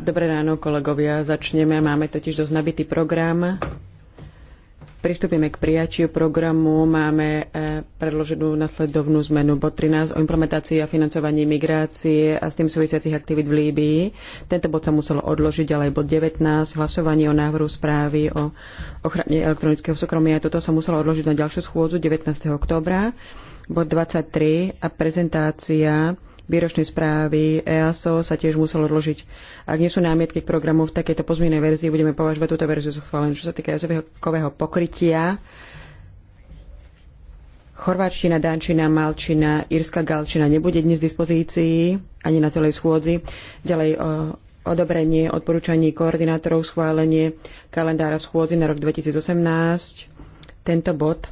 Dobré ráno, kolegovia. Začneme. Máme totiž dosť nabitý program. Pristúpime k prijatiu programu. Máme e, predloženú nasledovnú zmenu bod 13 o implementácii a financovaní migrácie a s tým súvisiacich aktivít v Líbii. Tento bod sa musel odložiť, ale aj bod 19, hlasovanie o návrhu správy o ochrane elektronického súkromia. Toto sa muselo odložiť na ďalšiu schôdzu 19. októbra. Bod 23 a prezentácia výročnej správy EASO sa tiež muselo odložiť. Ak nie sú námietky k programu v takejto pozmienej verzii, budeme považovať túto verziu za schválenú. Čo sa týka jazykového pokrytia, chorváčtina, dánčina, malčina, írska galčina nebude dnes v dispozícii ani na celej schôdzi. Ďalej o, odobrenie odporúčaní koordinátorov schválenie kalendára v schôdzi na rok 2018. Tento bod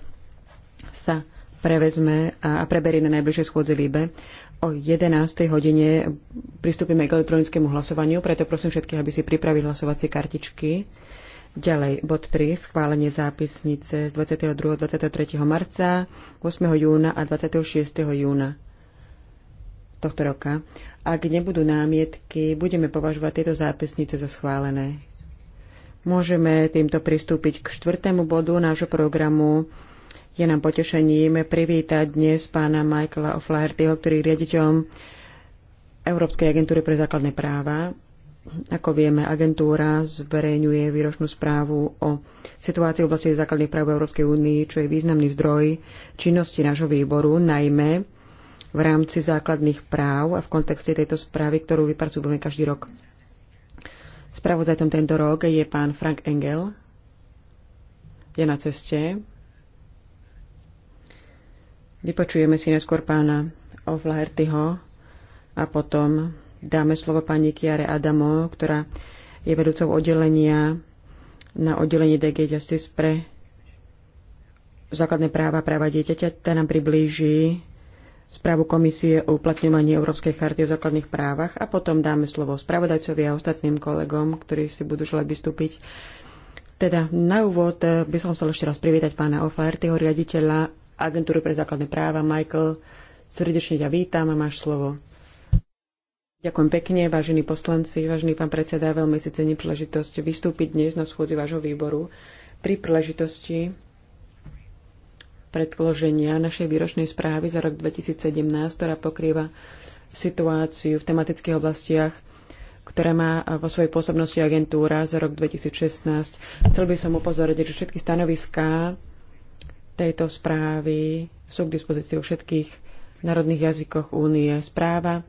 sa prevezme a preberie na najbližšej schôdze Líbe. O 11. hodine pristúpime k elektronickému hlasovaniu, preto prosím všetkých, aby si pripravili hlasovacie kartičky. Ďalej, bod 3, schválenie zápisnice z 22. 23. marca, 8. júna a 26. júna tohto roka. Ak nebudú námietky, budeme považovať tieto zápisnice za schválené. Môžeme týmto pristúpiť k štvrtému bodu nášho programu je nám potešením privítať dnes pána Michaela O'Flahertyho, ktorý je riaditeľom Európskej agentúry pre základné práva. Ako vieme, agentúra zverejňuje výročnú správu o situácii v oblasti základných práv Európskej únii, čo je významný zdroj činnosti nášho výboru, najmä v rámci základných práv a v kontexte tejto správy, ktorú vypracujeme každý rok. Spravodajcom tento rok je pán Frank Engel. Je na ceste. Vypočujeme si neskôr pána Oflahertyho a potom dáme slovo pani Kiare Adamo, ktorá je vedúcou oddelenia na oddelení DG Justice pre základné práva, a práva dieťaťa. Tá nám priblíži správu komisie o uplatňovaní Európskej charty o základných právach a potom dáme slovo spravodajcovi a ostatným kolegom, ktorí si budú želať vystúpiť. Teda na úvod by som chcel ešte raz privítať pána Oflaertyho, riaditeľa Agentúry pre základné práva. Michael, srdečne ťa vítam a máš slovo. Ďakujem pekne, vážení poslanci, vážený pán predseda, veľmi si cením príležitosť vystúpiť dnes na schôdzi vášho výboru pri príležitosti predloženia našej výročnej správy za rok 2017, ktorá pokrýva situáciu v tematických oblastiach, ktoré má vo svojej pôsobnosti agentúra za rok 2016. Chcel by som upozorniť, že všetky stanoviská tejto správy sú k dispozícii u všetkých národných jazykoch únie. Správa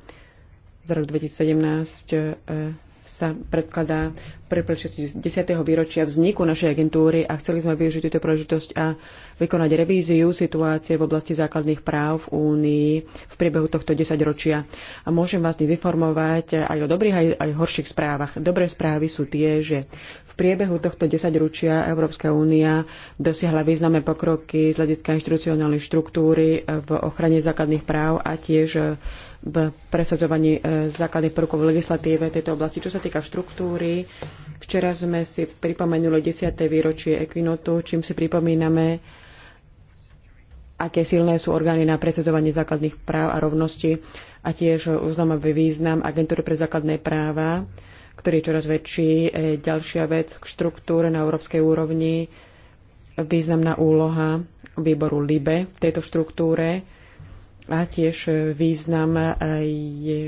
za rok 2017 eh, sa predkladá pre príležitosti 10. výročia vzniku našej agentúry a chceli sme využiť túto príležitosť a vykonať revíziu situácie v oblasti základných práv v Únii v priebehu tohto desaťročia. A môžem vás dnes informovať aj o dobrých, aj, aj horších správach. Dobré správy sú tie, že v priebehu tohto desaťročia Európska únia dosiahla významné pokroky z hľadiska inštitucionálnej štruktúry v ochrane základných práv a tiež v presadzovaní e, základných prvkov v legislatíve tejto oblasti. Čo sa týka štruktúry, včera sme si pripomenuli 10. výročie Equinotu, čím si pripomíname, aké silné sú orgány na presadzovanie základných práv a rovnosti a tiež uznamový význam agentúry pre základné práva, ktorý je čoraz väčší. E, ďalšia vec k štruktúre na európskej úrovni, významná úloha výboru LIBE v tejto štruktúre a tiež e, význam e, je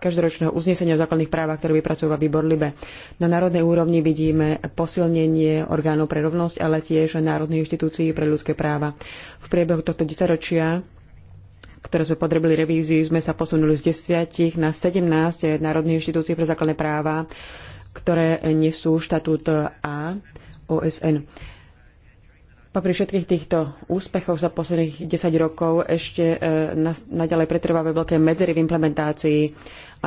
každoročného uznesenia o základných právach, ktoré vypracúva výbor Libe. Na národnej úrovni vidíme posilnenie orgánov pre rovnosť, ale tiež národných inštitúcií pre ľudské práva. V priebehu tohto desaťročia ktoré sme podrobili revíziu, sme sa posunuli z 10 na 17 národných inštitúcií pre základné práva, ktoré nesú štatút A OSN. Popri všetkých týchto úspechoch za posledných 10 rokov ešte e, naďalej pretrvávajú veľké medzery v implementácii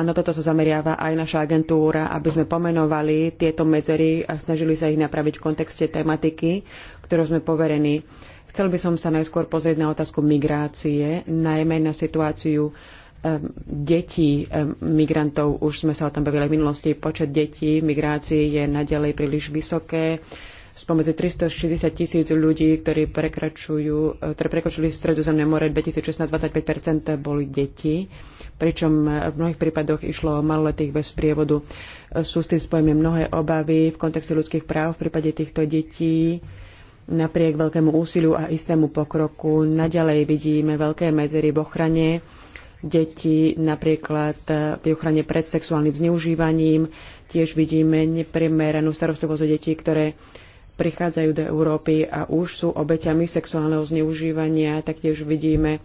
a na toto sa zameriava aj naša agentúra, aby sme pomenovali tieto medzery a snažili sa ich napraviť v kontexte tematiky, ktorou sme poverení. Chcel by som sa najskôr pozrieť na otázku migrácie, najmä na situáciu e, detí e, migrantov. Už sme sa o tom bavili v minulosti. Počet detí migrácii je naďalej príliš vysoké spomedzi 360 tisíc ľudí, ktorí prekračujú, e, ktorí prekočili Stredozemné more 2016 25% boli deti, pričom e, v mnohých prípadoch išlo o maloletých bez prievodu. E, sú s tým spojené mnohé obavy v kontexte ľudských práv v prípade týchto detí. Napriek veľkému úsiliu a istému pokroku naďalej vidíme veľké medzery v ochrane detí, napríklad pri ochrane pred sexuálnym zneužívaním. Tiež vidíme neprimeranú starostlivosť o detí, ktoré prichádzajú do Európy a už sú obeťami sexuálneho zneužívania. Taktiež vidíme,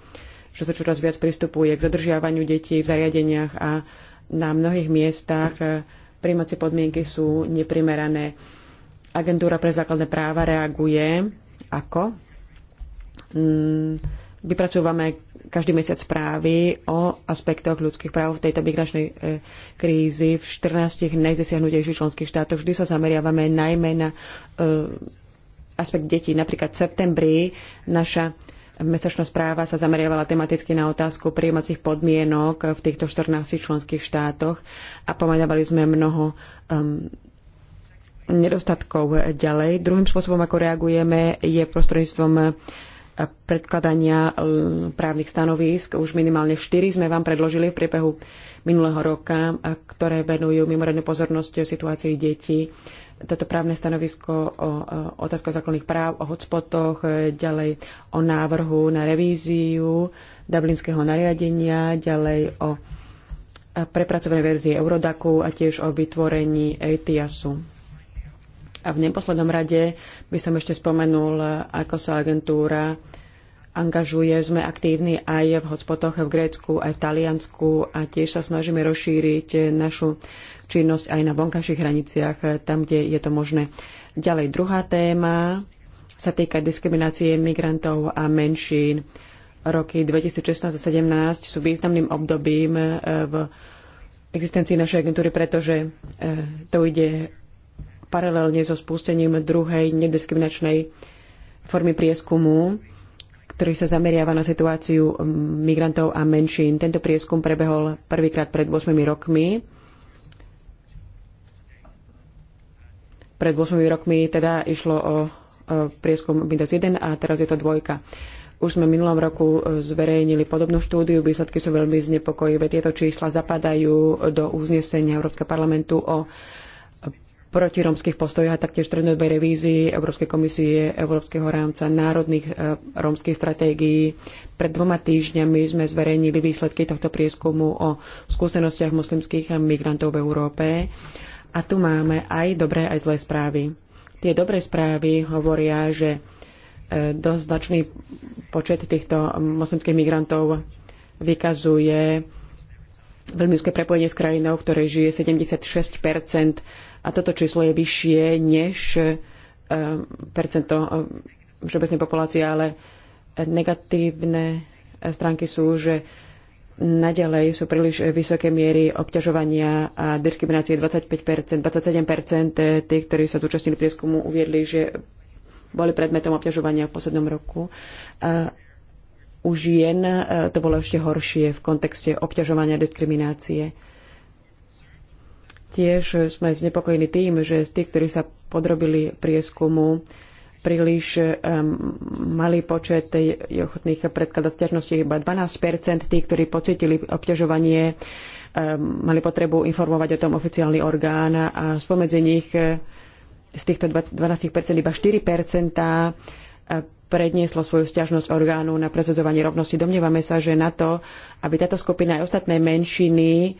že sa čoraz viac pristupuje k zadržiavaniu detí v zariadeniach a na mnohých miestach e, príjmacie podmienky sú neprimerané. Agentúra pre základné práva reaguje ako? Mm, vypracúvame každý mesiac správy o aspektoch ľudských práv v tejto migračnej e, krízi v 14 najzasiahnutejších členských štátoch. Vždy sa zameriavame najmä na e, aspekt detí. Napríklad v septembri naša mesačná správa sa zameriavala tematicky na otázku príjmacích podmienok v týchto 14 členských štátoch a pomenovali sme mnoho um, nedostatkov ďalej. Druhým spôsobom, ako reagujeme, je prostredníctvom predkladania e, právnych stanovísk. Už minimálne 4 sme vám predložili v priebehu minulého roka, ktoré venujú mimoriadnú pozornosť situácii detí. Toto právne stanovisko o otázkach základných práv, o hotspotoch, e, ďalej o návrhu na revíziu dublinského nariadenia, ďalej o e, prepracovanej verzii Eurodaku a tiež o vytvorení ETIASu. A v neposlednom rade by som ešte spomenul, ako sa agentúra angažuje. Sme aktívni aj v hotspotoch v Grécku, aj v Taliansku a tiež sa snažíme rozšíriť našu činnosť aj na vonkajších hraniciach, tam, kde je to možné. Ďalej druhá téma sa týka diskriminácie migrantov a menšín. Roky 2016 a 2017 sú významným obdobím eh, v existencii našej agentúry, pretože eh, to ide paralelne so spustením druhej nediskriminačnej formy prieskumu, ktorý sa zameriava na situáciu migrantov a menšín. Tento prieskum prebehol prvýkrát pred 8 rokmi. Pred 8 rokmi teda išlo o prieskum Windows 1 a teraz je to dvojka. Už sme v minulom roku zverejnili podobnú štúdiu, výsledky sú veľmi znepokojivé. Tieto čísla zapadajú do uznesenia Európskeho parlamentu o protiromských postojoch a taktiež strednodobej revízii Európskej komisie, Európskeho rámca národných e, rómskych stratégií. Pred dvoma týždňami sme zverejnili výsledky tohto prieskumu o skúsenostiach moslimských migrantov v Európe. A tu máme aj dobré, aj zlé správy. Tie dobré správy hovoria, že e, dosť značný počet týchto moslimských migrantov vykazuje veľmi úzke prepojenie s krajinou, v ktorej žije 76 a toto číslo je vyššie než eh, percento eh, všeobecnej populácie, ale negatívne eh, stránky sú, že naďalej sú príliš vysoké miery obťažovania a diskriminácie 25%, 27%. Tí, ktorí sa zúčastnili prieskumu, uviedli, že boli predmetom obťažovania v poslednom roku. U žien to bolo ešte horšie v kontexte obťažovania a diskriminácie. Tiež sme znepokojení tým, že z tých, ktorí sa podrobili prieskumu, príliš um, malý počet tej ochotných predkladať stiažnosti, iba 12 tých, ktorí pocitili obťažovanie, um, mali potrebu informovať o tom oficiálny orgán a spomedzi nich e, z týchto 12 iba 4 e, prednieslo svoju stiažnosť orgánu na prezentovanie rovnosti. Domnievame sa, že na to, aby táto skupina aj ostatné menšiny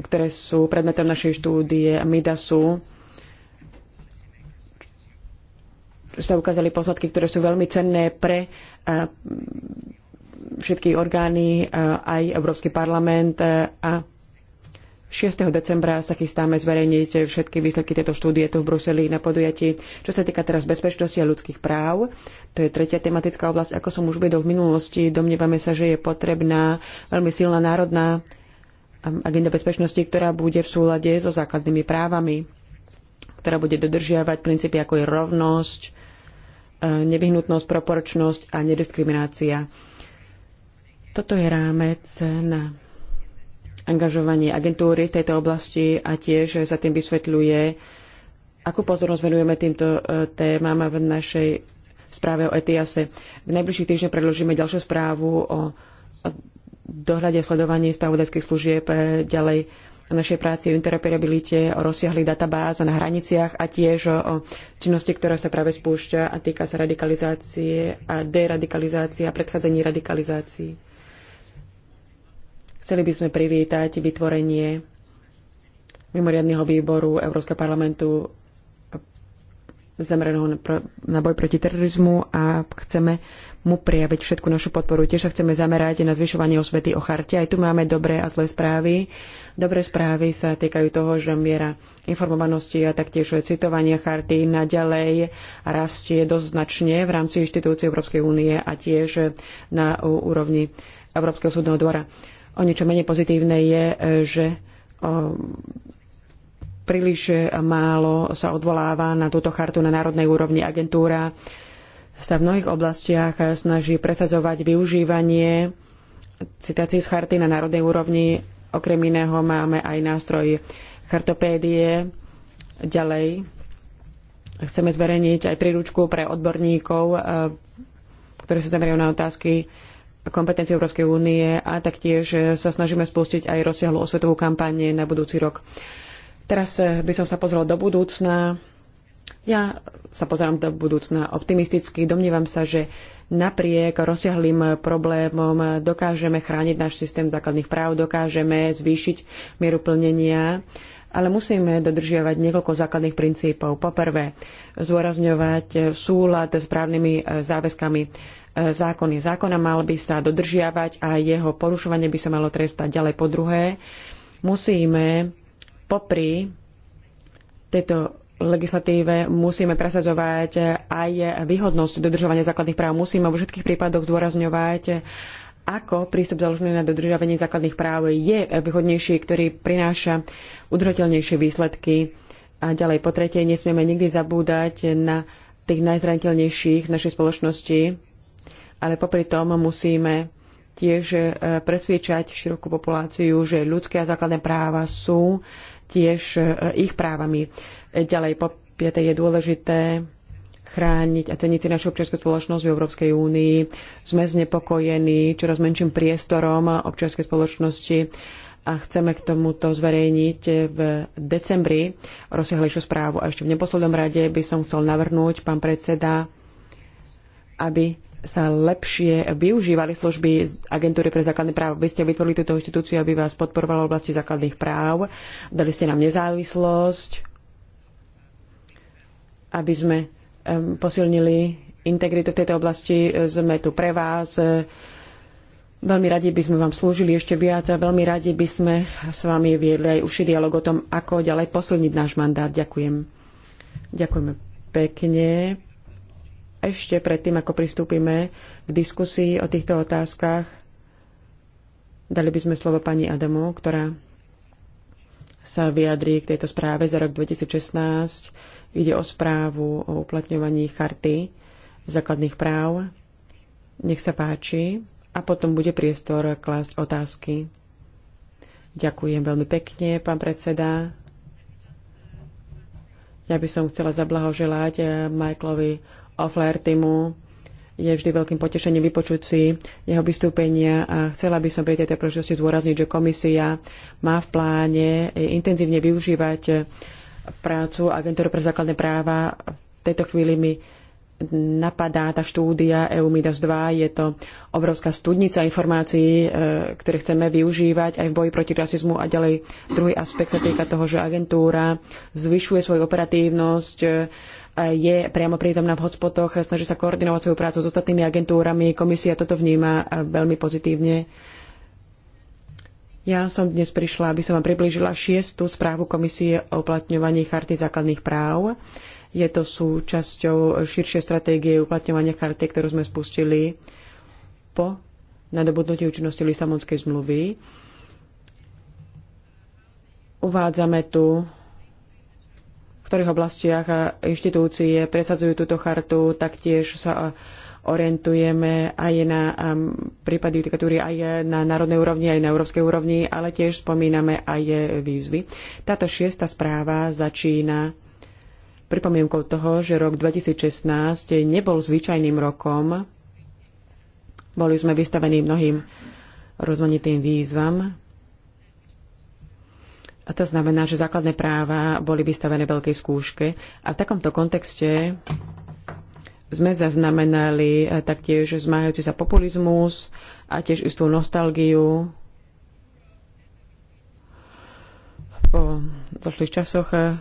ktoré sú predmetom našej štúdie MIDASu, sa ukázali posledky, ktoré sú veľmi cenné pre eh, všetky orgány, eh, aj Európsky parlament eh, a 6. decembra sa chystáme zverejniť všetky výsledky tejto štúdie tu v Bruseli na podujatí. Čo sa týka teraz bezpečnosti a ľudských práv, to je tretia tematická oblasť. Ako som už vedol v minulosti, domnievame sa, že je potrebná veľmi silná národná agenda bezpečnosti, ktorá bude v súlade so základnými právami, ktorá bude dodržiavať princípy ako je rovnosť, e, nevyhnutnosť, proporčnosť a nediskriminácia. Toto je rámec na angažovanie agentúry v tejto oblasti a tiež sa tým vysvetľuje, akú pozornosť venujeme týmto e, témam v našej správe o ETIASe. E. V najbližších týždňoch predložíme ďalšiu správu o dohľade sledovaní spravodajských služieb e, ďalej o našej práci o interoperabilite, o rozsiahlých databáz na hraniciach a tiež o činnosti, ktorá sa práve spúšťa a týka sa radikalizácie a deradikalizácie a predchádzaní radikalizácií. Chceli by sme privítať vytvorenie mimoriadneho výboru Európskeho parlamentu zameranou na boj proti terorizmu a chceme mu prijaviť všetku našu podporu. Tiež sa chceme zamerať na zvyšovanie osvety o charte. Aj tu máme dobré a zlé správy. Dobré správy sa týkajú toho, že miera informovanosti a taktiež citovania charty naďalej rastie dosť značne v rámci inštitúcií Európskej únie a tiež na úrovni Európskeho súdneho dvora. O niečo menej pozitívne je, že príliš málo sa odvoláva na túto chartu na národnej úrovni. Agentúra sa v mnohých oblastiach snaží presadzovať využívanie citácií z charty na národnej úrovni. Okrem iného máme aj nástroj chartopédie. Ďalej chceme zverejniť aj príručku pre odborníkov, eh, ktoré sa zamerajú na otázky kompetencie Európskej únie a taktiež sa snažíme spustiť aj rozsiahlu osvetovú kampaň na budúci rok. Teraz eh, by som sa pozrel do budúcna. Ja sa pozerám do budúcna optimisticky. Domnívam sa, že napriek rozsiahlým problémom dokážeme chrániť náš systém základných práv, dokážeme zvýšiť mieru plnenia, ale musíme dodržiavať niekoľko základných princípov. Poprvé, zdôrazňovať súlad s právnymi eh, záväzkami zákony. Eh, Zákona mal by sa dodržiavať a jeho porušovanie by sa malo trestať ďalej. Po druhé, musíme popri tejto legislatíve musíme presadzovať aj výhodnosť dodržovania základných práv. Musíme vo všetkých prípadoch zdôrazňovať, ako prístup založený na dodržiavanie základných práv je výhodnejší, ktorý prináša udržateľnejšie výsledky. A ďalej po tretie, nesmieme nikdy zabúdať na tých najzraniteľnejších v našej spoločnosti, ale popri tom musíme tiež eh, presviečať širokú populáciu, že ľudské a základné práva sú tiež e, ich právami. Ďalej po piete je dôležité chrániť a ceniť si našu občianskú spoločnosť v Európskej únii. Sme znepokojení čoraz menším priestorom občianskej spoločnosti a chceme k tomuto zverejniť v decembri rozsiahlejšiu správu. A ešte v neposlednom rade by som chcel navrhnúť, pán predseda, aby sa lepšie využívali služby z agentúry pre základné práva. Vy ste vytvorili túto inštitúciu, aby vás podporovala v oblasti základných práv. Dali ste nám nezávislosť, aby sme posilnili integritu v tejto oblasti. Sme tu pre vás. Veľmi radi by sme vám slúžili ešte viac a veľmi radi by sme s vami viedli aj uši dialog o tom, ako ďalej posilniť náš mandát. Ďakujem. Ďakujeme pekne ešte predtým, ako pristúpime k diskusii o týchto otázkach, dali by sme slovo pani Adamu, ktorá sa vyjadrí k tejto správe za rok 2016. Ide o správu o uplatňovaní charty základných práv. Nech sa páči a potom bude priestor klásť otázky. Ďakujem veľmi pekne, pán predseda. Ja by som chcela zablahoželať eh, Michaelovi Flahertymu. Je vždy veľkým potešením vypočuť si jeho vystúpenia a chcela by som pri tejto príležitosti zdôrazniť, že komisia má v pláne intenzívne využívať prácu agentúry pre základné práva. V tejto chvíli mi napadá tá štúdia Midas 2. Je to obrovská studnica informácií, e, ktoré chceme využívať aj v boji proti rasizmu a ďalej. Druhý aspekt sa týka toho, že agentúra zvyšuje svoju operatívnosť, e, je priamo prítomná v hotspotoch, snaží sa koordinovať svoju prácu s ostatnými agentúrami. Komisia toto vníma e, veľmi pozitívne. Ja som dnes prišla, aby som vám priblížila šiestu správu Komisie o uplatňovaní Charty základných práv. Je to súčasťou širšej stratégie uplatňovania charty, ktorú sme spustili po nadobudnutí účinnosti Lisabonskej zmluvy. Uvádzame tu ktorých oblastiach inštitúcie presadzujú túto chartu, taktiež sa orientujeme aj na um, prípady judikatúry aj na národnej úrovni, aj na európskej úrovni, ale tiež spomíname aj výzvy. Táto šiesta správa začína pripomienkou toho, že rok 2016 nebol zvyčajným rokom. Boli sme vystavení mnohým rozmanitým výzvam, a to znamená, že základné práva boli vystavené veľkej skúške. A v takomto kontexte sme zaznamenali eh, taktiež zmáhajúci sa populizmus a tiež istú nostalgiu po zašlých časoch eh,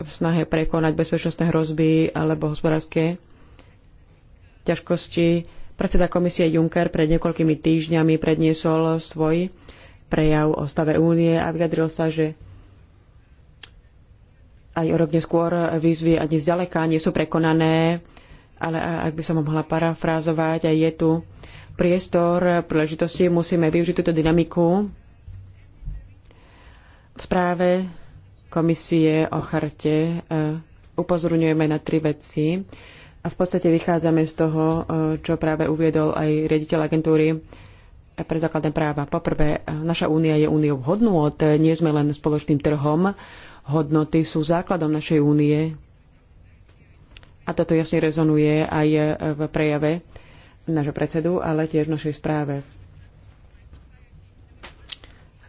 v snahe prekonať bezpečnostné hrozby alebo hospodárske ťažkosti. Predseda komisie Juncker pred niekoľkými týždňami predniesol svoj prejav o stave únie a vyjadril sa, že aj o rok neskôr výzvy ani zďaleka nie sú prekonané, ale ak by som mohla parafrázovať, aj je tu priestor, príležitosti, musíme využiť túto dynamiku. V správe komisie o charte e, upozorňujeme na tri veci a v podstate vychádzame z toho, e, čo práve uviedol aj riaditeľ agentúry pre základné práva. Poprvé, e, naša únia je úniou hodnot, e, nie sme len spoločným trhom. Hodnoty sú základom našej únie. A toto jasne rezonuje aj e, v prejave nášho predsedu, ale tiež v našej správe.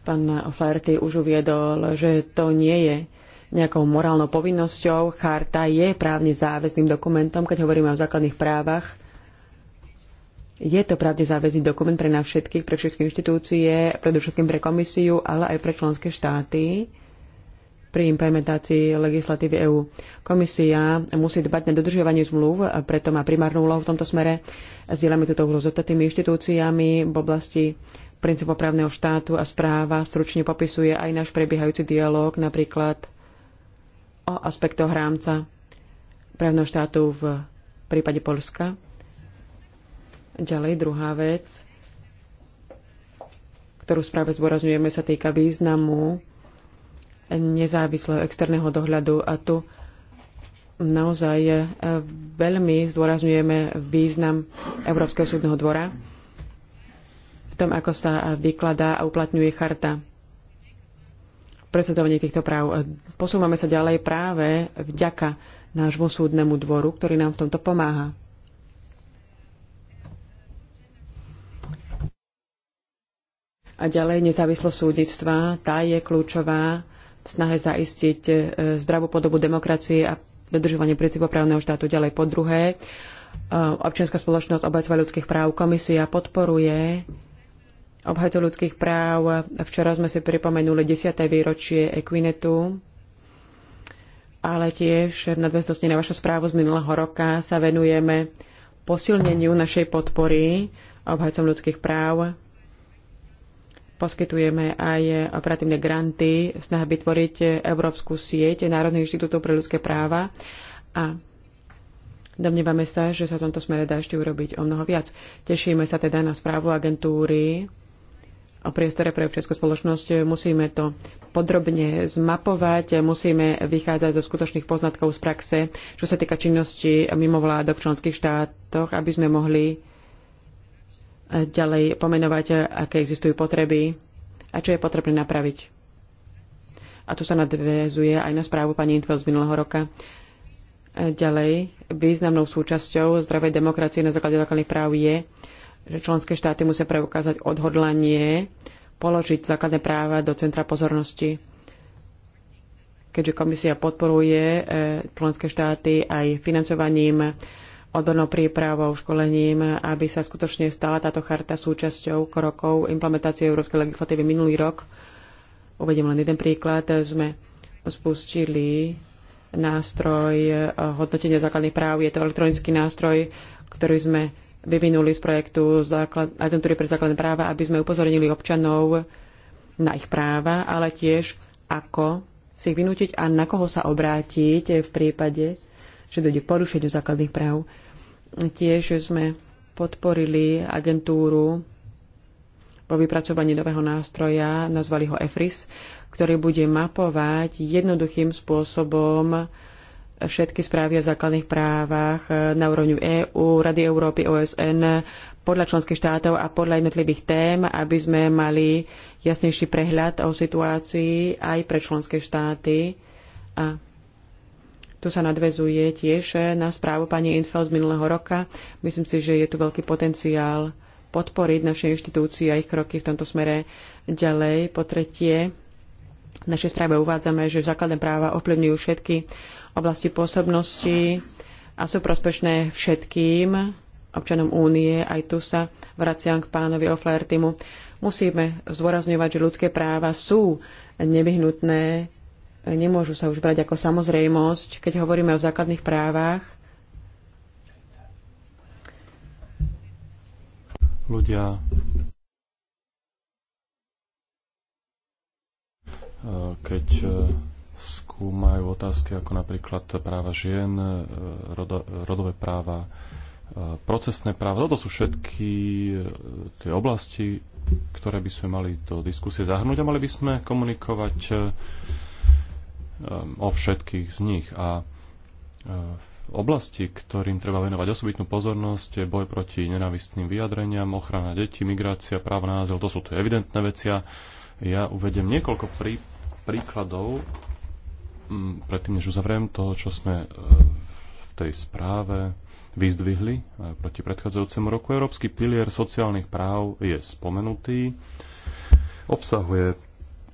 Pán Flaherty už uviedol, že to nie je nejakou morálnou povinnosťou. Charta je právne záväzným dokumentom, keď hovoríme o základných právach je to právne záväzný dokument pre nás všetkých, pre všetky inštitúcie, predovšetkým pre komisiu, ale aj pre členské štáty pri implementácii legislatívy EÚ. Komisia musí dbať na dodržiavanie zmluv, preto má primárnu úlohu v tomto smere. Zdieľame túto úlohu s ostatnými inštitúciami v oblasti princípov právneho štátu a správa stručne popisuje aj náš prebiehajúci dialog, napríklad o aspektoch rámca právneho štátu v prípade Polska Ďalej druhá vec, ktorú správe zdôrazňujeme, sa týka významu nezávislého externého dohľadu a tu naozaj e, veľmi zdôrazňujeme význam Európskeho súdneho dvora v tom, ako sa vykladá a uplatňuje charta predsedovanie týchto práv. E, Posúvame sa ďalej práve vďaka nášmu súdnemu dvoru, ktorý nám v tomto pomáha. A ďalej nezávislosť súdnictva, tá je kľúčová v snahe zaistiť e, zdravú podobu demokracie a dodržovanie princípov právneho štátu. Ďalej po druhé, e, občianská spoločnosť obhajcov ľudských práv. Komisia podporuje obhajcov ľudských práv. Včera sme si pripomenuli 10. výročie Equinetu, ale tiež v nadväznosti na vašu správu z minulého roka sa venujeme posilneniu našej podpory obhajcom ľudských práv Poskytujeme aj operatívne granty v snahe vytvoriť Európsku sieť Národných inštitútov pre ľudské práva a domnievame sa, že sa v tomto smere dá ešte urobiť o mnoho viac. Tešíme sa teda na správu agentúry o priestore pre občianskú spoločnosť. Musíme to podrobne zmapovať, musíme vychádzať zo skutočných poznatkov z praxe, čo sa týka činnosti mimovládok v členských štátoch, aby sme mohli ďalej pomenovať, aké existujú potreby a čo je potrebné napraviť. A to sa nadvezuje aj na správu pani Intveld z minulého roka. Ďalej, významnou súčasťou zdravej demokracie na základe základných práv je, že členské štáty musia preukázať odhodlanie položiť základné práva do centra pozornosti. Keďže komisia podporuje e, členské štáty aj financovaním odbornou prípravou, školením, aby sa skutočne stala táto charta súčasťou krokov implementácie európskej legislatívy minulý rok. Uvediem len jeden príklad. Sme spustili nástroj eh, hodnotenia základných práv. Je to elektronický nástroj, ktorý sme vyvinuli z projektu z Agentúry pre základné práva, aby sme upozornili občanov na ich práva, ale tiež ako si ich vynútiť a na koho sa obrátiť v prípade, že dojde k porušeniu základných práv. Tiež sme podporili agentúru po vypracovaní nového nástroja, nazvali ho EFRIS, ktorý bude mapovať jednoduchým spôsobom všetky správy o základných právach na úrovni EÚ, Rady Európy, OSN, podľa členských štátov a podľa jednotlivých tém, aby sme mali jasnejší prehľad o situácii aj pre členské štáty a tu sa nadvezuje tiež na správu pani Infeld z minulého roka. Myslím si, že je tu veľký potenciál podporiť naše inštitúcie a ich kroky v tomto smere ďalej. Po tretie, v našej správe uvádzame, že základné práva ovplyvňujú všetky oblasti pôsobnosti a sú prospešné všetkým občanom únie. Aj tu sa vraciam k pánovi Oflahertimu. Musíme zdôrazňovať, že ľudské práva sú nevyhnutné nemôžu sa už brať ako samozrejmosť, keď hovoríme o základných právach. Ľudia eh, keď eh, skúmajú otázky ako napríklad práva žien, eh, rodo, rodové práva, procesné práva. Toto sú všetky tie oblasti, ktoré by sme mali do diskusie zahrnúť a mali by sme komunikovať Um, o všetkých z nich. A uh, v oblasti, ktorým treba venovať osobitnú pozornosť, je boj proti nenávistným vyjadreniam, ochrana detí, migrácia, právo na azyl, to sú tie evidentné veci. A ja uvedem niekoľko prí, príkladov, um, predtým než uzavriem to, čo sme uh, v tej správe vyzdvihli uh, proti predchádzajúcemu roku. Európsky pilier sociálnych práv je spomenutý, obsahuje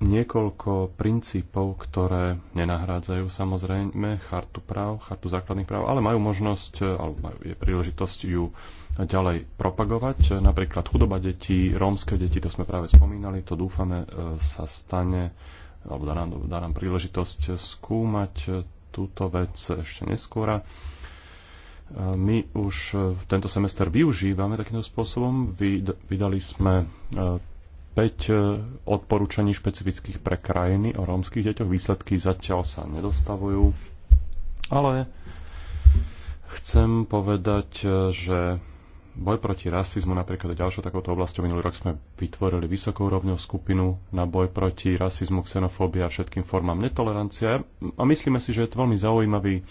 niekoľko princípov, ktoré nenahrádzajú samozrejme chartu práv, chartu základných práv, ale majú možnosť, eh, alebo majú, je príležitosť ju ďalej propagovať. Napríklad chudoba detí, rómske deti, to sme práve spomínali, to dúfame eh, sa stane, alebo dá nám, dá nám príležitosť skúmať eh, túto vec ešte neskôr. My už tento semester využívame takýmto spôsobom. Vydali sme 5 e, odporúčaní špecifických pre krajiny o rómskych deťoch. Výsledky zatiaľ sa nedostavujú, ale chcem povedať, e, že boj proti rasizmu, napríklad aj ďalšou takouto oblasťou minulý rok sme vytvorili vysokou úrovňou skupinu na boj proti rasizmu, xenofóbii a všetkým formám netolerancie. A myslíme si, že je to veľmi zaujímavý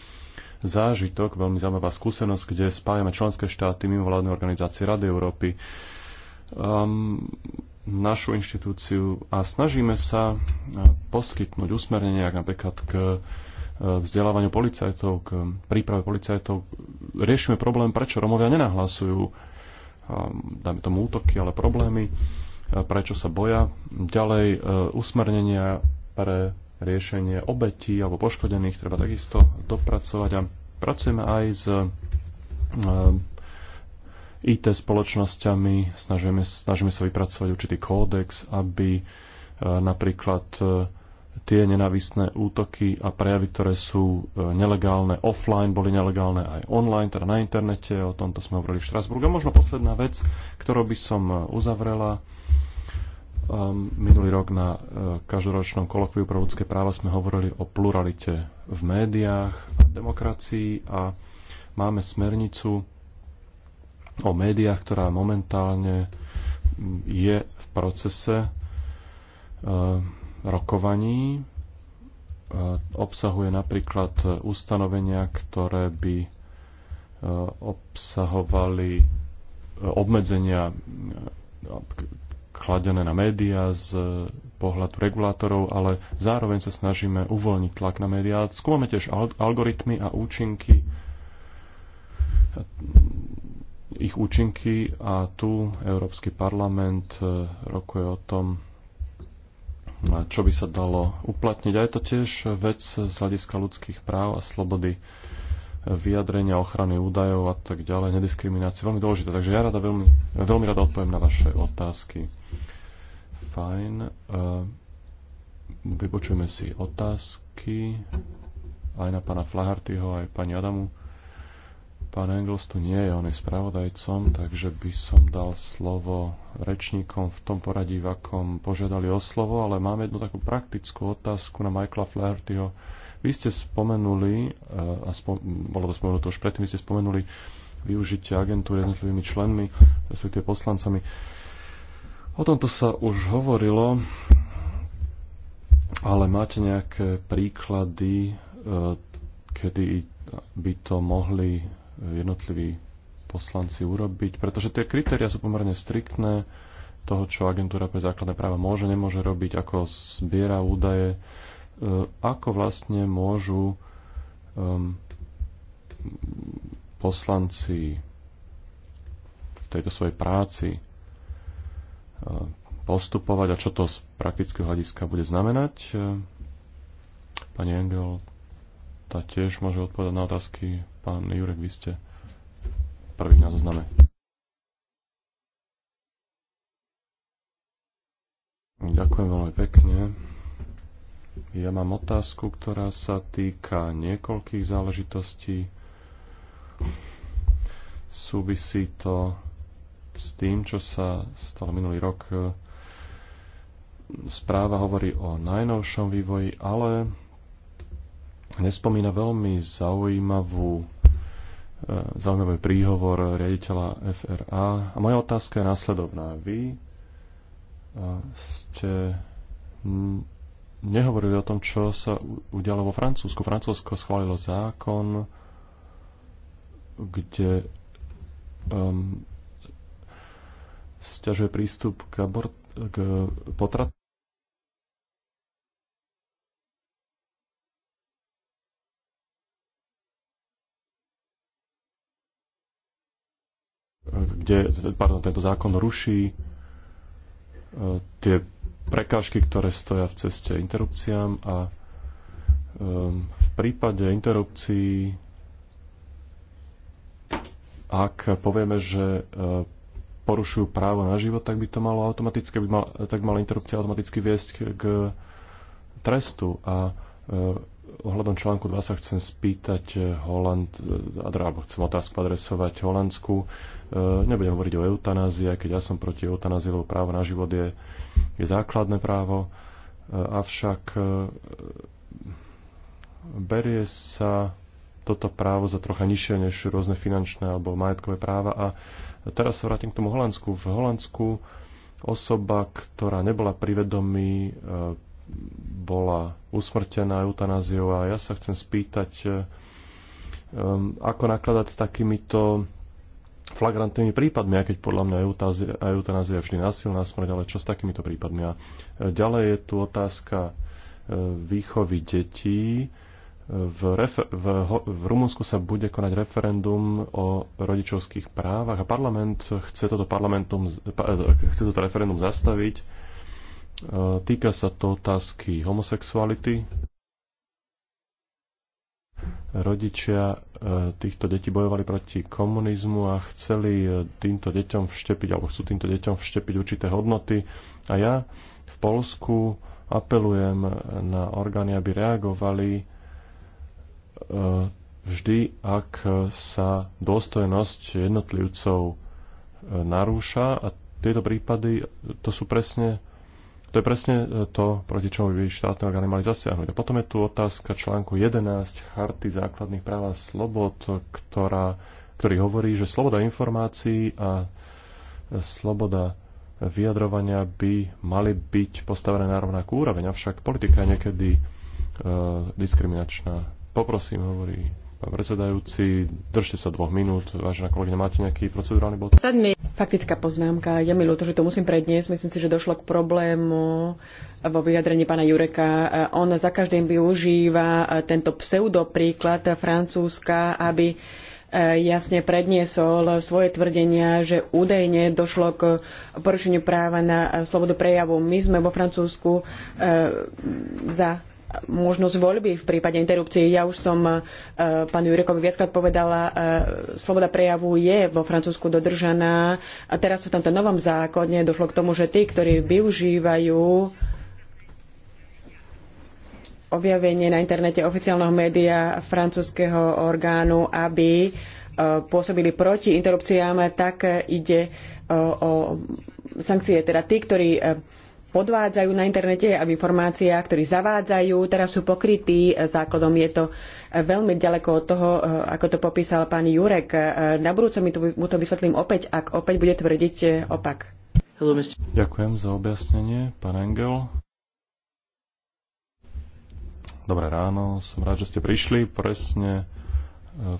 zážitok, veľmi zaujímavá skúsenosť, kde spájame členské štáty, mimovládne organizácie Rady Európy, um, našu inštitúciu a snažíme sa e, poskytnúť usmernenia, napríklad k e, vzdelávaniu policajtov, k príprave policajtov. Riešime problém, prečo Romovia nenahlasujú, e, dáme tomu útoky, ale problémy, prečo sa boja. Ďalej usmernenia pre riešenie obetí alebo poškodených treba takisto dopracovať a pracujeme aj s IT spoločnosťami, snažíme, snažíme sa vypracovať určitý kódex, aby e, napríklad e, tie nenávisné útoky a prejavy, ktoré sú e, nelegálne offline, boli nelegálne aj online, teda na internete, o tomto sme hovorili v Štrasburgu. A možno posledná vec, ktorou by som uzavrela. Ehm, minulý rok na každoročnom kolokviu pro ľudské práva sme hovorili o pluralite v médiách a demokracii a máme smernicu o médiách, ktorá momentálne je v procese e, rokovaní. E, obsahuje napríklad ustanovenia, ktoré by e, obsahovali obmedzenia kladené na médiá z pohľadu regulátorov, ale zároveň sa snažíme uvoľniť tlak na médiá. Skúmame tiež algoritmy a účinky ich účinky a tu Európsky parlament e, rokuje o tom, čo by sa dalo uplatniť. A je to tiež vec z hľadiska ľudských práv a slobody vyjadrenia, ochrany údajov a tak ďalej, nediskriminácie. Veľmi dôležité. Takže ja rada veľmi, veľmi rada odpoviem na vaše otázky. Fajn. E, vypočujeme si otázky aj na pána Flahartyho, aj pani Adamu. Pán Engels tu nie je, on je spravodajcom, takže by som dal slovo rečníkom v tom poradí, v akom požiadali o slovo, ale máme jednu takú praktickú otázku na Michaela Flahertyho. Vy ste spomenuli, eh, a spom- bolo to spomenuté už predtým, vy ste spomenuli využitie agentúry jednotlivými členmi, respektíve poslancami. O tomto sa už hovorilo, ale máte nejaké príklady, eh, kedy by to mohli jednotliví poslanci urobiť, pretože tie kritéria sú pomerne striktné toho, čo agentúra pre základné práva môže, nemôže robiť, ako zbiera údaje, e, ako vlastne môžu um, poslanci v tejto svojej práci e, postupovať a čo to z praktického hľadiska bude znamenať. E, pani Engel, tá tiež môže odpovedať na otázky Pán Jurek, vy ste prvý na zozname. Ďakujem veľmi pekne. Ja mám otázku, ktorá sa týka niekoľkých záležitostí. Súvisí to s tým, čo sa stalo minulý rok. Správa hovorí o najnovšom vývoji, ale nespomína veľmi zaujímavú e, zaujímavý príhovor riaditeľa FRA. A moja otázka je následovná. Vy e, ste nehovorili o tom, čo sa udialo vo Francúzsku. Francúzsko schválilo zákon, kde um, stiažuje prístup k, abort- k potratu kde pardon, tento zákon ruší e, tie prekážky, ktoré stoja v ceste interrupciám a e, v prípade interrupcií, ak povieme, že e, porušujú právo na život, tak by to malo automaticky, by mal, tak mala interrupcia automaticky viesť k trestu. A ohľadom článku 2 sa chcem spýtať eh, Holand, eh, alebo chcem otázku adresovať Holandsku. Eh, nebudem hovoriť o eutanázii, keď ja som proti eutanázii, lebo právo na život je, je základné právo. Avšak berie sa toto právo za trocha nižšie než rôzne finančné alebo majetkové práva. A teraz sa vrátim k tomu Holandsku. V Holandsku osoba, ktorá nebola privedomí bola usmrtená eutanáziou a ja sa chcem spýtať, eh, ako nakladať s takýmito flagrantnými prípadmi, aj keď podľa mňa eutanázia je vždy násilná smrť, ale čo s takýmito prípadmi? A eh, ďalej je tu otázka eh, výchovy detí. V, refer- v, v Rumunsku sa bude konať referendum o rodičovských právach a parlament chce toto, parlamentum, chce toto referendum zastaviť E, týka sa to otázky homosexuality. Rodičia e, týchto detí bojovali proti komunizmu a chceli e, týmto deťom vštepiť, alebo chcú týmto deťom vštepiť určité hodnoty. A ja v Polsku apelujem na orgány, aby reagovali vždy, ak sa dôstojnosť jednotlivcov narúša a tieto prípady to sú presne to je presne e, to, proti čomu by štátne orgány mali zasiahnuť. A potom je tu otázka článku 11 Charty základných práv a slobod, ktorá, ktorý hovorí, že sloboda informácií a e, sloboda vyjadrovania by mali byť postavené na rovnakú úroveň. Avšak politika je niekedy e, diskriminačná. Poprosím, hovorí pán predsedajúci. Držte sa dvoch minút. Vážená kolegyňa, máte nejaký procedurálny bod? Sadmi. Faktická poznámka. Je ja mi ľúto, že to musím predniesť. Myslím si, že došlo k problému vo vyjadrení pána Jureka. On za každým využíva eh, tento pseudopríklad Francúzska, aby eh, jasne predniesol svoje tvrdenia, že údajne došlo k porušeniu práva na eh, slobodu prejavu. My sme vo Francúzsku za možnosť voľby v prípade interrupcií. Ja už som e, pánu Jurekovi viackrát povedala, e, sloboda prejavu je vo Francúzsku dodržaná a teraz v tomto novom zákone došlo k tomu, že tí, ktorí využívajú objavenie na internete oficiálneho média francúzskeho orgánu, aby e, pôsobili proti interrupciám, tak ide o sankcie. Teda tí, ktorí podvádzajú na internete a v informáciách, ktorí zavádzajú, teraz sú pokrytí e, základom. Je to e, veľmi ďaleko od toho, e, ako to popísal pán Jurek. Na budúce mi to, mu to vysvetlím opäť, ak opäť bude tvrdiť opak. Ďakujem za objasnenie, pán Engel. Dobré ráno, som rád, že ste prišli presne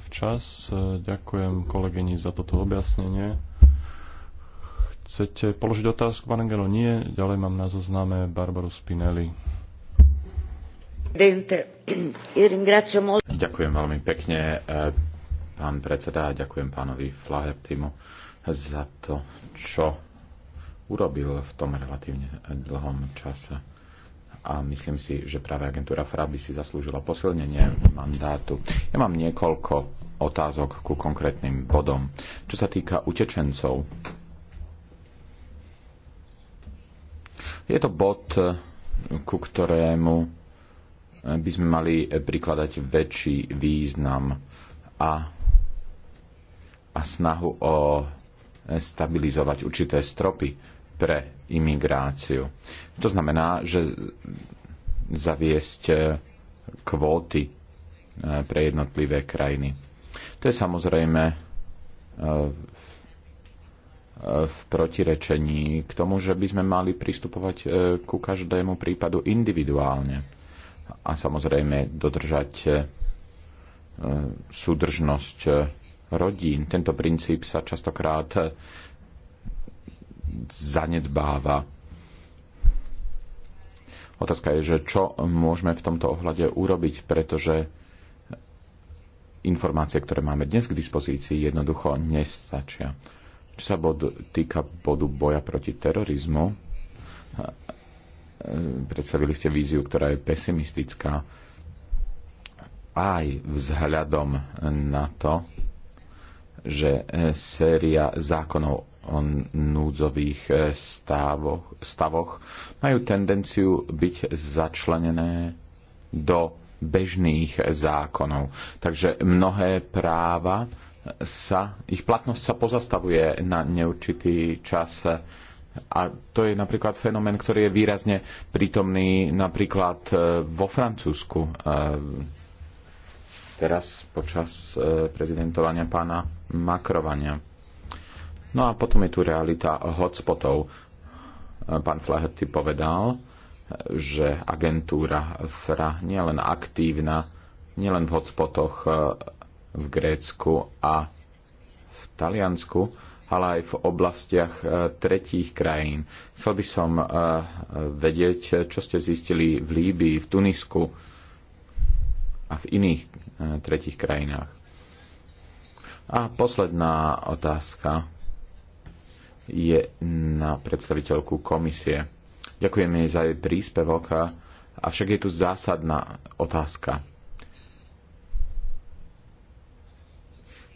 včas. Ďakujem kolegyni za toto objasnenie. Chcete položiť otázku, pán Engelo? Nie. Ďalej mám na zozname Barbaru Spinelli. Ďakujem veľmi pekne, eh, pán predseda, a ďakujem pánovi Flahertimu za to, čo urobil v tom relatívne eh, dlhom čase. A myslím si, že práve agentúra FRA by si zaslúžila posilnenie mandátu. Ja mám niekoľko otázok ku konkrétnym bodom. Čo sa týka utečencov, Je to bod, eh, ku ktorému eh, by sme mali eh, prikladať väčší význam a, a snahu o stabilizovať určité stropy pre imigráciu. To znamená, že zaviesť kvóty pre jednotlivé krajiny. To je samozrejme v protirečení k tomu, že by sme mali pristupovať e, ku každému prípadu individuálne a samozrejme dodržať e, súdržnosť e, rodín. Tento princíp sa častokrát zanedbáva. Otázka je, že čo môžeme v tomto ohľade urobiť, pretože informácie, ktoré máme dnes k dispozícii, jednoducho nestačia. Čo sa bod, týka bodu boja proti terorizmu, e, predstavili ste víziu, ktorá je pesimistická aj vzhľadom na to, že e, séria zákonov o núdzových e, stavoch, stavoch majú tendenciu byť začlenené do bežných zákonov. Takže mnohé práva sa, ich platnosť sa pozastavuje na neurčitý čas. A to je napríklad fenomén, ktorý je výrazne prítomný napríklad e, vo Francúzsku. E, teraz počas e, prezidentovania pána Makrovania. No a potom je tu realita hotspotov. Pán Flaherty povedal, že agentúra FRA nie len aktívna, nielen v hotspotoch v Grécku a v Taliansku, ale aj v oblastiach e, tretích krajín. Chcel by som e, vedieť, čo ste zistili v Líbii, v Tunisku a v iných e, tretích krajinách. A posledná otázka je na predstaviteľku komisie. Ďakujem jej za jej príspevok, avšak je tu zásadná otázka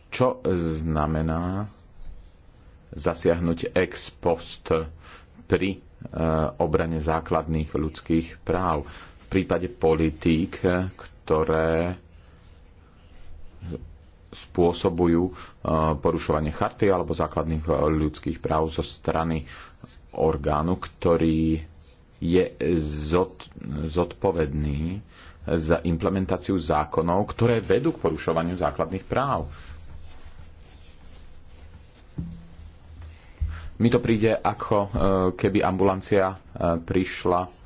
čo znamená zasiahnuť ex post pri e, obrane základných ľudských práv. V prípade politík, ktoré spôsobujú e, porušovanie charty alebo základných e, ľudských práv zo strany orgánu, ktorý je zodpovedný za implementáciu zákonov, ktoré vedú k porušovaniu základných práv. Mi to príde ako e, keby ambulancia e, prišla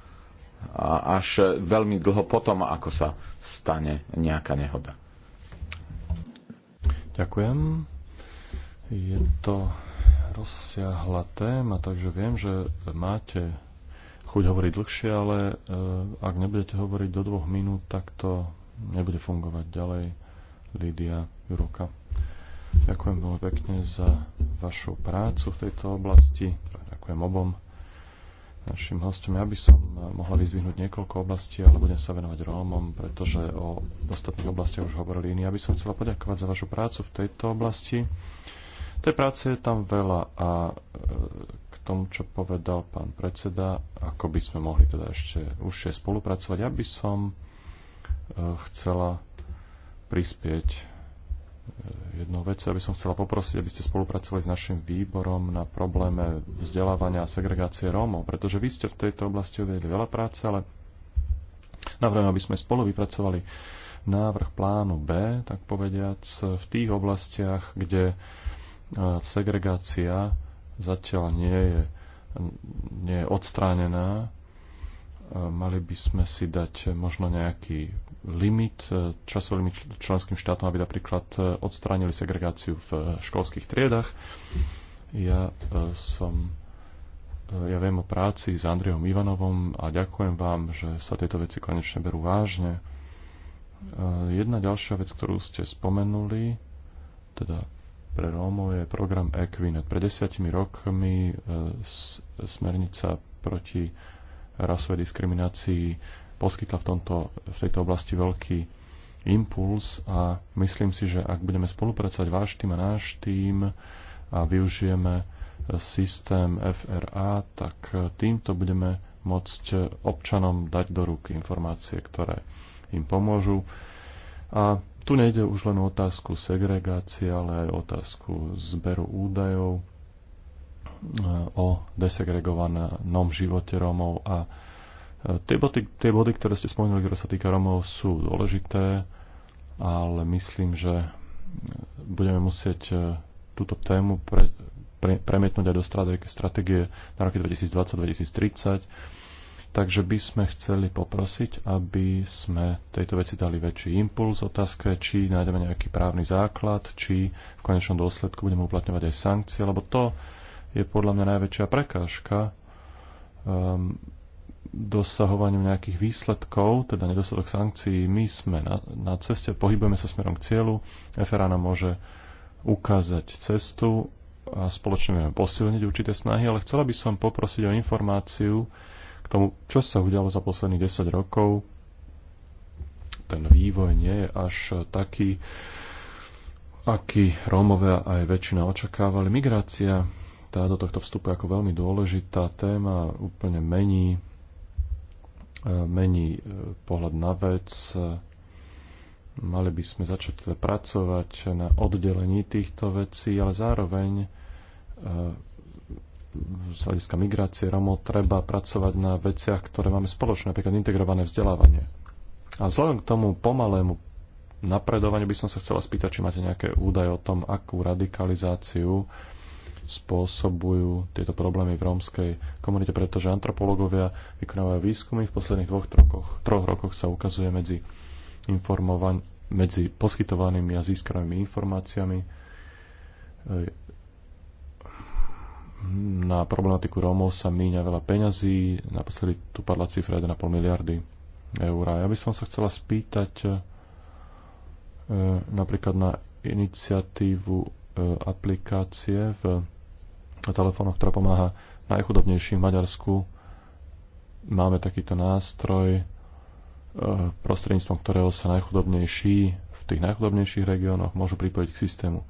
až veľmi dlho potom, ako sa stane nejaká nehoda. Ďakujem. Je to rozsiahla téma, takže viem, že máte chuť hovoriť dlhšie, ale e, ak nebudete hovoriť do dvoch minút, tak to nebude fungovať ďalej. Lídia Juroka. Ďakujem veľmi pekne za vašu prácu v tejto oblasti. Ďakujem obom našim hostom. Ja by som eh, mohla vyzvihnúť niekoľko oblastí, ale budem sa venovať Rómom, pretože o ostatných oblastiach už hovorili iní. Ja by som chcela poďakovať za vašu prácu v tejto oblasti. Tej práce je tam veľa a eh, k tomu, čo povedal pán predseda, ako by sme mohli teda ešte užšie spolupracovať, ja by som eh, chcela prispieť jednu vec, Ja by som chcela poprosiť, aby ste spolupracovali s našim výborom na probléme vzdelávania a segregácie Rómov, pretože vy ste v tejto oblasti uvedli veľa práce, ale navrhujem, aby sme spolu vypracovali návrh plánu B, tak povediac, v tých oblastiach, kde e, segregácia zatiaľ nie je, nie je odstránená. E, mali by sme si dať možno nejaký limit, e, časový limit členským štátom, aby napríklad e, odstránili segregáciu v e, školských triedach. Ja som ja viem o práci s Andrejom Ivanovom a ďakujem vám, že sa tieto veci konečne berú vážne. Jedna ďalšia vec, ktorú ste spomenuli, teda pre Rómov je program Equinet. Pred desiatimi rokmi smernica proti rasovej diskriminácii poskytla v, tomto, v tejto oblasti veľký impuls a myslím si, že ak budeme spolupracovať váš tým a náš tým a využijeme systém FRA, tak týmto budeme môcť občanom dať do rúk informácie, ktoré im pomôžu. A tu nejde už len o otázku segregácie, ale aj o otázku zberu údajov e, o desegregovanom živote Rómov a Tie body, tie body, ktoré ste spomenuli, ktoré sa týka Romov, sú dôležité, ale myslím, že budeme musieť e, túto tému pre, pre, premietnúť aj do stratégie na roky 2020-2030. Takže by sme chceli poprosiť, aby sme tejto veci dali väčší impuls otázke, či nájdeme nejaký právny základ, či v konečnom dôsledku budeme uplatňovať aj sankcie, lebo to je podľa mňa najväčšia prekážka um, dosahovaním nejakých výsledkov, teda nedostatok sankcií, my sme na, na ceste, pohybujeme sa smerom k cieľu, FRA nám môže ukázať cestu a spoločne vieme posilniť určité snahy, ale chcela by som poprosiť o informáciu k tomu, čo sa udialo za posledných 10 rokov. Ten vývoj nie je až taký, aký Rómovia aj väčšina očakávali. Migrácia tá do tohto vstupu ako veľmi dôležitá téma, úplne mení E, mení e, pohľad na vec. E, mali by sme začať teda pracovať na oddelení týchto vecí, ale zároveň z hľadiska migrácie Romov treba pracovať na veciach, ktoré máme spoločné, napríklad integrované vzdelávanie. A vzhľadom k tomu pomalému napredovaniu by som sa chcela spýtať, či máte nejaké údaje o tom, akú radikalizáciu spôsobujú tieto problémy v rómskej komunite, pretože antropológovia vykonávajú výskumy. V posledných dvoch, trokoch, troch rokoch sa ukazuje medzi, medzi poskytovanými a získanými informáciami eh, na problematiku Rómov sa míňa veľa peňazí. Naposledy tu padla cifra 1,5 miliardy eur. ja by som sa chcela spýtať eh, napríklad na iniciatívu eh, aplikácie v telefónoch, ktorá pomáha najchudobnejším v Maďarsku. Máme takýto nástroj, e, prostredníctvom ktorého sa najchudobnejší v tých najchudobnejších regiónoch môžu pripojiť k systému.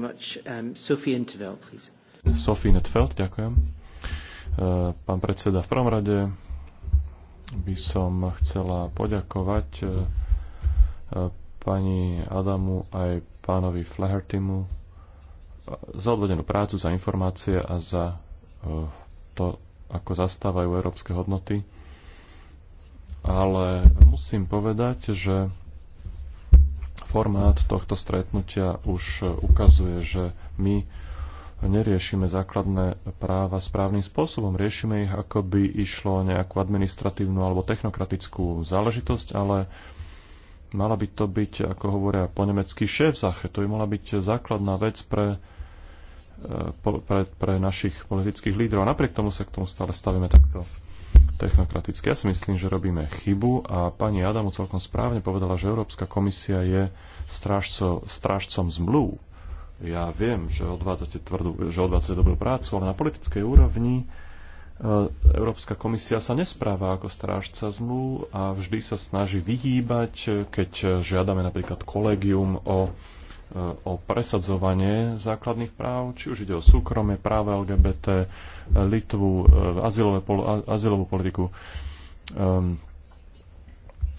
Um, Sophie Netfeld, ďakujem. E, pán predseda, v prvom rade by som chcela poďakovať e, pani Adamu aj pánovi Flahertimu za odvedenú prácu, za informácie a za e, to, ako zastávajú európske hodnoty. Ale musím povedať, že formát tohto stretnutia už ukazuje, že my neriešime základné práva správnym spôsobom. Riešime ich, ako by išlo o nejakú administratívnu alebo technokratickú záležitosť, ale mala by to byť, ako hovoria po nemecky, zache. To by mala byť základná vec pre Eh, pre, pre našich politických lídrov. A napriek tomu sa k tomu stále stavíme takto technokraticky. Ja si myslím, že robíme chybu a pani Adamu celkom správne povedala, že Európska komisia je strážco, strážcom zmluv. Ja viem, že odvádzate, tvrdú, že odvádzate dobrú prácu, ale na politickej úrovni eh, Európska komisia sa nespráva ako strážca zmluv a vždy sa snaží vyhýbať, keď eh, žiadame napríklad kolegium o o presadzovanie základných práv, či už ide o súkromie, práve LGBT, Litvu, e, azylovú politiku. Um,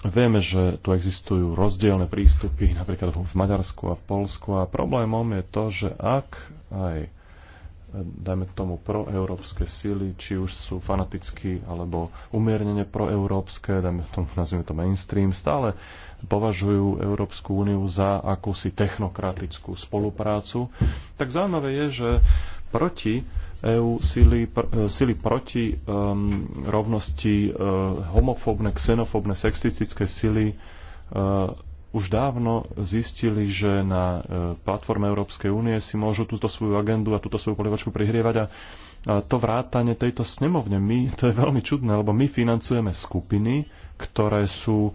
vieme, že tu existujú rozdielne prístupy, napríklad v Maďarsku a v Polsku a problémom je to, že ak aj dajme tomu proeurópske sily, či už sú fanaticky alebo umiernene proeurópske, dajme tomu, nazvime to mainstream, stále považujú Európsku úniu za akúsi technokratickú spoluprácu. Tak zaujímavé je, že proti EU sily, pr, e, sily proti um, rovnosti uh, homofóbne, xenofóbne, sexistické sily uh, e, už dávno zistili, že na e, platforme Európskej únie si môžu túto svoju agendu a túto svoju polievočku prihrievať a to vrátanie tejto snemovne. My, to je veľmi čudné, lebo my financujeme skupiny, ktoré sú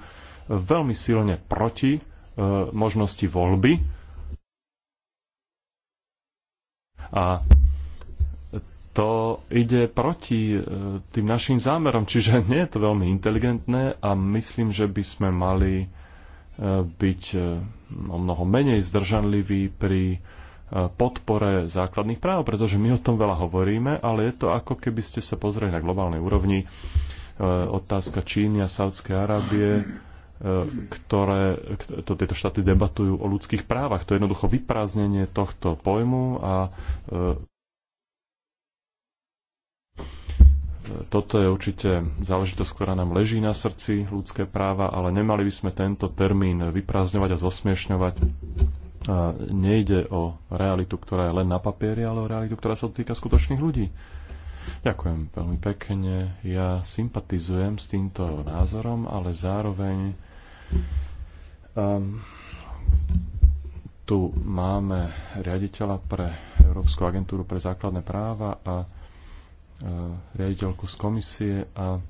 veľmi silne proti e, možnosti voľby. A to ide proti e, tým našim zámerom, čiže nie je to veľmi inteligentné a myslím, že by sme mali byť e, o mnoho menej zdržanlivý pri e, podpore základných práv, pretože my o tom veľa hovoríme, ale je to ako keby ste sa pozreli na globálnej úrovni. E, otázka Číny a Sádskej Arábie, ktoré to, tieto štáty debatujú o ľudských právach. To je jednoducho vyprázdnenie tohto pojmu a toto je určite záležitosť, ktorá nám leží na srdci, ľudské práva, ale nemali by sme tento termín vyprázdňovať a zosmiešňovať. A nejde o realitu, ktorá je len na papieri, ale o realitu, ktorá sa týka skutočných ľudí. Ďakujem veľmi pekne. Ja sympatizujem s týmto názorom, ale zároveň um, tu máme riaditeľa pre Európsku agentúru pre základné práva a Eh, riaditeľku z komisie a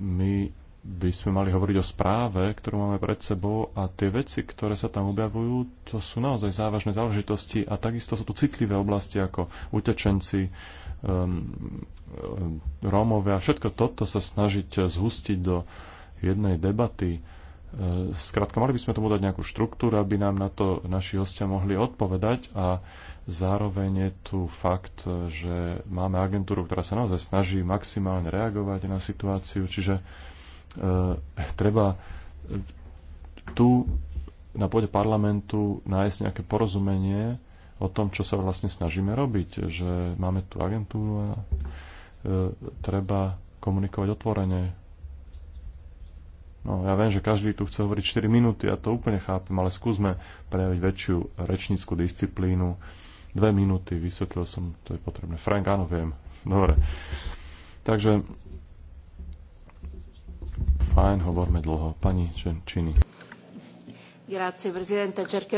my by sme mali hovoriť o správe, ktorú máme pred sebou a tie veci, ktoré sa tam objavujú, to sú naozaj závažné záležitosti a takisto sú tu citlivé oblasti ako utečenci, um, Rómovia. Všetko toto sa snažiť zhustiť do jednej debaty. Eh, Skrátka, mali by sme tomu dať nejakú štruktúru, aby nám na to naši hostia mohli odpovedať a Zároveň je tu fakt, že máme agentúru, ktorá sa naozaj snaží maximálne reagovať na situáciu, čiže e, treba e, tu na pôde parlamentu nájsť nejaké porozumenie o tom, čo sa vlastne snažíme robiť, že máme tu agentúru a e, treba komunikovať otvorene. No, ja viem, že každý tu chce hovoriť 4 minúty, ja to úplne chápem, ale skúsme prejaviť väčšiu rečníckú disciplínu dve minúty, vysvetlil som, to je potrebné. Frank, áno, viem. Dobre. Takže, fajn, hovorme dlho. Pani Činy.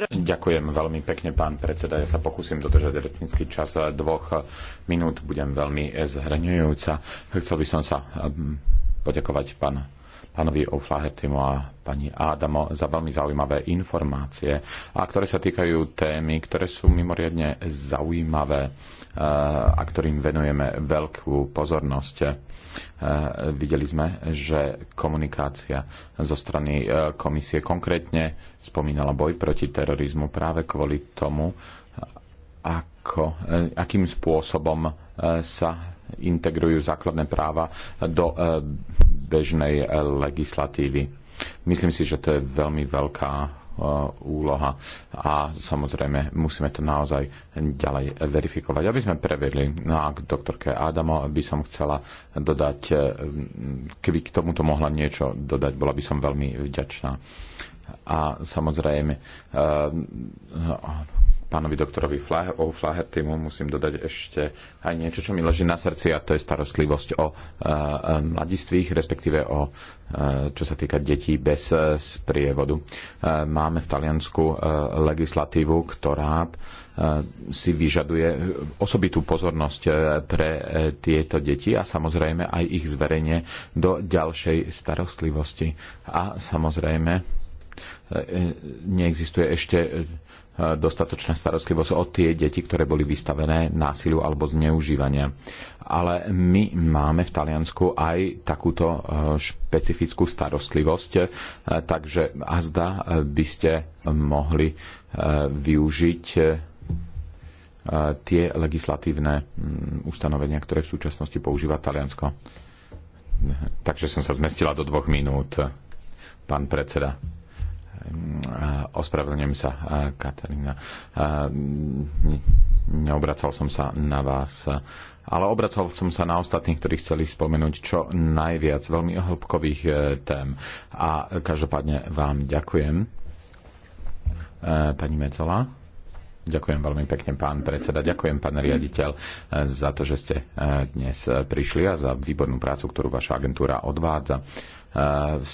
Ďakujem veľmi pekne, pán predseda. Ja sa pokúsim dodržať rečnícky čas dvoch minút. Budem veľmi zhrňujúca. Chcel by som sa ehm, poďakovať pán pánovi O'Flahertymu a pani Adamo za veľmi zaujímavé informácie, a ktoré sa týkajú témy, ktoré sú mimoriadne zaujímavé eh, a ktorým venujeme veľkú pozornosť. Eh, videli sme, že komunikácia zo strany eh, komisie konkrétne spomínala boj proti terorizmu práve kvôli tomu, ako, akým spôsobom sa integrujú základné práva do e, bežnej legislatívy. Myslím si, že to je veľmi veľká e, úloha a samozrejme musíme to naozaj ďalej verifikovať, aby sme prevedli. No a k doktorke Adamo by som chcela dodať, e, keby k tomuto mohla niečo dodať, bola by som veľmi vďačná. A samozrejme pánovi doktorovi Flaher, o Flahertymu musím dodať ešte aj niečo, čo mi leží na srdci a to je starostlivosť o eh, mladistvých, respektíve o eh, čo sa týka detí bez sprievodu. Eh, máme v Taliansku legislatívu, ktorá si vyžaduje osobitú pozornosť pre tieto deti a samozrejme aj ich zverenie do ďalšej starostlivosti. A samozrejme neexistuje ešte dostatočná starostlivosť o tie deti, ktoré boli vystavené násiliu alebo zneužívania. Ale my máme v Taliansku aj takúto e, špecifickú starostlivosť, e, takže azda e, by ste mohli využiť tie legislatívne mm, ustanovenia, ktoré v súčasnosti používa Taliansko. Takže som sa zmestila do dvoch minút, pán predseda. Ospravedlňujem sa, Katarína. Neobracal som sa na vás, ale obracal som sa na ostatných, ktorí chceli spomenúť čo najviac veľmi hĺbkových e, tém. A každopádne vám ďakujem. E, pani Mecola. Ďakujem veľmi pekne, pán predseda. Ďakujem, pán riaditeľ, e, za to, že ste dnes prišli a za výbornú prácu, ktorú vaša agentúra odvádza v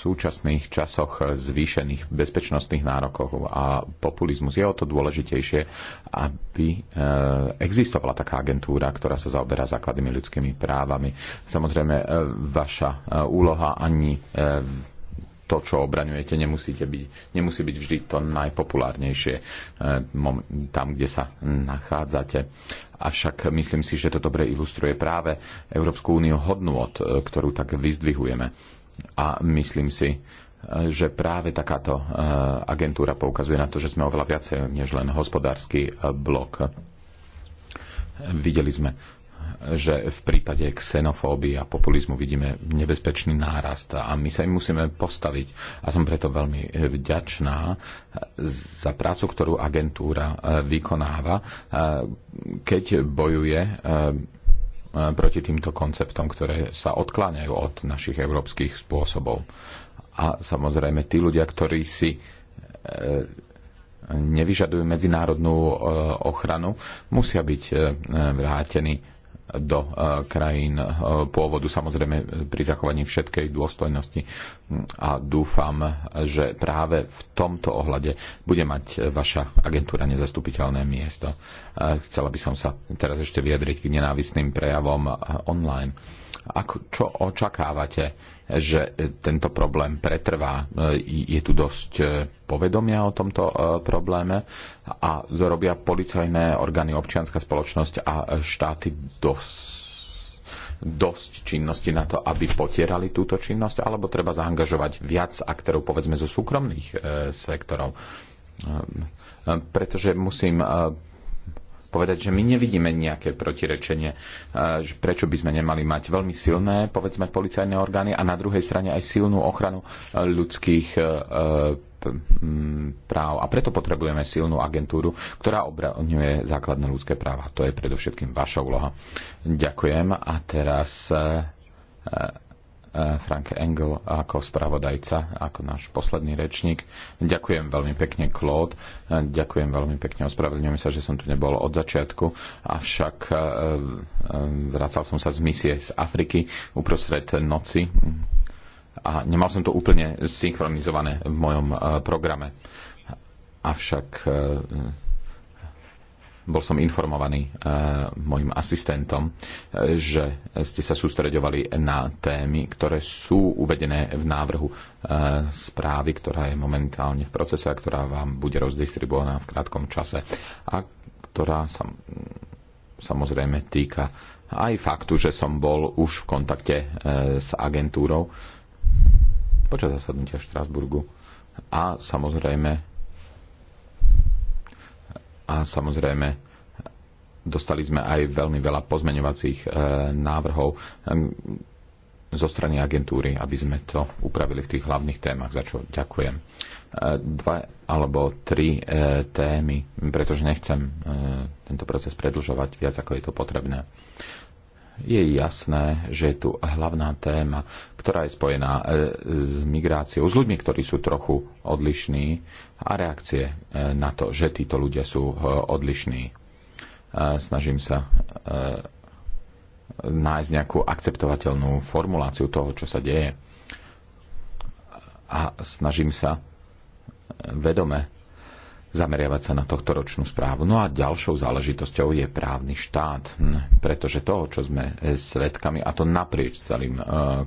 súčasných časoch zvýšených bezpečnostných nárokov a populizmus. Je o to dôležitejšie, aby e, existovala taká agentúra, ktorá sa zaoberá základnými ľudskými právami. Samozrejme, e, vaša e, úloha ani to, čo obraňujete, nemusíte byť, nemusí byť vždy to najpopulárnejšie tam, kde sa nachádzate. Avšak myslím si, že to dobre ilustruje práve Európsku úniu hodnôt, ktorú tak vyzdvihujeme a myslím si, že práve takáto eh, agentúra poukazuje na to, že sme oveľa viacej než len hospodársky eh, blok. Videli sme, že v prípade xenofóbii a populizmu vidíme nebezpečný nárast a my sa im musíme postaviť. A som preto veľmi eh, vďačná za prácu, ktorú agentúra vykonáva, keď bojuje E, proti týmto konceptom, ktoré sa odkláňajú od našich európskych spôsobov. A samozrejme tí ľudia, ktorí si e, nevyžadujú medzinárodnú e, ochranu, musia byť vrátení do e, krajín e, pôvodu, samozrejme e, pri zachovaní všetkej dôstojnosti. A dúfam, že práve v tomto ohľade bude mať vaša agentúra nezastupiteľné miesto. Chcela by som sa teraz ešte vyjadriť k nenávisným prejavom online. Ako, čo očakávate že tento problém pretrvá. E, je tu dosť e, povedomia o tomto e, probléme a robia policajné orgány, občianská spoločnosť a štáty dosť dosť činnosti na to, aby potierali túto činnosť, alebo treba zaangažovať viac aktérov, povedzme, zo súkromných e, sektorov. E, pretože musím e, povedať, že my nevidíme nejaké protirečenie, prečo by sme nemali mať veľmi silné, povedzme, policajné orgány a na druhej strane aj silnú ochranu e, ľudských e, e, práv. A preto potrebujeme silnú agentúru, ktorá obraňuje základné ľudské práva. To je predovšetkým vaša úloha. Ďakujem. A teraz E, Frank Engel ako spravodajca, ako náš posledný rečník. Ďakujem veľmi pekne, Claude. E, ďakujem veľmi pekne, ospravedlňujem sa, že som tu nebol od začiatku, avšak e, vracal som sa z misie z Afriky uprostred noci a nemal som to úplne synchronizované v mojom programe. Avšak bol som informovaný e, mojim asistentom, e, že ste sa sústreďovali na témy, ktoré sú uvedené v návrhu e, správy, ktorá je momentálne v procese a ktorá vám bude rozdistribuovaná v krátkom čase a ktorá sa samozrejme týka aj faktu, že som bol už v kontakte s agentúrou počas zasadnutia v Štrásburgu a samozrejme a samozrejme dostali sme aj veľmi veľa pozmeňovacích e, návrhov zo strany agentúry, aby sme to upravili v tých hlavných témach, za čo ďakujem. E, dva alebo tri e, témy, pretože nechcem tento proces predlžovať viac, ako je to potrebné je jasné, že je tu hlavná téma, ktorá je spojená e, s migráciou, s ľuďmi, ktorí sú trochu odlišní a reakcie e, na to, že títo ľudia sú e, odlišní. Snažím sa nájsť nejakú akceptovateľnú formuláciu toho, čo sa deje. A snažím sa vedome zameriavať sa na tohto ročnú správu. No a ďalšou záležitosťou je právny štát, hm, pretože toho, čo sme eh, svedkami, a to naprieč celým e,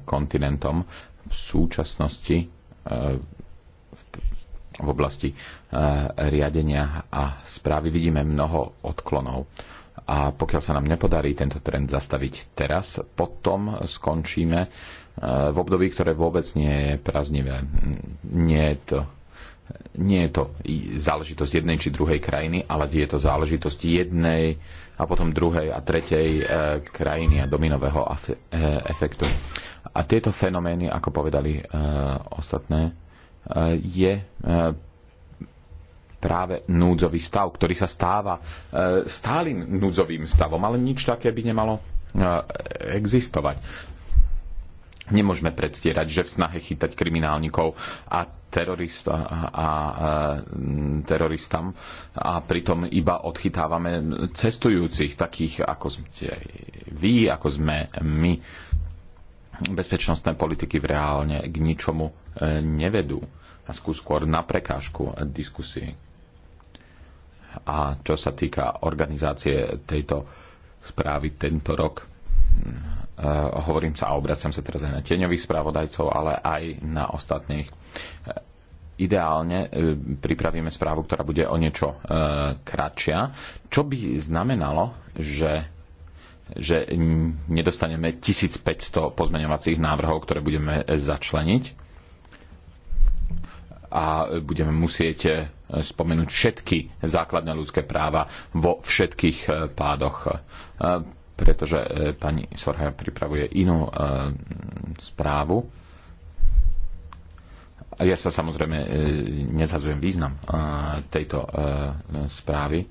kontinentom v súčasnosti e, v, oblasti e, riadenia a správy vidíme mnoho odklonov. A pokiaľ sa nám nepodarí tento trend zastaviť teraz, potom skončíme v období, ktoré vôbec nie je praznivé. Hm, nie je to nie je to záležitosť jednej či druhej krajiny, ale je to záležitosť jednej a potom druhej a tretej e, krajiny a dominového e, efektu. A tieto fenomény, ako povedali e, ostatné, je práve núdzový stav, ktorý sa stáva stálym núdzovým stavom, ale nič také by nemalo existovať. Nemôžeme predstierať, že v snahe chytať kriminálnikov a terorista a teroristam a pritom iba odchytávame cestujúcich, takých ako sme vy, ako sme my. Bezpečnostné politiky v reálne k ničomu e, nevedú a skôr na prekážku diskusie. A čo sa týka organizácie tejto správy tento rok, Eh, hovorím sa a obraciam sa teraz aj na tieňových správodajcov, ale aj na ostatných. Eh, ideálne eh, pripravíme správu, ktorá bude o niečo kratšia, čo by znamenalo, že že nedostaneme 1500 pozmeňovacích návrhov, ktoré budeme začleniť a budeme musieť spomenúť všetky základné ľudské práva vo všetkých pádoch pretože e, pani Sorha pripravuje inú e, správu. Ja sa samozrejme e, nezadzujem význam tejto správy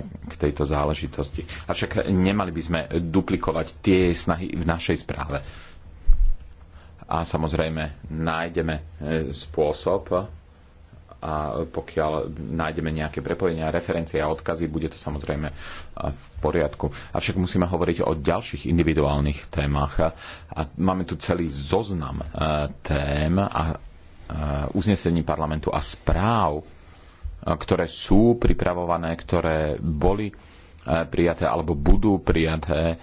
k tejto záležitosti. Avšak nemali by sme duplikovať tie snahy v našej správe. A samozrejme nájdeme spôsob, a pokiaľ nájdeme nejaké prepojenia, referencie a odkazy, bude to samozrejme v poriadku. Avšak musíme hovoriť o ďalších individuálnych témach a máme tu celý zoznam e, tém a e, uznesení parlamentu a správ, e, ktoré sú pripravované, ktoré boli prijaté alebo budú prijaté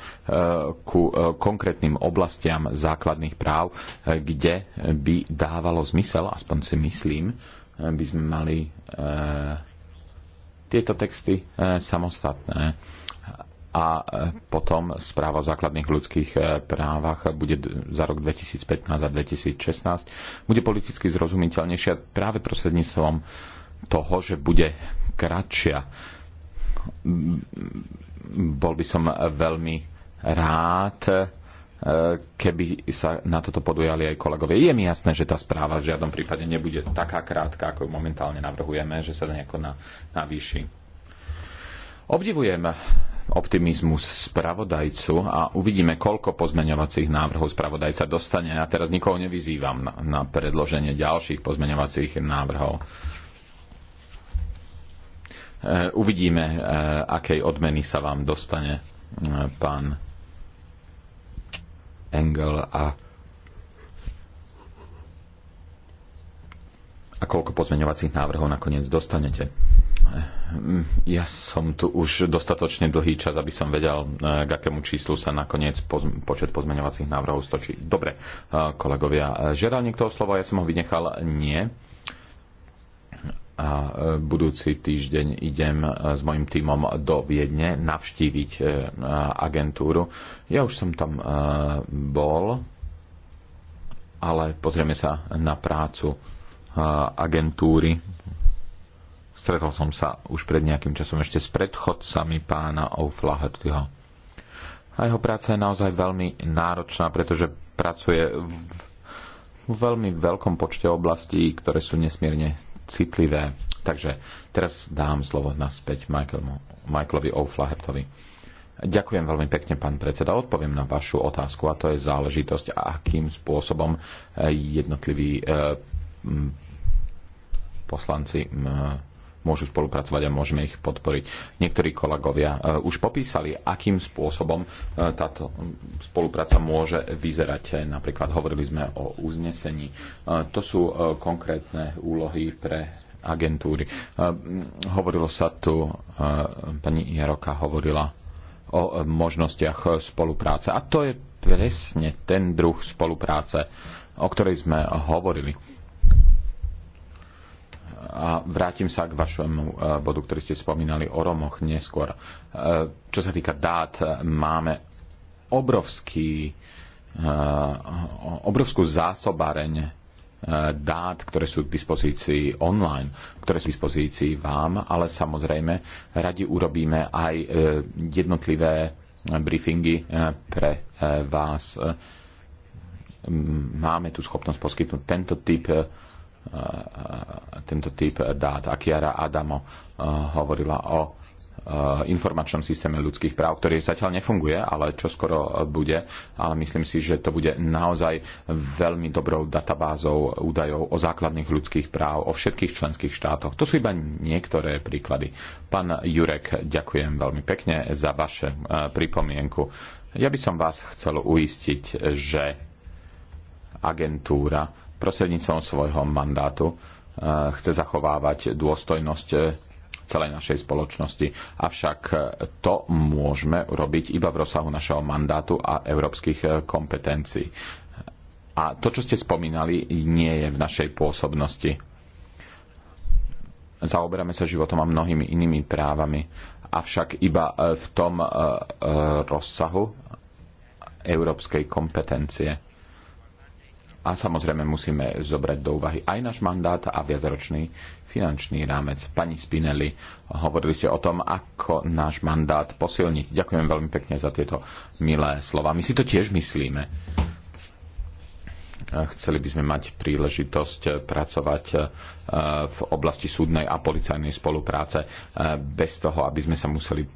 ku konkrétnym oblastiam základných práv, kde by dávalo zmysel, aspoň si myslím, by sme mali eh, tieto texty eh, samostatné a eh, potom správa o základných ľudských právach bude za rok 2015 a 2016 bude politicky zrozumiteľnejšia práve prostredníctvom toho, že bude kratšia. Bol by som veľmi rád, keby sa na toto podujali aj kolegovia. Je mi jasné, že tá správa v žiadnom prípade nebude taká krátka, ako ju momentálne navrhujeme, že sa nejako na, navýši. Obdivujem optimizmus spravodajcu a uvidíme, koľko pozmeňovacích návrhov spravodajca dostane. Ja teraz nikoho nevyzývam na, na predloženie ďalších pozmeňovacích návrhov. Eh, uvidíme, eh, akej odmeny sa vám dostane eh, pán Engel a a koľko pozmeňovacích návrhov nakoniec dostanete. Ja som tu už dostatočne dlhý čas, aby som vedel, eh, k akému číslu sa nakoniec počet pozmeňovacích návrhov stočí. Dobre, eh, kolegovia, eh, žiadal niekto o slovo, ja som ho vynechal. Nie a e, budúci týždeň idem e, s mojim tímom do Viedne navštíviť e, agentúru. Ja už som tam bol, ale pozrieme sa na prácu agentúry. Stretol som sa už pred nejakým časom ešte s predchodcami pána O'Flahertyho. A jeho práca je naozaj veľmi náročná, pretože pracuje v veľmi veľkom počte oblastí, ktoré sú nesmierne citlivé. Takže teraz dám slovo naspäť Michaelmu, Michaelovi O'Flahertovi. Ďakujem veľmi pekne, pán predseda. Odpoviem na vašu otázku a to je záležitosť, akým spôsobom eh, jednotliví eh, poslanci môžu spolupracovať a môžeme ich podporiť. Niektorí kolegovia e, už popísali, akým spôsobom e, táto spolupráca môže vyzerať. E, napríklad hovorili sme o uznesení. To sú konkrétne úlohy pre agentúry. Hovorilo sa tu, pani Jaroka hovorila o možnostiach spolupráce. A to je presne ten druh spolupráce, o ktorej sme hovorili a vrátim sa k vašemu e, bodu, ktorý ste spomínali o Romoch neskôr. E, čo sa týka dát, máme obrovský, e, obrovskú zásobareň dát, ktoré sú k dispozícii online, ktoré sú k dispozícii vám, ale samozrejme radi urobíme aj jednotlivé briefingy pre vás. Máme tu schopnosť poskytnúť tento typ tento typ dát. A Kiara Adamo e, hovorila o e, informačnom systéme ľudských práv, ktorý zatiaľ nefunguje, ale čo skoro bude. Ale myslím si, že to bude naozaj veľmi dobrou databázou údajov o základných ľudských práv o všetkých členských štátoch. To sú iba niektoré príklady. Pán Jurek, ďakujem veľmi pekne za vaše e, pripomienku. Ja by som vás chcel uistiť, že agentúra prostredníctvom svojho mandátu e, chce zachovávať dôstojnosť e, celej našej spoločnosti. Avšak e, to môžeme robiť iba v rozsahu našeho mandátu a európskych kompetencií. A to, čo ste spomínali, nie je v našej pôsobnosti. Zaoberáme sa životom a mnohými inými právami, avšak iba v tom rozsahu európskej kompetencie a samozrejme musíme zobrať do úvahy aj náš mandát a viacročný finančný rámec. Pani Spinelli, hovorili ste o tom, ako náš mandát posilniť. Ďakujem veľmi pekne za tieto milé slova. My si to tiež myslíme. Chceli by sme mať príležitosť pracovať eh, v oblasti súdnej a policajnej spolupráce eh, bez toho, aby sme sa museli eh,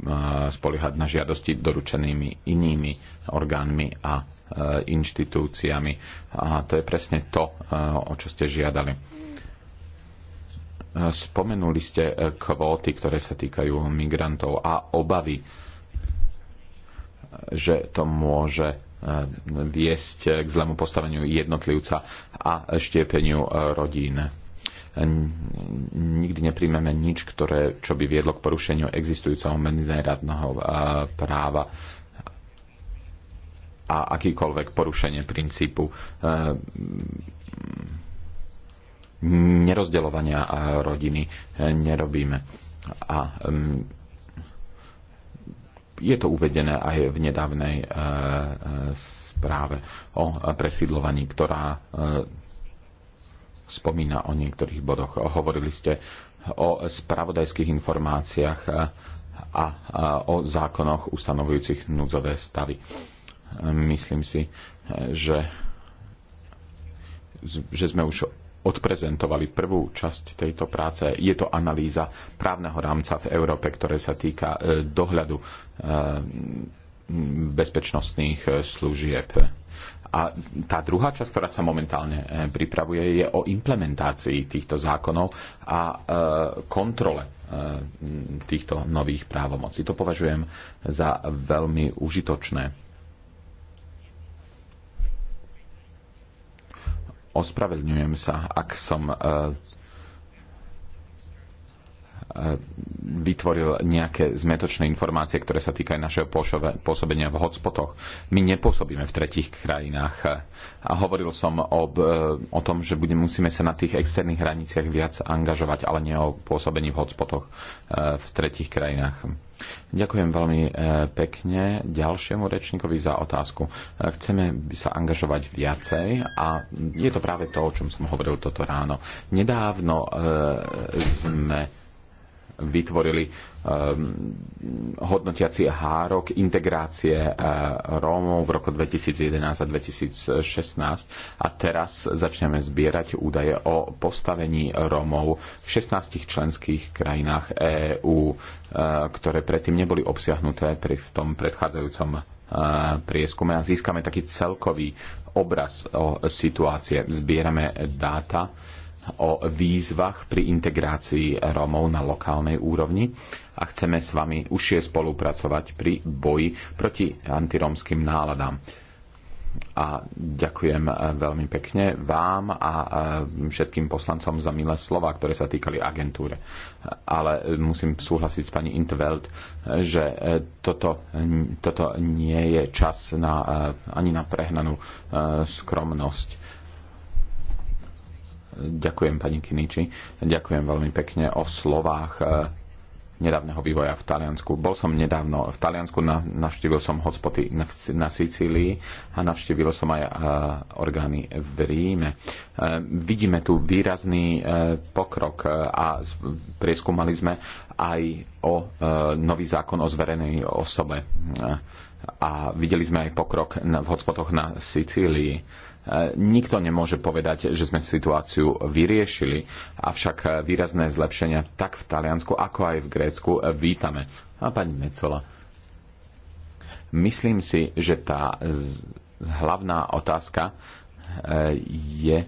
spoliehať na žiadosti doručenými inými orgánmi a Eh, inštitúciami. A to je presne to, eh, o čo ste žiadali. Eh, spomenuli ste kvóty, ktoré sa týkajú migrantov a obavy, že to môže viesť k zlému postaveniu jednotlivca a štiepeniu rodín. Nikdy nepríjmeme nič, ktoré, čo by viedlo k porušeniu existujúceho medzinárodného práva a akýkoľvek porušenie princípu eh, nerozdeľovania eh, rodiny eh, nerobíme. A mm, je to uvedené aj v nedávnej správe o presídlovaní, ktorá spomína o niektorých bodoch. Hovorili ste o spravodajských informáciách a o zákonoch ustanovujúcich núdzové stavy Myslím si, že, že sme už odprezentovali prvú časť tejto práce. Je to analýza právneho rámca v Európe, ktoré sa týka e, dohľadu e, bezpečnostných služieb. A tá druhá časť, ktorá sa momentálne e, pripravuje, je o implementácii týchto zákonov a kontrole týchto nových právomocí. To považujem za veľmi užitočné ospravedlňujem sa, ak som e, e, vytvoril nejaké zmetočné informácie, ktoré sa týkajú našeho pôsobenia v hotspotoch. My nepôsobíme v tretich krajinách. A hovoril som o, e, o tom, že budem, musíme sa na tých externých hraniciach viac angažovať, ale nie o pôsobení v hotspotoch v tretich krajinách. Ďakujem veľmi e, pekne ďalšiemu rečníkovi za otázku. E, chceme sa angažovať viacej a je to práve to, o čom som hovoril toto ráno. Nedávno e, sme vytvorili um, hodnotiaci hárok integrácie uh, Rómov v roku 2011 a 2016 a teraz začneme zbierať údaje o postavení Rómov v 16 členských krajinách EÚ, uh, ktoré predtým neboli obsiahnuté pri v tom predchádzajúcom uh, prieskume a získame taký celkový obraz o situácie. Zbierame dáta o výzvach pri integrácii Rómov na lokálnej úrovni a chceme s vami užšie spolupracovať pri boji proti antiromským náladám. A ďakujem e, veľmi pekne vám a e, všetkým poslancom za milé slova, ktoré sa týkali agentúre. Ale e, musím súhlasiť s pani Intveld, že toto, toto nie je čas na, ani na prehnanú skromnosť Ďakujem pani Kiniči, ďakujem veľmi pekne o slovách e, nedávneho vývoja v Taliansku. Bol som nedávno v Taliansku, navštívil som hotspoty na Sicílii a navštívil som aj e, orgány v Ríme. E, vidíme tu výrazný pokrok a prieskúmali sme aj o nový zákon o zverejnej osobe. A videli sme aj pokrok v hotspotoch na Sicílii E, nikto nemôže povedať, že sme situáciu vyriešili, avšak e, výrazné zlepšenia tak v Taliansku, ako aj v Grécku e, vítame. A pani Mecola, myslím si, že tá hlavná otázka je,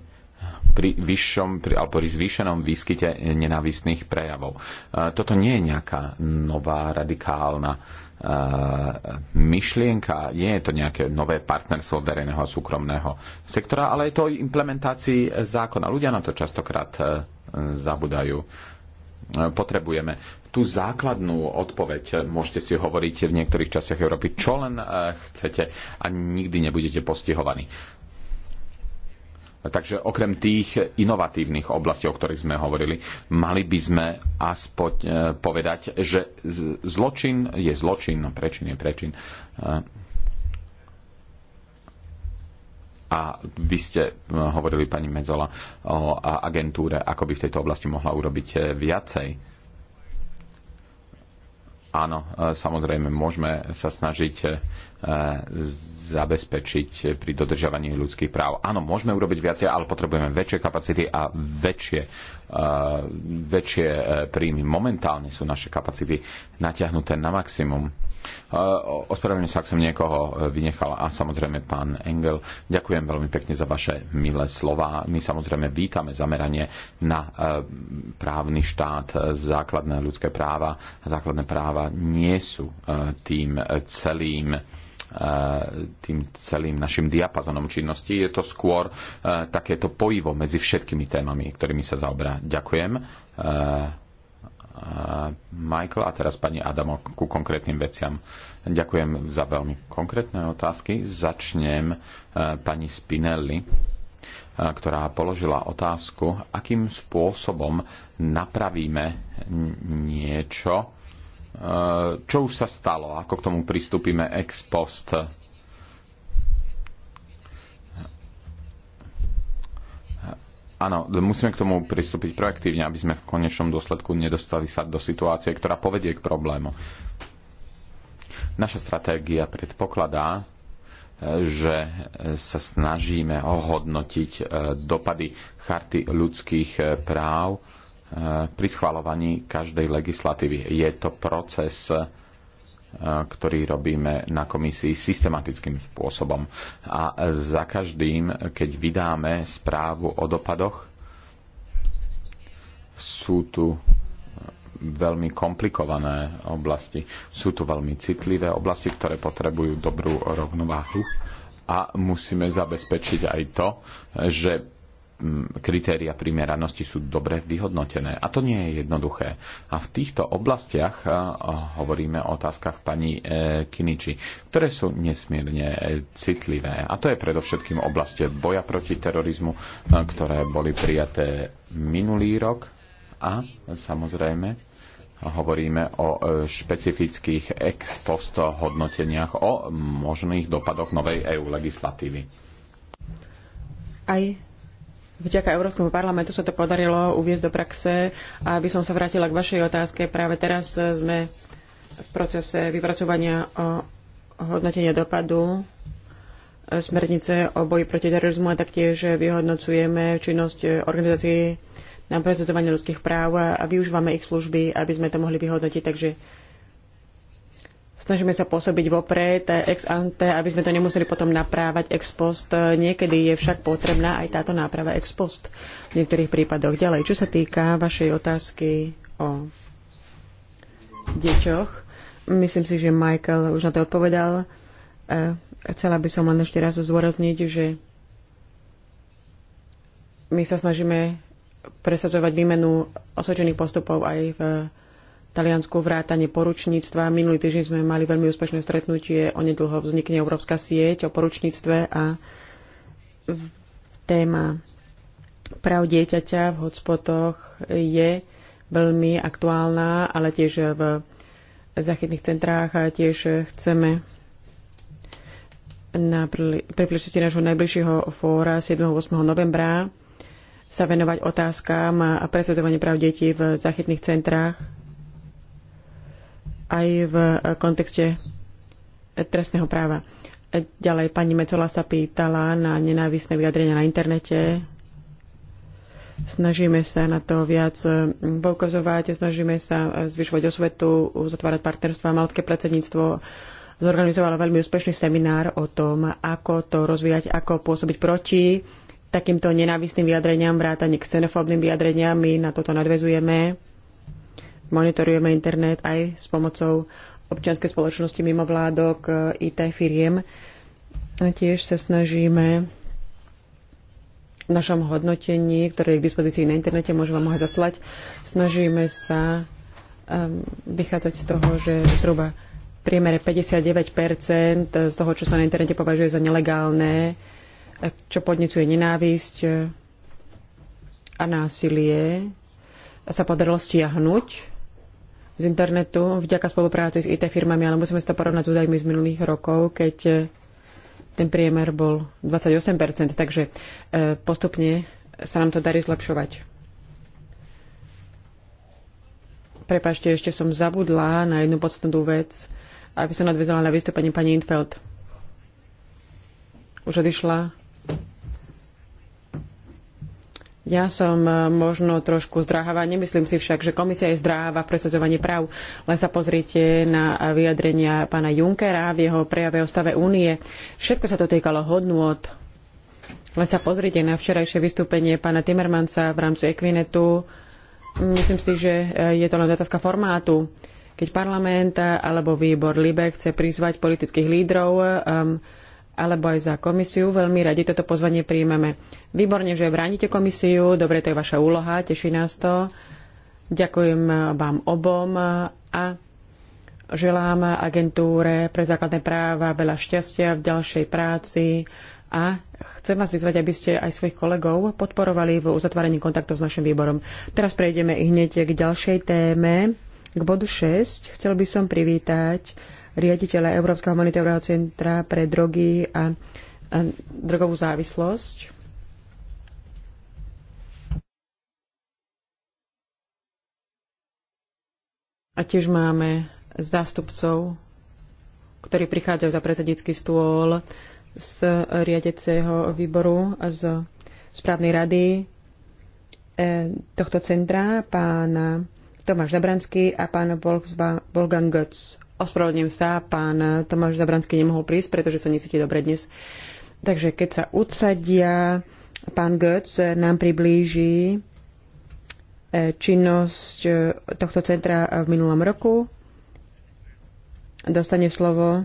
pri vyššom pri, alebo pri zvýšenom výskyte nenávistných prejavov. E, toto nie je nejaká nová radikálna e, myšlienka, nie je to nejaké nové partnerstvo verejného a súkromného sektora, ale je to o implementácii zákona. Ľudia na to častokrát e, zabudajú. Potrebujeme tú základnú odpoveď. Môžete si hovoriť v niektorých častiach Európy, čo len chcete a nikdy nebudete postihovaní Takže okrem tých inovatívnych oblastí, o ktorých sme hovorili, mali by sme aspoň e, povedať, že zločin je zločin, no, prečin je prečin. E, a vy ste e, hovorili, pani Medzola o agentúre, ako by v tejto oblasti mohla urobiť viacej Áno, e, samozrejme, môžeme sa snažiť e, zabezpečiť pri dodržiavaní ľudských práv. Áno, môžeme urobiť viacej, ale potrebujeme väčšie kapacity a väčšie, e, väčšie príjmy. Momentálne sú naše kapacity natiahnuté na maximum Ospravedlňujem sa, ak som niekoho e, vynechal a samozrejme pán Engel, ďakujem veľmi pekne za vaše milé slova. My samozrejme vítame zameranie na e, právny štát, základné ľudské práva. Základné práva nie sú e, tým celým tým celým našim diapazonom činnosti. Je to skôr takéto pojivo medzi všetkými témami, ktorými sa zaoberá. Ďakujem Michael a teraz pani Adamo ku konkrétnym veciam. Ďakujem za veľmi konkrétne otázky. Začnem e, pani Spinelli, e, ktorá položila otázku, akým spôsobom napravíme niečo, e, čo už sa stalo, ako k tomu pristúpime ex post Áno, musíme k tomu pristúpiť proaktívne, aby sme v konečnom dôsledku nedostali sa do situácie, ktorá povedie k problému. Naša stratégia predpokladá, e, že sa snažíme ohodnotiť e, dopady charty ľudských e, práv pri schvalovaní každej legislatívy. Je to proces ktorý robíme na komisii systematickým spôsobom. A za každým, keď vydáme správu o dopadoch, sú tu e, veľmi komplikované oblasti. Sú tu veľmi citlivé oblasti, ktoré potrebujú dobrú rovnováhu a musíme zabezpečiť aj to, že Mm, kritéria primeranosti sú dobre vyhodnotené. A to nie je jednoduché. A v týchto oblastiach hovoríme o otázkach pani e, Kiniči, ktoré sú nesmierne e, citlivé. A to je predovšetkým oblasti boja proti terorizmu, e, ktoré boli prijaté minulý rok a samozrejme hovoríme o špecifických ex post hodnoteniach o možných dopadoch novej EU legislatívy. Aj Vďaka Európskemu parlamentu sa to podarilo uviezť do praxe a aby som sa vrátila k vašej otázke, práve teraz eh, sme v procese vypracovania o eh, hodnotenia dopadu eh, smernice o boji proti terorizmu a taktiež vyhodnocujeme činnosť organizácií na prezentovanie ľudských práv a využívame ich služby, aby sme to mohli vyhodnotiť. Takže Snažíme sa pôsobiť vopred, eh, ex ante, aby sme to nemuseli potom naprávať ex post. Eh, niekedy je však potrebná aj táto náprava ex post v niektorých prípadoch. Ďalej, čo sa týka vašej otázky o deťoch, myslím si, že Michael už na to odpovedal. Eh, chcela by som len ešte raz zdôrazniť, že my sa snažíme presadzovať výmenu osvedčených postupov aj v Taliansku vrátane poručníctva. Minulý týždeň sme mali veľmi úspešné stretnutie, onedlho vznikne Európska sieť o poručníctve a téma práv dieťaťa v hotspotoch je veľmi aktuálna, ale tiež v zachytných centrách a tiež chceme na príležitosti nášho najbližšieho fóra 7. 8. novembra sa venovať otázkam a predsedovanie práv detí v zachytných centrách aj v kontexte trestného práva. Ďalej pani Mecola sa pýtala na nenávisné vyjadrenia na internete. Snažíme sa na to viac e, poukazovať, snažíme sa e, zvyšovať osvetu, uzatvárať partnerstva. Maltské predsedníctvo zorganizovalo veľmi úspešný seminár o tom, ako to rozvíjať, ako pôsobiť proti takýmto nenávisným vyjadreniam, vrátane xenofóbnym vyjadreniam. My na toto nadvezujeme monitorujeme internet aj s pomocou občianskej spoločnosti mimo vládok, e, IT firiem. A tiež sa snažíme v našom hodnotení, ktoré je k dispozícii na internete, môžem vám ho aj zaslať, snažíme sa um, vychádzať z toho, že zhruba v priemere 59% z toho, čo sa na internete považuje za nelegálne, e, čo podnecuje nenávisť e, a násilie, sa podarilo stiahnuť z internetu vďaka spolupráci s IT firmami, ale musíme sa to porovnať s údajmi z minulých rokov, keď e, ten priemer bol 28%, takže e, postupne sa nám to darí zlepšovať. Prepašte, ešte som zabudla na jednu podstatnú vec, aby som nadvezala na vystúpenie pani Infeld. Už odišla? Ja som e, možno trošku zdráhavá, nemyslím si však, že komisia je zdráhavá v presadzovaní práv. Len sa pozrite na vyjadrenia pána Junckera v jeho prejave o stave únie. Všetko sa to týkalo hodnôt. Len sa pozrite na včerajšie vystúpenie pána Timmermansa v rámci Equinetu. Myslím si, že e, je to len otázka formátu. Keď parlament e, alebo výbor LIBE chce prizvať politických lídrov, um, alebo aj za komisiu. Veľmi radi toto pozvanie príjmeme. Výborne, že bránite komisiu, dobre, to je vaša úloha, teší nás to. Ďakujem vám obom a želám agentúre pre základné práva veľa šťastia v ďalšej práci a chcem vás vyzvať, aby ste aj svojich kolegov podporovali v uzatváraní kontaktov s našim výborom. Teraz prejdeme i hneď k ďalšej téme. K bodu 6 chcel by som privítať riaditeľa Európskeho monitorového centra pre drogy a, a drogovú závislosť. A tiež máme zástupcov, ktorí prichádzajú za predsedický stôl z riadeceho výboru a z správnej rady e, tohto centra, pána Tomáš Zabranský a pán Wolfgang Götz. Ospravedlňujem sa, pán Tomáš Zabranský nemohol prísť, pretože sa necíti dobre dnes. Takže keď sa odsadia, pán Götz nám priblíži e, činnosť e, tohto centra v minulom roku. Dostane slovo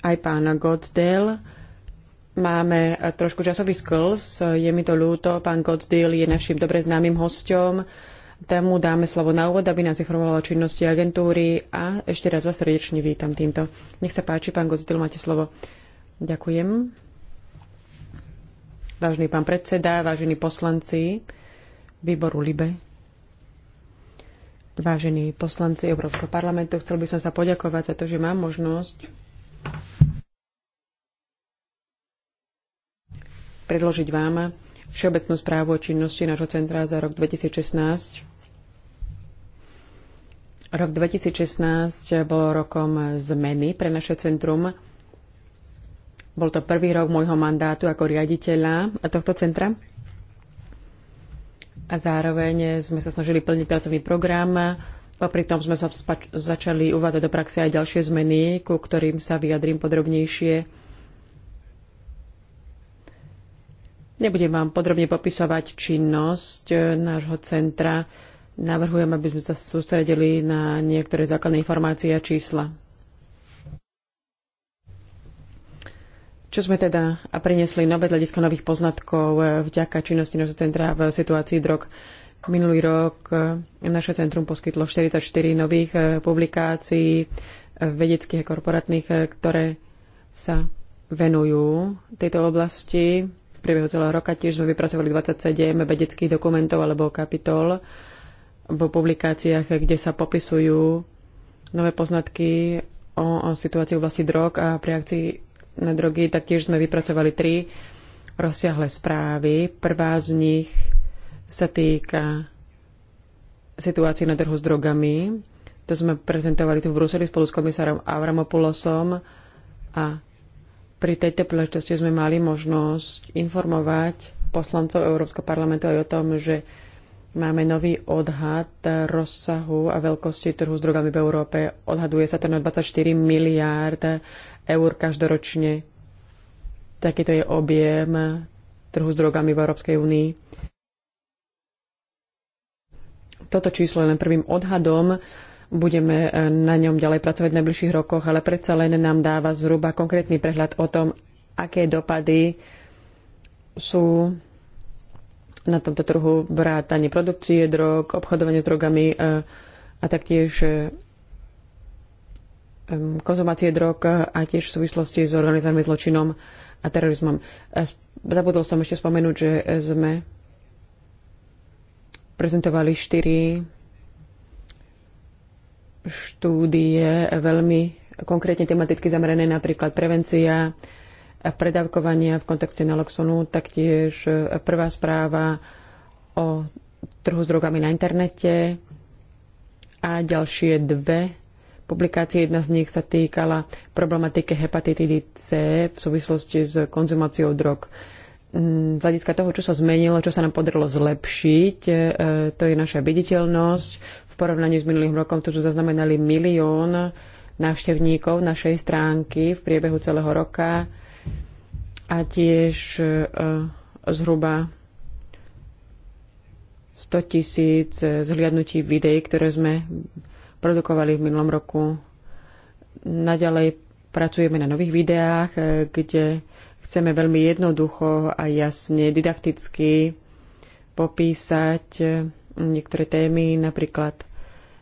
aj pán Godsdale. Máme trošku časový skls, je mi to ľúto. Pán Godsdale je našim dobre známym hostom. Tému dáme slovo na úvod, aby nás informovala o činnosti agentúry a ešte raz vás srdečne vítam týmto. Nech sa páči, pán Gozdil, máte slovo. Ďakujem. Vážený pán predseda, vážení poslanci výboru LIBE, vážení poslanci Európskeho parlamentu, chcel by som sa poďakovať za to, že mám možnosť predložiť vám Všeobecnú správu o činnosti nášho centra za rok 2016. Rok 2016 bol rokom zmeny pre naše centrum. Bol to prvý rok môjho mandátu ako riaditeľa tohto centra. A zároveň sme sa snažili plniť pracovný program. Popri tom sme sa začali uvádzať do praxe aj ďalšie zmeny, ku ktorým sa vyjadrím podrobnejšie. Nebudem vám podrobne popisovať činnosť nášho centra Navrhujem, aby sme sa sústredili na niektoré základné informácie a čísla. Čo sme teda priniesli nové hľadiska nových poznatkov eh, vďaka činnosti nášho centra v situácii drog? Minulý rok eh, naše centrum poskytlo 44 nových eh, publikácií vedeckých a korporátnych, ktoré sa venujú tejto oblasti. V priebehu celého roka tiež sme vypracovali 27 vedeckých dokumentov alebo kapitol v publikáciách, kde sa popisujú nové poznatky o, o situácii v oblasti drog a pri akcii na drogy, taktiež sme vypracovali tri rozsiahle správy. Prvá z nich sa týka situácie na trhu s drogami. To sme prezentovali tu v Bruseli spolu s komisárom Avramopulosom a pri tejto príležitosti sme mali možnosť informovať poslancov Európskeho parlamentu aj o tom, že Máme nový odhad rozsahu a veľkosti trhu s drogami v Európe. Odhaduje sa to na 24 miliárd eur každoročne. Takýto je objem trhu s drogami v Európskej únii. Toto číslo je len prvým odhadom. Budeme eh, na ňom ďalej pracovať v najbližších rokoch, ale predsa len nám dáva zhruba konkrétny prehľad o tom, aké dopady sú na tomto trhu vrátanie produkcie drog, obchodovanie s drogami e, a taktiež e, konzumácie drog a tiež v súvislosti s organizovaným zločinom a terorizmom. Zabudol som ešte spomenúť, že sme prezentovali štyri štúdie veľmi konkrétne tematicky zamerané napríklad prevencia, predávkovania v kontexte naloxonu, taktiež e, prvá správa o trhu s drogami na internete a ďalšie dve publikácie. Jedna z nich sa týkala problematike hepatitidy C v súvislosti s konzumáciou drog. Mm, z hľadiska toho, čo sa zmenilo, čo sa nám podarilo zlepšiť, e, to je naša viditeľnosť. V porovnaní s minulým rokom tu zaznamenali milión návštevníkov našej stránky v priebehu celého roka a tiež e, zhruba 100 tisíc e, zhliadnutí videí, ktoré sme produkovali v minulom roku. Naďalej pracujeme na nových videách, e, kde chceme veľmi jednoducho a jasne didakticky popísať niektoré témy. Napríklad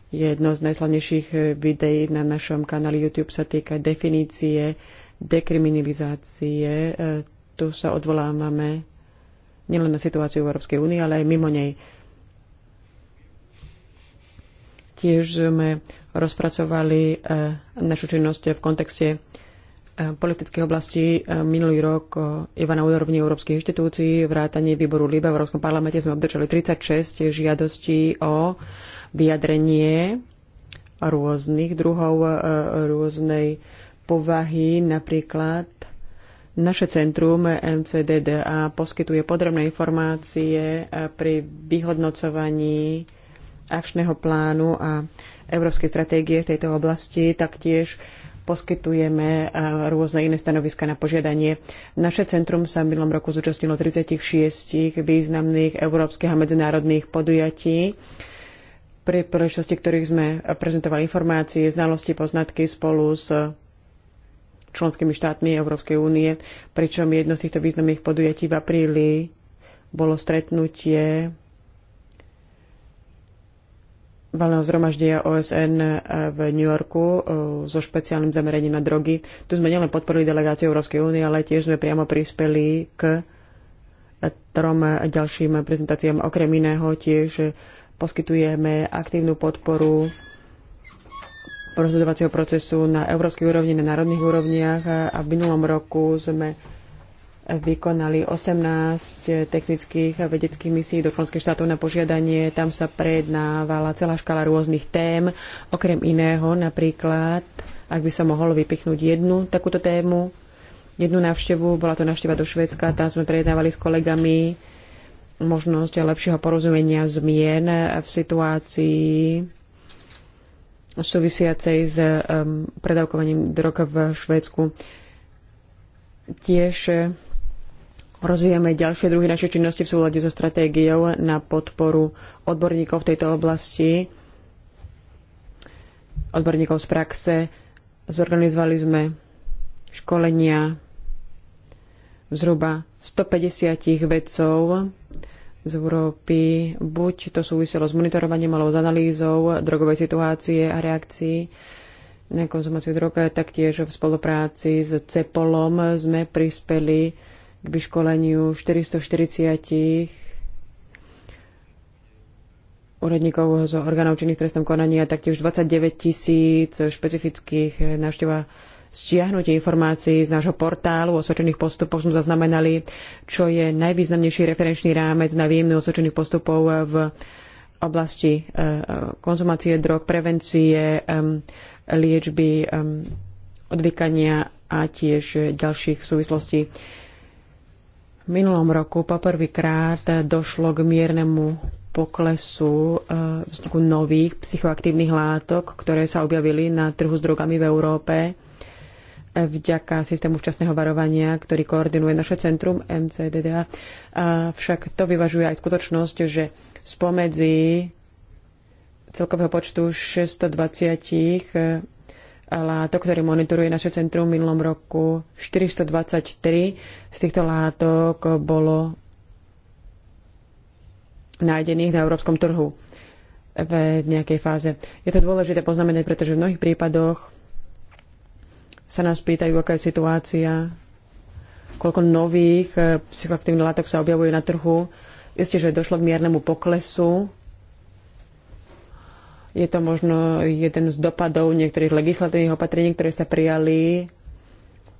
jedno z najslavnejších videí na našom kanáli YouTube sa týka definície dekriminalizácie. E, tu sa odvolávame nielen na situáciu v Európskej únii, ale aj mimo nej. Tiež sme rozpracovali e, našu činnosť v kontexte e, politických oblastí. Minulý rok iba na úrovni európskych inštitúcií vrátanie výboru LIBA v Európskom parlamente sme obdržali 36 žiadostí o vyjadrenie rôznych druhov rôznej povahy, napríklad naše centrum MCDDA poskytuje podrobné informácie eh, pri vyhodnocovaní akčného plánu a európskej stratégie v tejto oblasti. Taktiež poskytujeme eh, rôzne iné stanoviska na požiadanie. Naše centrum sa v minulom roku zúčastnilo 36 významných európskych a medzinárodných podujatí pri príležitosti ktorých sme prezentovali informácie, znalosti, poznatky spolu s členskými štátmi Európskej únie, pričom jedno z týchto významných podujatí v apríli bolo stretnutie valného zhromaždenia OSN v New Yorku eh, so špeciálnym zameraním na drogy. Tu sme nielen podporili delegáciu Európskej únie, ale tiež sme priamo prispeli k trom ďalším prezentáciám. Okrem iného tiež poskytujeme aktívnu podporu rozhodovacieho procesu na európskej úrovni, na národných úrovniach a v minulom roku sme vykonali 18 technických a vedeckých misií do členských štátov na požiadanie. Tam sa prejednávala celá škala rôznych tém. Okrem iného napríklad, ak by sa mohol vypichnúť jednu takúto tému, jednu návštevu, bola to návšteva do Švedska, tam sme prejednávali s kolegami možnosť lepšieho porozumenia zmien v situácii súvisiacej s um, predávkovaním drog v Švédsku. Tiež eh, rozvíjame ďalšie druhy našej činnosti v súlade so stratégiou na podporu odborníkov v tejto oblasti, odborníkov z praxe. Zorganizovali sme školenia zhruba 150 vedcov z Európy. Buď to súviselo s monitorovaním alebo s analýzou drogovej situácie a reakcií na konzumáciu drog, taktiež v spolupráci s CEPOLom sme prispeli k vyškoleniu 440 úradníkov z orgánov činných trestom konania, taktiež 29 tisíc špecifických návšteva stiahnutie informácií z nášho portálu o osvedčených postupoch sme zaznamenali, čo je najvýznamnejší referenčný rámec na výjimnu osvedčených postupov v oblasti eh, konzumácie drog, prevencie, liečby, odvykania a tiež ďalších súvislostí. V minulom roku poprvýkrát došlo k miernemu poklesu eh, vzniku nových psychoaktívnych látok, ktoré sa objavili na trhu s drogami v Európe vďaka systému včasného varovania, ktorý koordinuje naše centrum MCDDA. A však to vyvažuje aj skutočnosť, že spomedzi celkového počtu 620 eh, látok, ktoré monitoruje naše centrum v minulom roku, 423 z týchto látok bolo nájdených na európskom trhu v nejakej fáze. Je to dôležité poznamenať, pretože v mnohých prípadoch sa nás pýtajú, aká je situácia, koľko nových eh, psychoaktívnych látok sa objavuje na trhu. Isté, že došlo k miernemu poklesu. Je to možno jeden z dopadov niektorých legislatívnych opatrení, ktoré sa prijali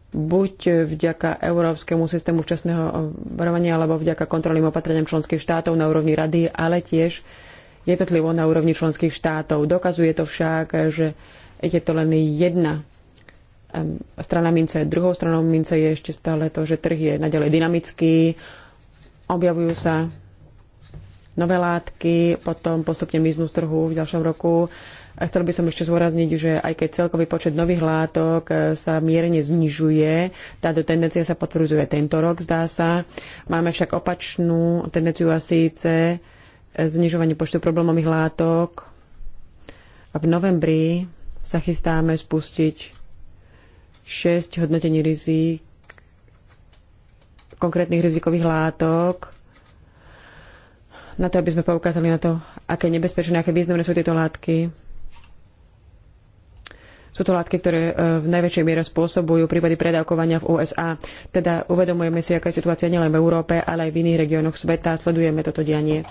buď vďaka európskemu systému včasného eh, varovania alebo vďaka kontrolným opatreniam členských štátov na úrovni rady, ale tiež jednotlivo na úrovni členských štátov. Dokazuje to však, eh, že je to len jedna strana mince. Druhou stranou mince je ešte stále to, že trh je naďalej dynamický, objavujú sa nové látky, potom postupne miznú z trhu v ďalšom roku. A chcel by som ešte zúrazniť, že aj keď celkový počet nových látok e, sa mierne znižuje, táto tendencia sa potvrdzuje tento rok, zdá sa. Máme však opačnú tendenciu a síce znižovanie počtu problémových látok. A v novembri sa chystáme spustiť 6. hodnotení rizik, konkrétnych rizikových látok na to, aby sme poukázali na to, aké nebezpečné, aké významné sú tieto látky. Sú to látky, ktoré e, v najväčšej miere spôsobujú prípady predávkovania v USA. Teda uvedomujeme si, aká je situácia nielen v Európe, ale aj v iných regiónoch sveta. Sledujeme toto dianie.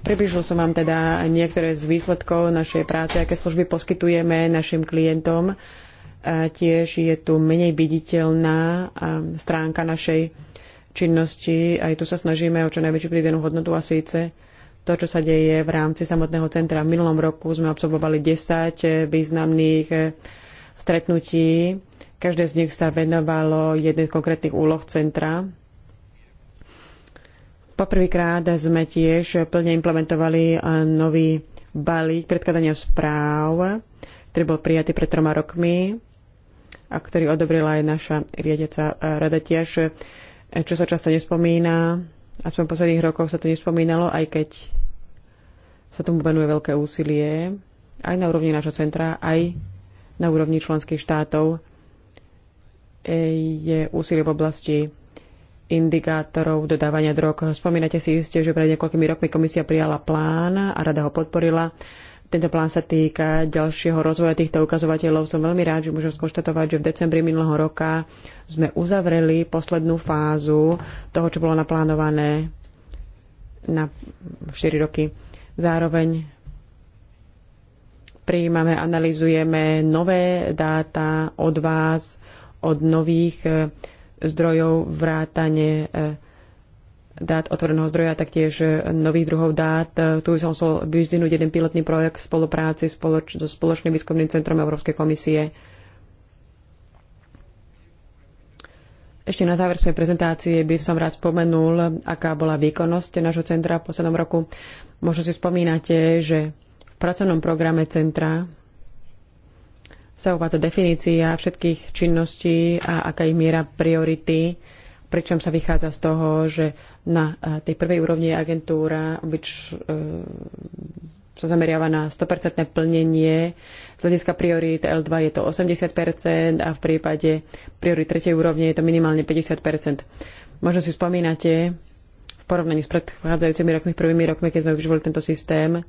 Približil som vám teda niektoré z výsledkov našej práce, aké služby poskytujeme našim klientom. Tiež je tu menej viditeľná stránka našej činnosti. Aj tu sa snažíme o čo najväčšiu pridanú hodnotu a síce to, čo sa deje v rámci samotného centra. V minulom roku sme absolvovali 10 významných stretnutí. Každé z nich sa venovalo jednej z konkrétnych úloh centra Poprvýkrát sme tiež plne implementovali eh, nový balík predkladania správ, ktorý bol prijatý pred troma rokmi a ktorý odobrila aj naša riadiaca eh, rada tiež, eh, čo sa často nespomína, aspoň v posledných rokoch sa to nespomínalo, aj keď sa tomu venuje veľké úsilie, aj na úrovni nášho centra, aj na úrovni členských štátov je úsilie v oblasti indikátorov dodávania drog. Spomínate si iste, že pred niekoľkými rokmi komisia prijala plán a rada ho podporila. Tento plán sa týka ďalšieho rozvoja týchto ukazovateľov. Som veľmi rád, že môžem skonštatovať, že v decembri minulého roka sme uzavreli poslednú fázu toho, čo bolo naplánované na 4 roky. Zároveň prijímame, analizujeme nové dáta od vás, od nových zdrojov, vrátane e, dát otvoreného zdroja, taktiež e, nových druhov dát. E, tu som chcel vyzdvihnúť jeden pilotný projekt v spolupráci spoloč- so Spoločným výskumným centrom Európskej komisie. Ešte na záver svojej prezentácie by som rád spomenul, aká bola výkonnosť nášho centra v poslednom roku. Možno si spomínate, že v pracovnom programe centra sa uvádza definícia všetkých činností a aká ich miera priority, pričom sa vychádza z toho, že na eh, tej prvej úrovni agentúra obyč, eh, sa zameriava na 100% plnenie. Z hľadiska priorít L2 je to 80% a v prípade priorit tretej úrovne je to minimálne 50%. Možno si spomínate, v porovnaní s predchádzajúcimi rokmi, prvými rokmi, keď sme využívali tento systém,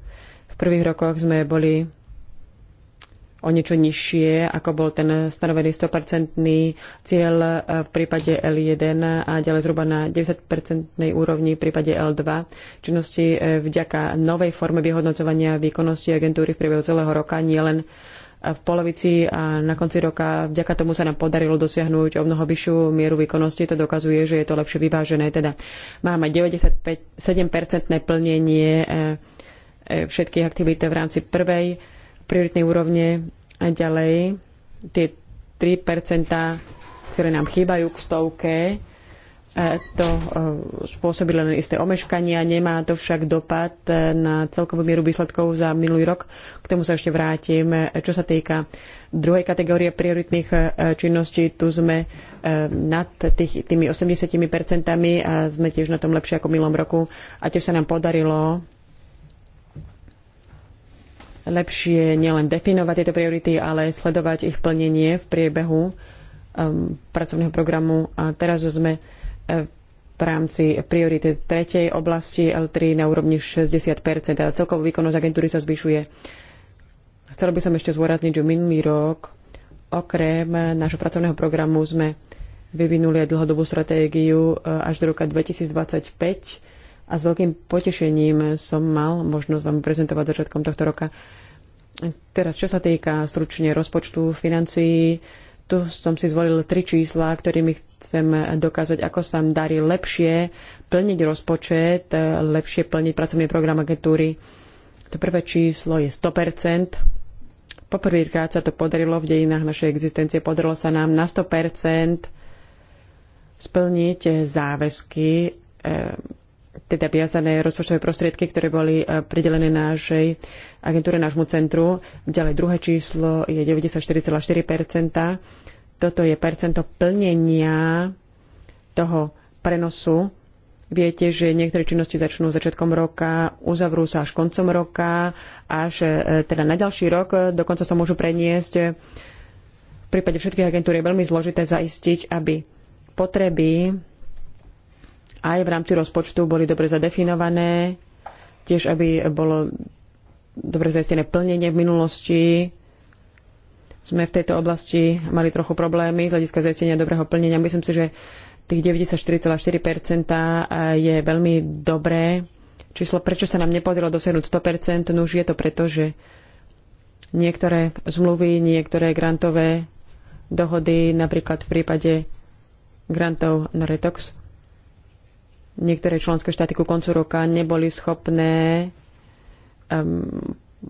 v prvých rokoch sme boli o niečo nižšie, ako bol ten stanovený 100 cieľ e, v prípade L1 a ďalej zhruba na 90% úrovni v prípade L2. Činnosti e, vďaka novej forme vyhodnocovania výkonnosti agentúry v priebehu celého roka, nielen e, v polovici a na konci roka vďaka tomu sa nám podarilo dosiahnuť o mnoho vyššiu mieru výkonnosti. To dokazuje, že je to lepšie vyvážené. Teda máme 97 plnenie všetkých aktivít v rámci prvej prioritnej úrovne a ďalej tie 3%, ktoré nám chýbajú k stovke, e, to e, spôsobí len isté omeškania, nemá to však dopad e, na celkovú mieru výsledkov za minulý rok. K tomu sa ešte vrátim. Čo sa týka druhej kategórie prioritných činností, tu sme nad tých, tými 80% a sme tiež na tom lepšie ako v minulom roku. A tiež sa nám podarilo lepšie nielen definovať tieto priority, ale sledovať ich plnenie v priebehu um, pracovného programu. A teraz sme eh, v rámci priority tretej oblasti L3 na úrovni 60 a celková výkonnosť agentúry sa zvyšuje. Chcel by som ešte zvorazniť, že minulý rok okrem eh, nášho pracovného programu sme vyvinuli aj dlhodobú stratégiu eh, až do roka 2025 a s veľkým potešením som mal možnosť vám prezentovať začiatkom tohto roka. Teraz, čo sa týka stručne rozpočtu financií, tu som si zvolil tri čísla, ktorými chcem dokázať, ako sa darí lepšie plniť rozpočet, lepšie plniť pracovný program agentúry. To prvé číslo je 100%. Poprvýkrát sa to podarilo v dejinách našej existencie. Podarilo sa nám na 100% splniť záväzky eh, teda viazané rozpočtové prostriedky, ktoré boli e, pridelené nášej agentúre, nášmu centru. Ďalej druhé číslo je 94,4%. Toto je percento plnenia toho prenosu. Viete, že niektoré činnosti začnú začiatkom roka, uzavrú sa až koncom roka, až e, teda na ďalší rok, dokonca sa môžu preniesť. V prípade všetkých agentúr je veľmi zložité zaistiť, aby potreby aj v rámci rozpočtu boli dobre zadefinované, tiež aby bolo dobre zaistené plnenie v minulosti. Sme v tejto oblasti mali trochu problémy z hľadiska zaistenia dobrého plnenia. Myslím si, že tých 94,4% eh, je veľmi dobré číslo. Prečo sa nám nepodarilo dosiahnuť 100%? No už je to preto, že niektoré zmluvy, niektoré grantové dohody, napríklad v prípade grantov na Retox, Niektoré členské štáty ku koncu roka neboli schopné um,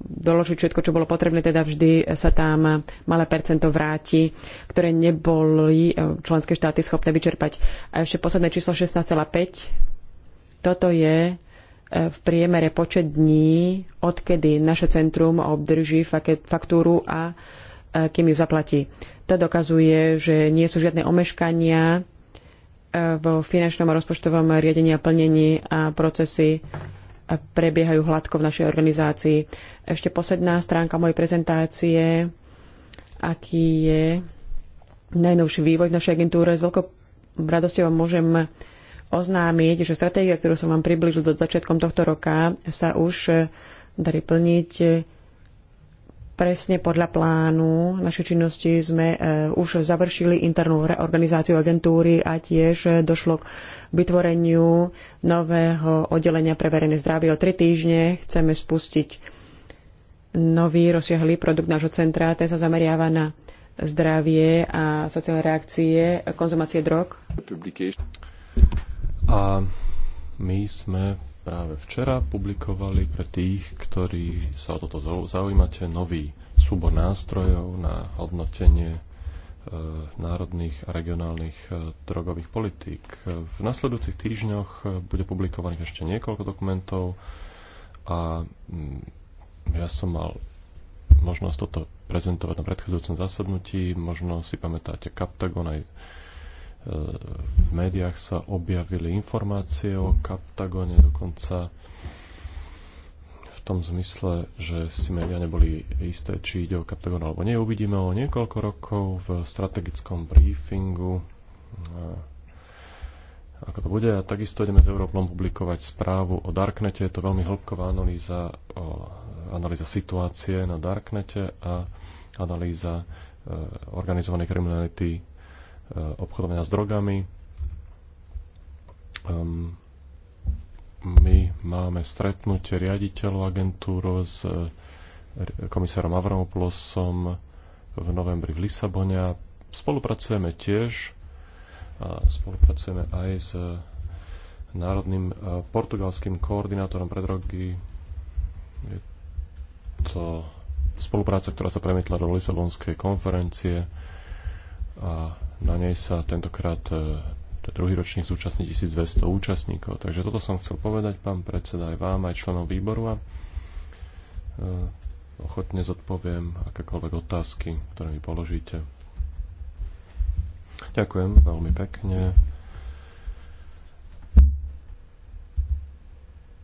doložiť všetko, čo bolo potrebné, teda vždy sa tam malé percento vráti, ktoré neboli um, členské štáty schopné vyčerpať. A ešte posledné číslo 16,5. Toto je uh, v priemere počet dní, odkedy naše centrum obdrží faktúru a uh, kým ju zaplatí. To dokazuje, že nie sú žiadne omeškania, vo finančnom a rozpočtovom riadení a plnení a procesy prebiehajú hladko v našej organizácii. Ešte posledná stránka mojej prezentácie, aký je najnovší vývoj v našej agentúre. S veľkou radosťou vám môžem oznámiť, že stratégia, ktorú som vám približil do začiatkom tohto roka, sa už darí plniť Presne podľa plánu našej činnosti sme e, už završili internú reorganizáciu agentúry a tiež e, došlo k vytvoreniu nového oddelenia pre verejné zdravie. O tri týždne chceme spustiť nový rozsiahlý produkt nášho centra, ten sa zameriava na zdravie a sociálne reakcie konzumácie drog. A my sme práve včera publikovali pre tých, ktorí sa o toto zaujímate, nový súbor nástrojov na hodnotenie e, národných a regionálnych e, drogových politík. V nasledujúcich týždňoch e, bude publikovaných ešte niekoľko dokumentov a mm, ja som mal možnosť toto prezentovať na predchádzajúcom zasadnutí. Možno si pamätáte Captagon aj v médiách sa objavili informácie o Kaptagone, dokonca v tom zmysle, že si médiá neboli isté, či ide o Kaptagon alebo nie. Uvidíme o niekoľko rokov v strategickom briefingu, ako to bude. A takisto ideme s Európlom publikovať správu o Darknete. Je to veľmi hĺbková analýza, o, analýza situácie na Darknete a analýza e, organizovanej kriminality Eh, obchodovania s drogami. Ehm, my máme stretnutie riaditeľov agentúru s eh, komisárom Avramopoulosom v novembri v Lisabone a spolupracujeme tiež a spolupracujeme aj s národným eh, portugalským koordinátorom pre drogy. Je to spolupráca, ktorá sa premietla do Lisabonskej konferencie a na nej sa tentokrát e, to druhý ročník zúčastní 1200 účastníkov. Takže toto som chcel povedať, pán predseda, aj vám, aj členov výboru a e, ochotne zodpoviem akékoľvek otázky, ktoré mi položíte. Ďakujem veľmi pekne.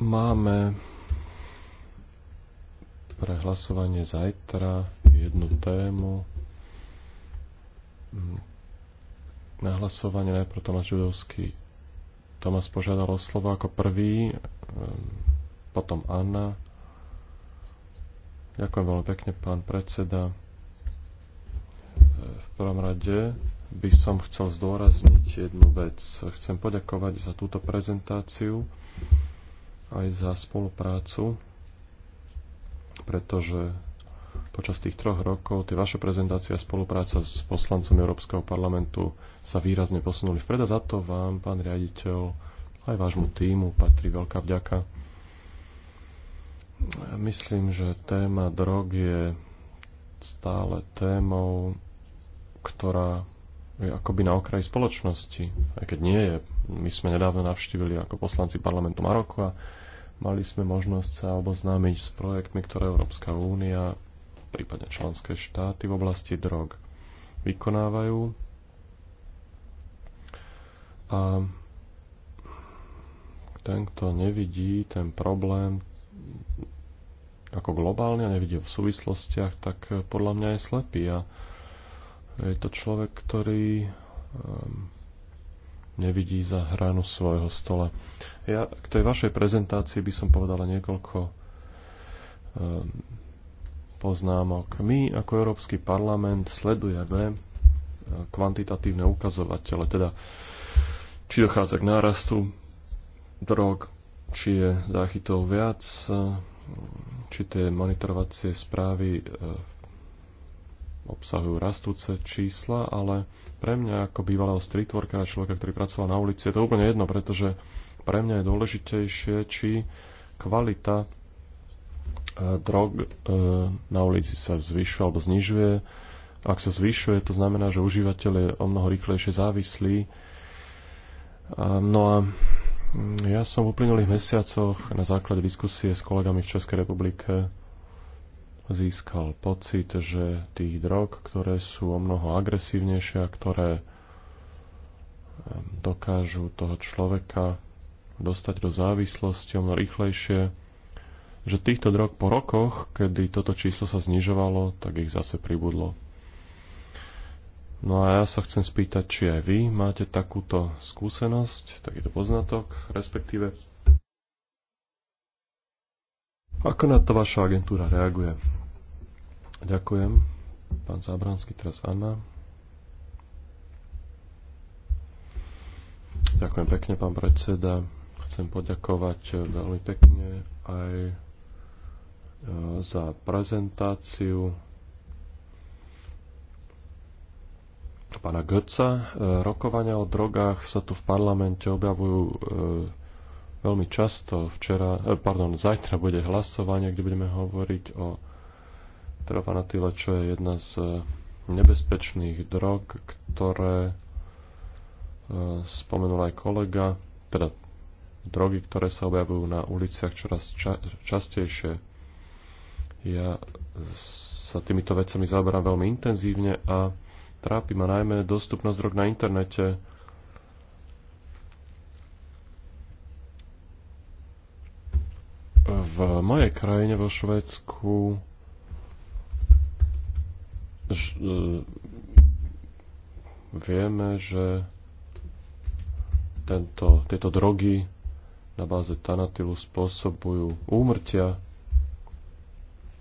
Máme pre hlasovanie zajtra jednu tému, na hlasovanie najprv Tomáš Žudovský. Tomáš požiadal o slovo ako prvý, ehm, potom Anna. Ďakujem veľmi pekne, pán predseda. Ehm, v prvom rade by som chcel zdôrazniť jednu vec. Chcem poďakovať za túto prezentáciu aj za spoluprácu, pretože počas tých troch rokov tie vaše prezentácie a spolupráca s poslancom Európskeho parlamentu sa výrazne posunuli vpred a za to vám, pán riaditeľ, aj vášmu týmu patrí veľká vďaka. Myslím, že téma drog je stále témou, ktorá je akoby na okraji spoločnosti, aj keď nie je. My sme nedávno navštívili ako poslanci parlamentu Maroko a mali sme možnosť sa oboznámiť s projektmi, ktoré Európska únia prípadne členské štáty v oblasti drog vykonávajú. A ten, kto nevidí ten problém ako globálne, a nevidí v súvislostiach, tak eh, podľa mňa je slepý a je to človek, ktorý ehm, nevidí za hranu svojho stola. Ja k tej vašej prezentácii by som povedala niekoľko ehm, poznámok. My ako Európsky parlament sledujeme e, kvantitatívne ukazovatele, teda či dochádza k nárastu drog, či je záchytov viac, e, či tie monitorovacie správy e, obsahujú rastúce čísla, ale pre mňa ako bývalého streetworkera, človeka, ktorý pracoval na ulici, je to úplne jedno, pretože pre mňa je dôležitejšie, či kvalita Eh, drog eh, na ulici sa zvyšuje alebo znižuje. Ak sa zvyšuje, to znamená, že užívateľ je o mnoho rýchlejšie závislý. Eh, no a mm, ja som v uplynulých mesiacoch na základe diskusie s kolegami v Českej republike získal pocit, že tých drog, ktoré sú o mnoho agresívnejšie a ktoré dokážu toho človeka dostať do závislosti o mnoho rýchlejšie, že týchto drog po rokoch, kedy toto číslo sa znižovalo, tak ich zase pribudlo. No a ja sa chcem spýtať, či aj vy máte takúto skúsenosť, takýto poznatok, respektíve ako na to vaša agentúra reaguje. Ďakujem. Pán Zábranský, teraz Anna. Ďakujem pekne, pán predseda. Chcem poďakovať veľmi pekne aj Eh, za prezentáciu pána Götza. Eh, rokovania o drogách sa tu v parlamente objavujú eh, veľmi často. Včera, pardon, zajtra bude hlasovanie, kde budeme hovoriť o trafanatile, čo je jedna z nebezpečných drog, ktoré spomenul aj kolega, teda drogy, ktoré sa objavujú na uliciach čoraz ča- častejšie. Ja sa týmito vecami zaoberám veľmi intenzívne a trápi ma najmä dostupnosť drog na internete. V mojej krajine, vo Švedsku, e, vieme, že tento, tieto drogy na báze Tanatilu spôsobujú úmrtia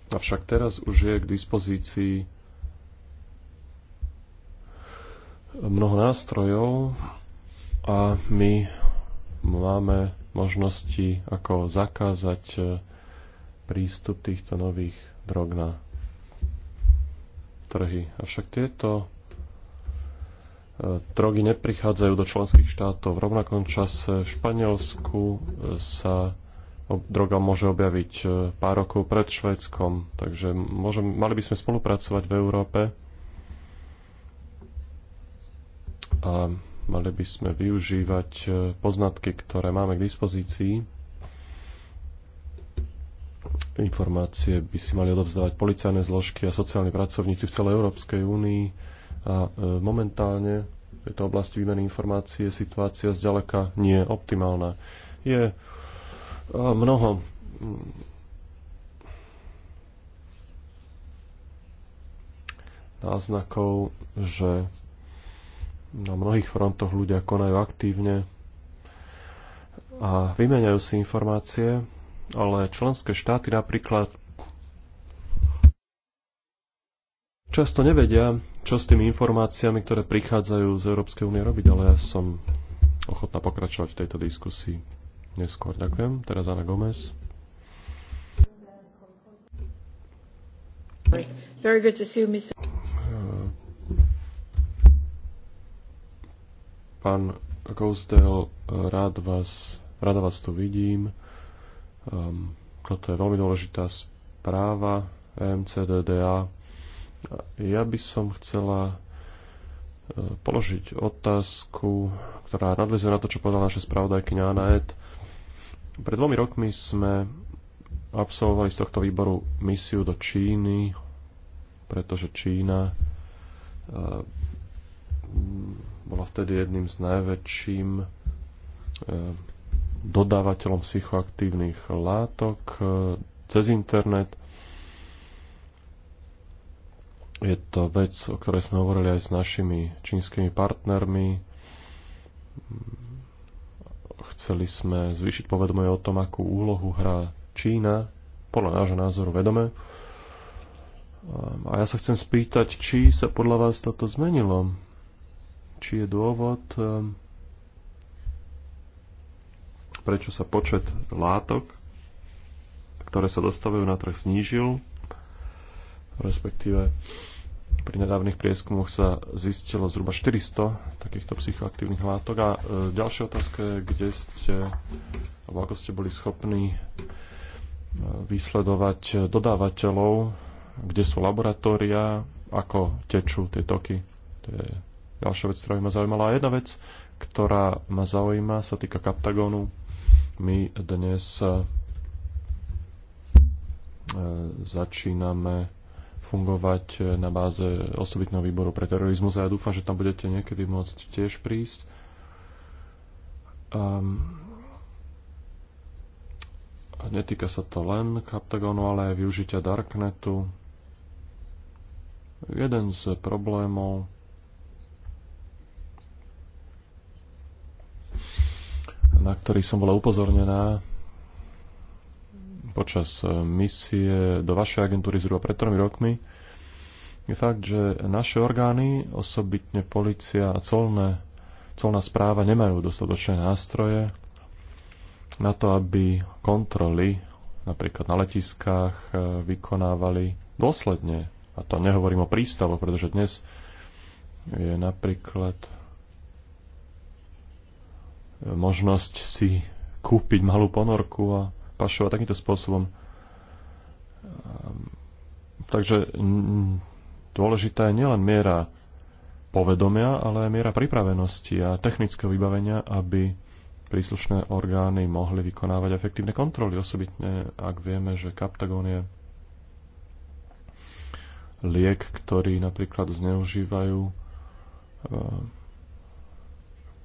Avšak teraz už je k dispozícii mnoho nástrojov a my máme možnosti, ako zakázať e, prístup týchto nových drog na trhy. Avšak tieto e, drogy neprichádzajú do členských štátov. V rovnakom čase v Španielsku e, sa droga môže objaviť e, pár rokov pred Švédskom. Takže môžem, mali by sme spolupracovať v Európe a mali by sme využívať e, poznatky, ktoré máme k dispozícii. Informácie by si mali odovzdávať policajné zložky a sociálni pracovníci v celej Európskej únii a e, momentálne v tejto oblasti výmeny informácie, situácia zďaleka nie optimálna. Je mnoho náznakov, že na mnohých frontoch ľudia konajú aktívne a vymeniajú si informácie, ale členské štáty napríklad často nevedia, čo s tými informáciami, ktoré prichádzajú z Európskej únie robiť, ale ja som ochotná pokračovať v tejto diskusii neskôr. Ďakujem. Teraz Ana Gomez. Very good to see you, Mr. Uh, Pán Kostel, uh, rád vás, rád vás tu vidím. Um, toto je veľmi dôležitá správa MCDDA. Ja by som chcela uh, položiť otázku, ktorá nadvezuje na to, čo povedala naša spravodajkyňa Anaet. Pred dvomi rokmi sme absolvovali z tohto výboru misiu do Číny, pretože Čína e, bola vtedy jedným z najväčším e, dodávateľom psychoaktívnych látok e, cez internet. Je to vec, o ktorej sme hovorili aj s našimi čínskymi partnermi. Chceli sme zvýšiť povedomie o tom, akú úlohu hrá Čína, podľa nášho názoru vedome. A ja sa chcem spýtať, či sa podľa vás toto zmenilo? Či je dôvod, eh, prečo sa počet látok, ktoré sa dostavujú na trh, znížil? Respektíve, pri nedávnych prieskumoch sa zistilo zhruba 400 takýchto psychoaktívnych látok. A e, ďalšia otázka je, kde ste, alebo ako ste boli schopní e, vysledovať dodávateľov, kde sú laboratória, ako tečú tie toky. To je ďalšia vec, ktorá by ma zaujímala. A jedna vec, ktorá ma zaujíma, sa týka kaptagónu. My dnes e, začíname fungovať e, na báze osobitného výboru pre terorizmus a ja dúfam, že tam budete niekedy môcť tiež prísť. Um, a netýka sa to len kaptagonu, ale aj využitia Darknetu. Jeden z problémov na ktorý som bola upozornená počas e, misie do vašej agentúry zhruba pred tromi rokmi, je fakt, že naše orgány, osobitne policia a colné, colná správa, nemajú dostatočné nástroje na to, aby kontroly napríklad na letiskách e, vykonávali dôsledne. A to nehovorím o prístavoch, pretože dnes je napríklad e, možnosť si kúpiť malú ponorku a pašovať takýmto spôsobom. Ehm, takže dôležitá je nielen miera povedomia, ale aj miera pripravenosti a technického vybavenia, aby príslušné orgány mohli vykonávať efektívne kontroly, osobitne ak vieme, že kaptagón je liek, ktorý napríklad zneužívajú ehm,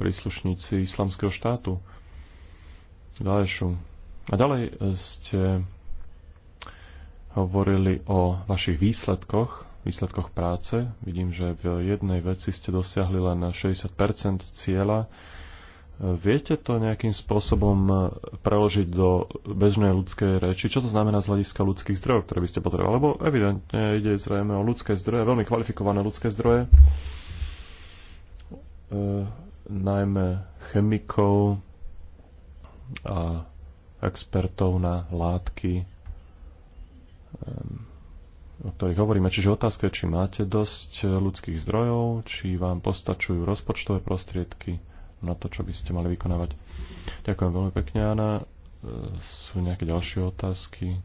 príslušníci islamského štátu, Daešu. A ďalej e, ste hovorili o vašich výsledkoch, výsledkoch práce. Vidím, že v jednej veci ste dosiahli len 60 cieľa. E, viete to nejakým spôsobom e, preložiť do bežnej ľudskej reči? Čo to znamená z hľadiska ľudských zdrojov, ktoré by ste potrebovali? Lebo evidentne ide zrejme o ľudské zdroje, veľmi kvalifikované ľudské zdroje, e, najmä chemikov a expertov na látky, o ktorých hovoríme. Čiže otázka je, či máte dosť eh, ľudských zdrojov, či vám postačujú rozpočtové prostriedky na to, čo by ste mali vykonávať. Ďakujem veľmi pekne, Anna. Eh, sú nejaké ďalšie otázky?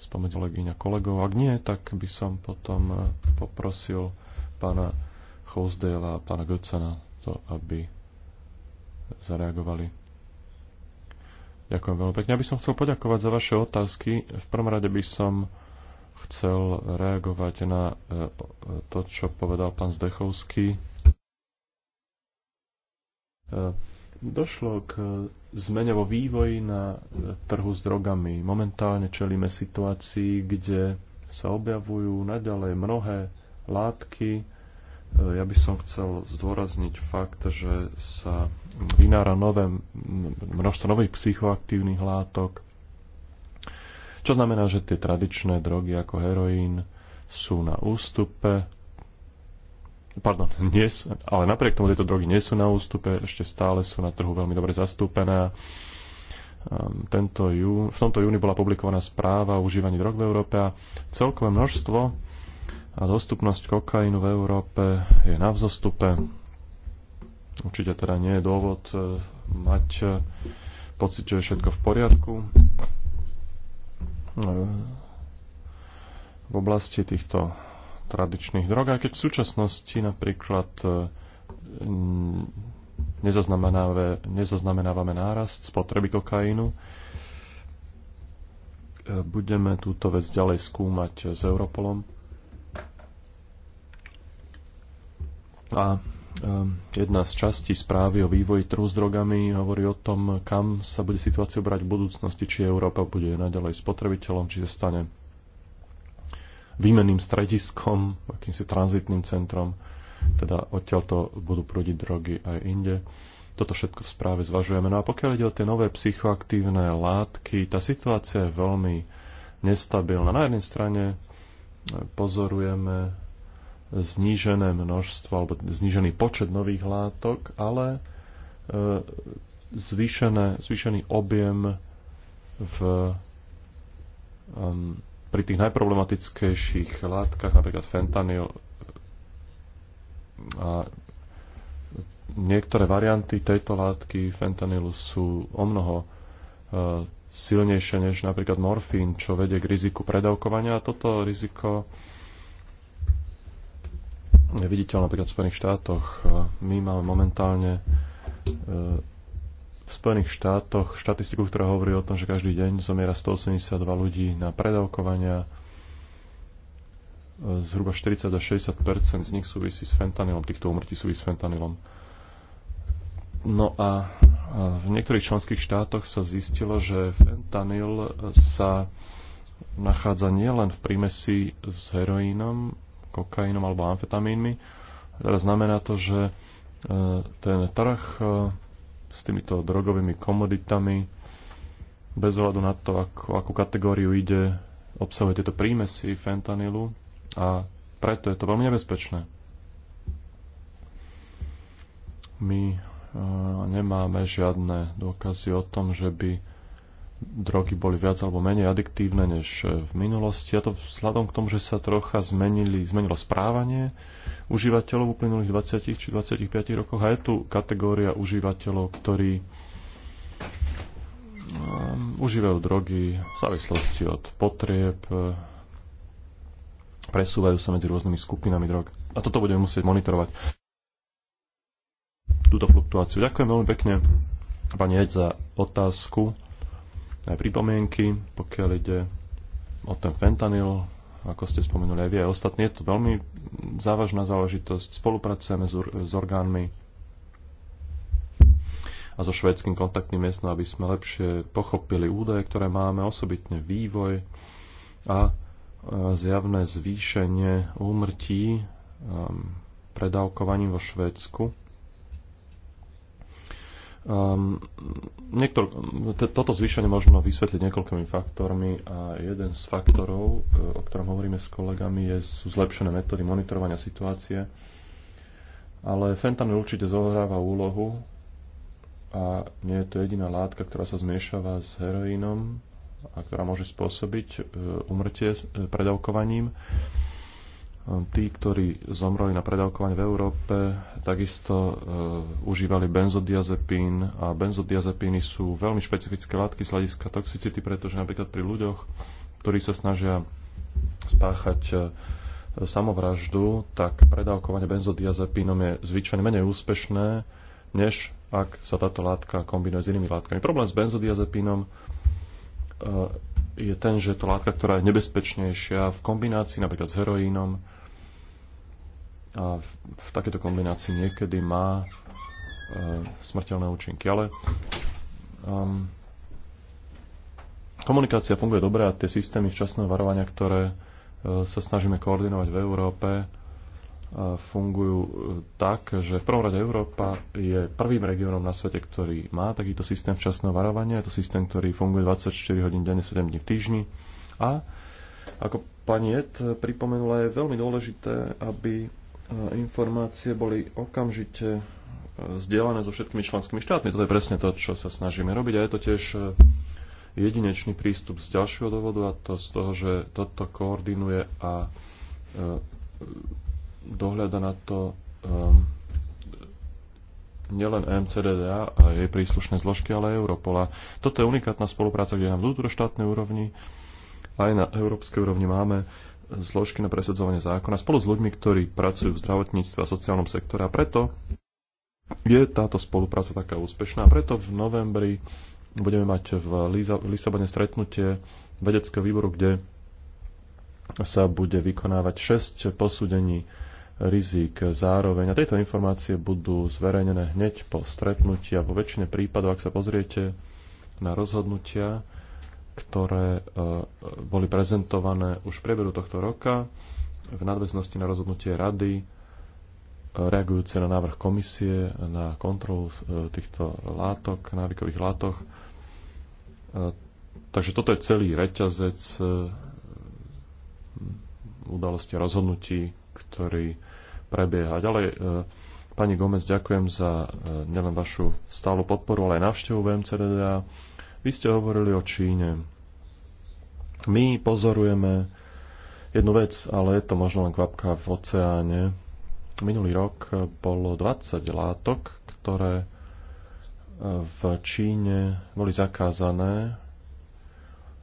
Spomedzi kolegyň a kolegov. Ak nie, tak by som potom eh, poprosil pána Housdale a pána Godsena to, aby zareagovali. Ďakujem veľmi pekne. Ja by som chcel poďakovať za vaše otázky. V prvom rade by som chcel reagovať na e, to, čo povedal pán Zdechovský. E, došlo k zmene vo vývoji na e, trhu s drogami. Momentálne čelíme situácii, kde sa objavujú naďalej mnohé látky, ja by som chcel zdôrazniť fakt, že sa vynára nové, množstvo nových psychoaktívnych látok, čo znamená, že tie tradičné drogy ako heroín sú na ústupe, pardon, nie sú, ale napriek tomu tieto drogy nie sú na ústupe, ešte stále sú na trhu veľmi dobre zastúpené. Ehm, tento jú, v tomto júni bola publikovaná správa o užívaní drog v Európe a celkové množstvo a dostupnosť kokainu v Európe je na vzostupe. Určite teda nie je dôvod e, mať e, pocit, že je všetko v poriadku. E, v oblasti týchto tradičných drog, aj keď v súčasnosti napríklad nezaznamenávame, nezaznamenávame nárast spotreby kokainu, budeme túto vec ďalej skúmať s Europolom A jedna z častí správy o vývoji trhu s drogami hovorí o tom, kam sa bude situácia brať v budúcnosti, či Európa bude naďalej spotrebiteľom, či sa stane výmenným strediskom, akýmsi tranzitným centrom, teda odtiaľto budú prúdiť drogy aj inde. Toto všetko v správe zvažujeme. No a pokiaľ ide o tie nové psychoaktívne látky, tá situácia je veľmi nestabilná. Na jednej strane pozorujeme znížené množstvo alebo znížený počet nových látok, ale e, zvýšené, zvýšený objem v, pri tých najproblematickejších látkach, napríklad fentanyl a niektoré varianty tejto látky fentanylu sú o mnoho e, silnejšie než napríklad morfín, čo vedie k riziku predávkovania a toto riziko viditeľná napríklad v Spojených štátoch. My máme momentálne e, v Spojených štátoch štatistiku, ktorá hovorí o tom, že každý deň zomiera 182 ľudí na predávkovania. E, zhruba 40 až 60 z nich súvisí s fentanylom, týchto úmrtí súvisí s fentanylom. No a v niektorých členských štátoch sa zistilo, že fentanyl sa nachádza nielen v prímesi s heroínom, kokainom alebo amfetamínmi. Teda znamená to, že e, ten trh e, s týmito drogovými komoditami bez ohľadu na to, ako, akú kategóriu ide, obsahuje tieto prímesy fentanylu a preto je to veľmi nebezpečné. My e, nemáme žiadne dôkazy o tom, že by drogy boli viac alebo menej adiktívne než e, v minulosti. A to vzhľadom k tomu, že sa trocha zmenili, zmenilo správanie užívateľov v uplynulých 20 či 25 rokoch. A je tu kategória užívateľov, ktorí e, užívajú drogy v závislosti od potrieb, e, presúvajú sa medzi rôznymi skupinami drog. A toto budeme musieť monitorovať túto fluktuáciu. Ďakujem veľmi pekne, pani Eď, za otázku aj pripomienky, pokiaľ ide o ten fentanyl, ako ste spomenuli aj vy, aj ostatní. Je to veľmi závažná záležitosť. Spolupracujeme s, s orgánmi a so švédským kontaktným miestom, aby sme lepšie pochopili údaje, ktoré máme, osobitne vývoj a e, zjavné zvýšenie úmrtí e, predávkovaním vo Švédsku. Um, niektor, toto zvýšenie možno vysvetliť niekoľkými faktormi a jeden z faktorov, e, o ktorom hovoríme s kolegami, je, sú zlepšené metódy monitorovania situácie. Ale fentanyl určite zohráva úlohu a nie je to jediná látka, ktorá sa zmiešava s heroínom a ktorá môže spôsobiť e, umrtie e, predávkovaním. Ehm, tí, ktorí zomreli na predávkovanie v Európe, takisto e, užívali benzodiazepín a benzodiazepíny sú veľmi špecifické látky z hľadiska toxicity, pretože napríklad pri ľuďoch, ktorí sa snažia spáchať e, samovraždu, tak predávkovanie benzodiazepínom je zvyčajne menej úspešné, než ak sa táto látka kombinuje s inými látkami. Problém s benzodiazepínom e, je ten, že to látka, ktorá je nebezpečnejšia v kombinácii napríklad s heroínom, a v takéto kombinácii niekedy má e, smrteľné účinky. Ale um, komunikácia funguje dobre a tie systémy včasného varovania, ktoré e, sa snažíme koordinovať v Európe, e, fungujú e, tak, že v prvom rade Európa je prvým regiónom na svete, ktorý má takýto systém včasného varovania. Je to systém, ktorý funguje 24 hodín denne, 7 dní v týždni. A ako pani Ed pripomenula, je veľmi dôležité, aby informácie boli okamžite e, zdieľané so všetkými členskými štátmi. Toto je presne to, čo sa snažíme robiť a je to tiež e, jedinečný prístup z ďalšieho dôvodu a to z toho, že toto koordinuje a e, dohľada na to nielen MCDDA a jej príslušné zložky, ale aj Europola. Toto je unikátna spolupráca, kde na vnútroštátnej úrovni aj na európskej úrovni máme zložky na presadzovanie zákona spolu s ľuďmi, ktorí pracujú v zdravotníctve a sociálnom sektore. A preto je táto spolupráca taká úspešná. A preto v novembri budeme mať v Lisabone stretnutie vedeckého výboru, kde sa bude vykonávať 6 posúdení rizik zároveň. A tieto informácie budú zverejnené hneď po stretnutí a vo väčšine prípadov, ak sa pozriete na rozhodnutia, ktoré e, boli prezentované už v priebehu tohto roka v nadväznosti na rozhodnutie rady e, reagujúce na návrh komisie na kontrolu e, týchto látok, návykových látok. Takže toto je celý reťazec udalosti a rozhodnutí, ktorý prebieha. Ďalej, pani Gomez, ďakujem za nielen vašu stálu podporu, ale aj návštevu VMCDDA vy ste hovorili o Číne. My pozorujeme jednu vec, ale je to možno len kvapka v oceáne. Minulý rok bolo 20 látok, ktoré e, v Číne boli zakázané.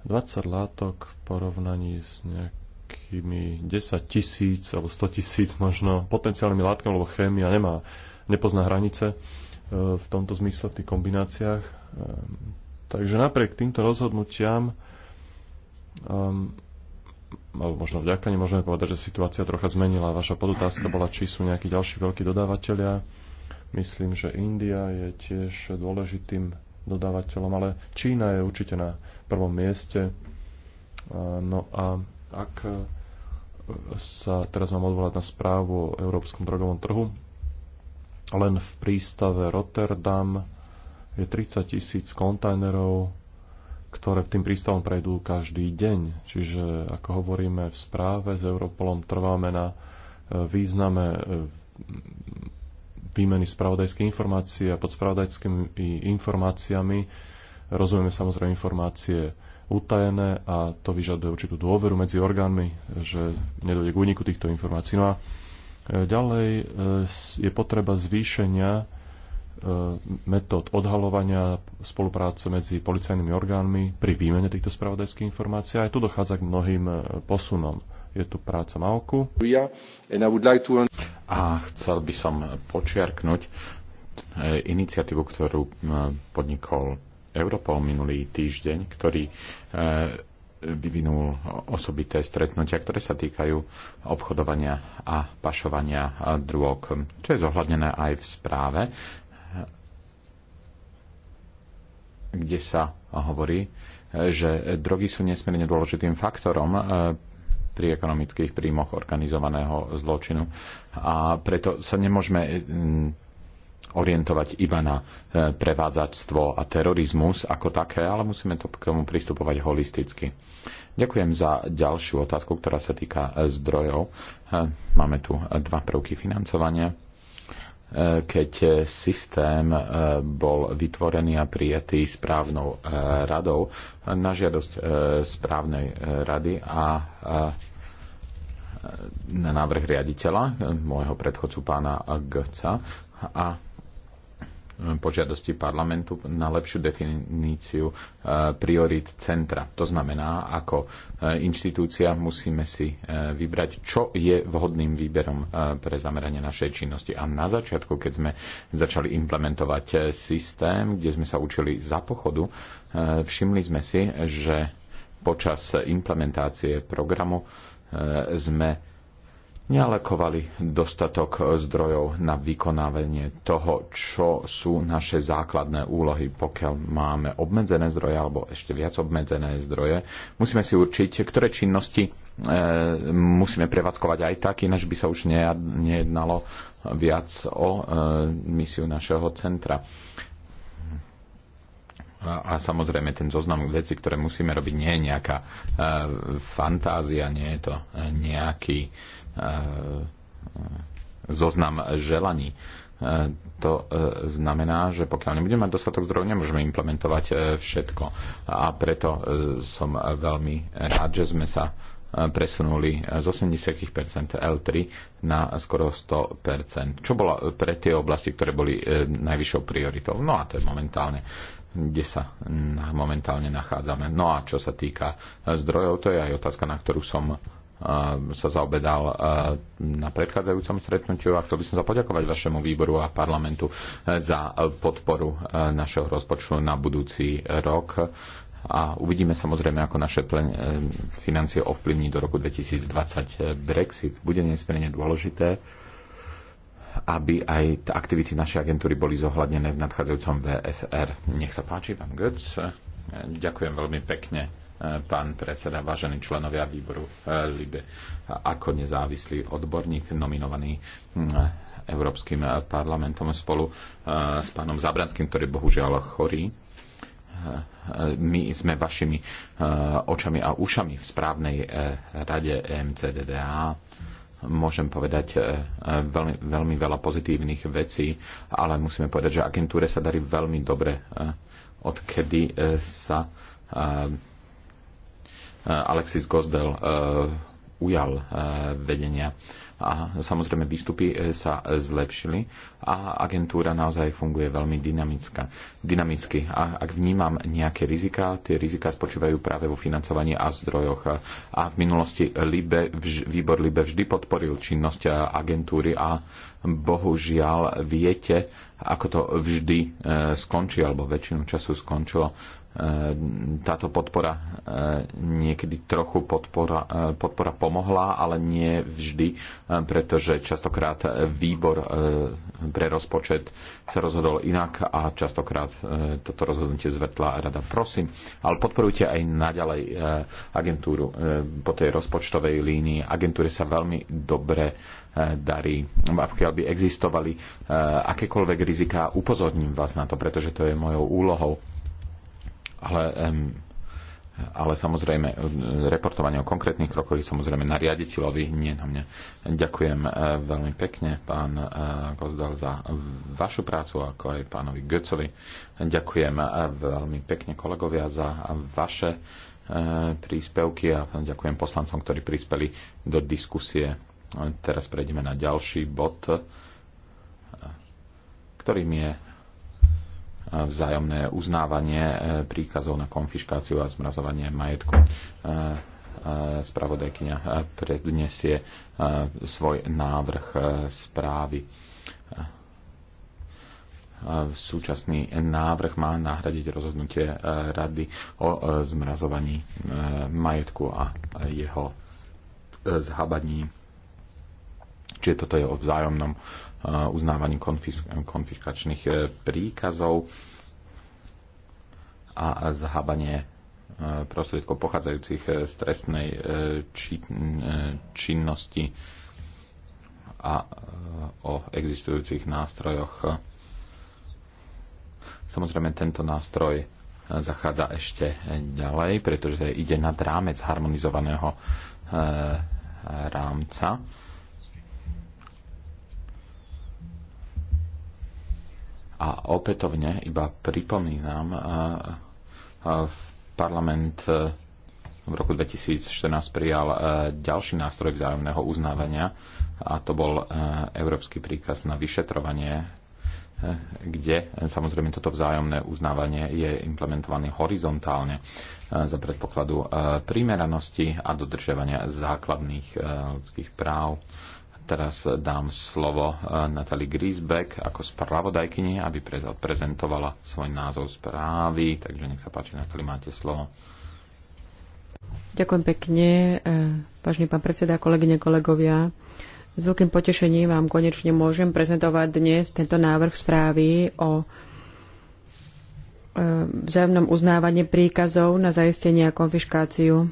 20 látok v porovnaní s nejakými 10 tisíc alebo 100 tisíc možno potenciálnymi látkami, lebo chémia nemá, nepozná hranice e, v tomto zmysle, v tých kombináciách. Ehm, Takže napriek týmto rozhodnutiam, um, alebo no, možno vďaka ne môžeme povedať, že situácia trocha zmenila. Vaša podotázka bola, či sú nejakí ďalší veľkí dodávateľia. Myslím, že India je tiež dôležitým dodávateľom, ale Čína je určite na prvom mieste. No a ak e, sa teraz mám odvolať na správu o európskom drogovom trhu, len v prístave Rotterdam je 30 tisíc kontajnerov, ktoré tým prístavom prejdú každý deň. Čiže, ako hovoríme v správe s Europolom, trváme na e, význame e, výmeny spravodajských informácií a pod spravodajskými informáciami rozumieme samozrejme informácie utajené a to vyžaduje určitú dôveru medzi orgánmi, že nedojde k úniku týchto informácií. No a e, ďalej je potreba zvýšenia E, metód odhalovania spolupráce medzi policajnými orgánmi pri výmene týchto spravodajských informácií. Aj tu dochádza k mnohým e, posunom. Je tu práca na oku. A chcel by som počiarknúť e, iniciatívu, ktorú podnikol Europol minulý týždeň, ktorý vyvinul osobité stretnutia, ktoré sa týkajú obchodovania a pašovania drôk, čo je zohľadnené aj v správe kde sa hovorí, že drogy sú nesmierne dôležitým faktorom eh, pri ekonomických príjmoch organizovaného zločinu. A preto sa nemôžeme mm, orientovať iba na eh, prevádzačstvo a terorizmus ako také, ale musíme to k tomu pristupovať holisticky. Ďakujem za ďalšiu otázku, ktorá sa týka eh, zdrojov. Máme tu dva prvky financovania Eh, keď eh, systém eh, bol vytvorený a prijatý správnou radou na žiadosť správnej rady a na návrh riaditeľa, môjho predchodcu pána Gca a požiadosti parlamentu na lepšiu definíciu e, priorit centra. To znamená, ako e, inštitúcia musíme si e, vybrať, čo je vhodným výberom pre zameranie našej činnosti. A na začiatku, keď sme začali implementovať systém, kde sme sa učili za pochodu, všimli sme si, že počas implementácie programu sme nealokovali dostatok zdrojov na vykonávanie toho, čo sú naše základné úlohy. Pokiaľ máme obmedzené zdroje alebo ešte viac obmedzené zdroje, musíme si určiť, ktoré činnosti e, musíme prevádzkovať aj tak, ináč by sa už nejednalo viac o e, misiu našeho centra. A, a samozrejme ten zoznam veci, ktoré musíme robiť, nie je nejaká e, fantázia, nie je to e, nejaký e, Eh, zoznam želaní. Eh, to eh, znamená, že pokiaľ nebudeme mať dostatok zdrojov, nemôžeme implementovať všetko. A preto som veľmi rád, že sme sa presunuli z 80% L3 na skoro 100%, čo bolo pre tie oblasti, ktoré boli najvyššou prioritou. No a to je momentálne kde sa momentálne nachádzame. No a čo sa týka zdrojov, to je aj otázka, na ktorú som sa zaobedal e, na predchádzajúcom stretnutiu a chcel by som sa poďakovať vašemu výboru a parlamentu e, za podporu e, našeho rozpočtu na budúci rok a uvidíme samozrejme, ako naše plen- financie ovplyvní do roku 2020 Brexit. Bude nesmierne dôležité, aby aj aktivity našej agentúry boli zohľadnené v nadchádzajúcom VFR. Nech sa páči, pán Götz. Ďakujem veľmi pekne pán predseda, vážení členovia výboru eh, LIBE, ako nezávislý odborník nominovaný eh, Európskym parlamentom spolu eh, s pánom Zabranským, ktorý bohužiaľ chorý. My sme vašimi očami a ušami v správnej rade e MCDDA môžem povedať veľmi, veľmi veľa pozitívnych vecí, ale musíme povedať, že agentúre sa darí veľmi dobre, odkedy sa Eh, Alexis Gozdel eh, ujal eh, vedenia a samozrejme výstupy sa zlepšili a agentúra naozaj funguje veľmi dynamická, dynamicky. A ak vnímam nejaké rizika, tie rizika spočívajú práve vo financovaní a zdrojoch. A v minulosti Libe, vž, výbor Libe vždy podporil činnosť agentúry a bohužiaľ viete, ako to vždy e, skončí, alebo väčšinu času skončilo e, táto podpora e, niekedy trochu podpora, e, podpora pomohla, ale nie vždy, pretože častokrát výbor pre rozpočet sa rozhodol inak a častokrát e, toto rozhodnutie zvrtla rada. Prosím, ale podporujte aj naďalej e, agentúru e, po tej rozpočtovej línii. Agentúre sa veľmi dobre darí. A pokiaľ by existovali akékoľvek riziká, upozorním vás na to, pretože to je mojou úlohou. Ale ale samozrejme e, reportovanie o konkrétnych krokoch je samozrejme na riaditeľovi, nie na mne. Ďakujem e, veľmi pekne pán e, Gozdal za vašu prácu, ako aj pánovi Göcovi. Ďakujem veľmi pekne kolegovia za vaše príspevky a ďakujem poslancom, ktorí prispeli do diskusie. Teraz prejdeme na ďalší bod, ktorým je vzájomné uznávanie e, príkazov na konfiškáciu a zmrazovanie majetku. E, e, Spravodajkynia prednesie svoj návrh správy súčasný návrh má nahradiť rozhodnutie rady o zmrazovaní majetku a jeho zhabaní. Čiže toto je o vzájomnom uznávaním konfiskačných e, príkazov a zhábanie e, prostriedkov pochádzajúcich e, z trestnej činnosti a o existujúcich nástrojoch. Samozrejme, tento nástroj zachádza ešte ďalej, pretože ide nad rámec harmonizovaného rámca A opätovne iba pripomínam, v parlament e, v roku 2014 prijal e, ďalší nástroj vzájomného uznávania a to bol e, Európsky príkaz na vyšetrovanie, kde samozrejme toto vzájomné uznávanie je implementované horizontálne za predpokladu primeranosti a dodržiavania základných ľudských práv teraz dám slovo eh, Natali Grisbeck ako spravodajkyni, aby prezentovala svoj názov správy. Takže nech sa páči, Natali, máte slovo. Ďakujem pekne, eh, vážny pán predseda, kolegyne, kolegovia. S veľkým potešením vám konečne môžem prezentovať dnes tento návrh správy o eh, vzájomnom uznávaní príkazov na zaistenie a konfiškáciu.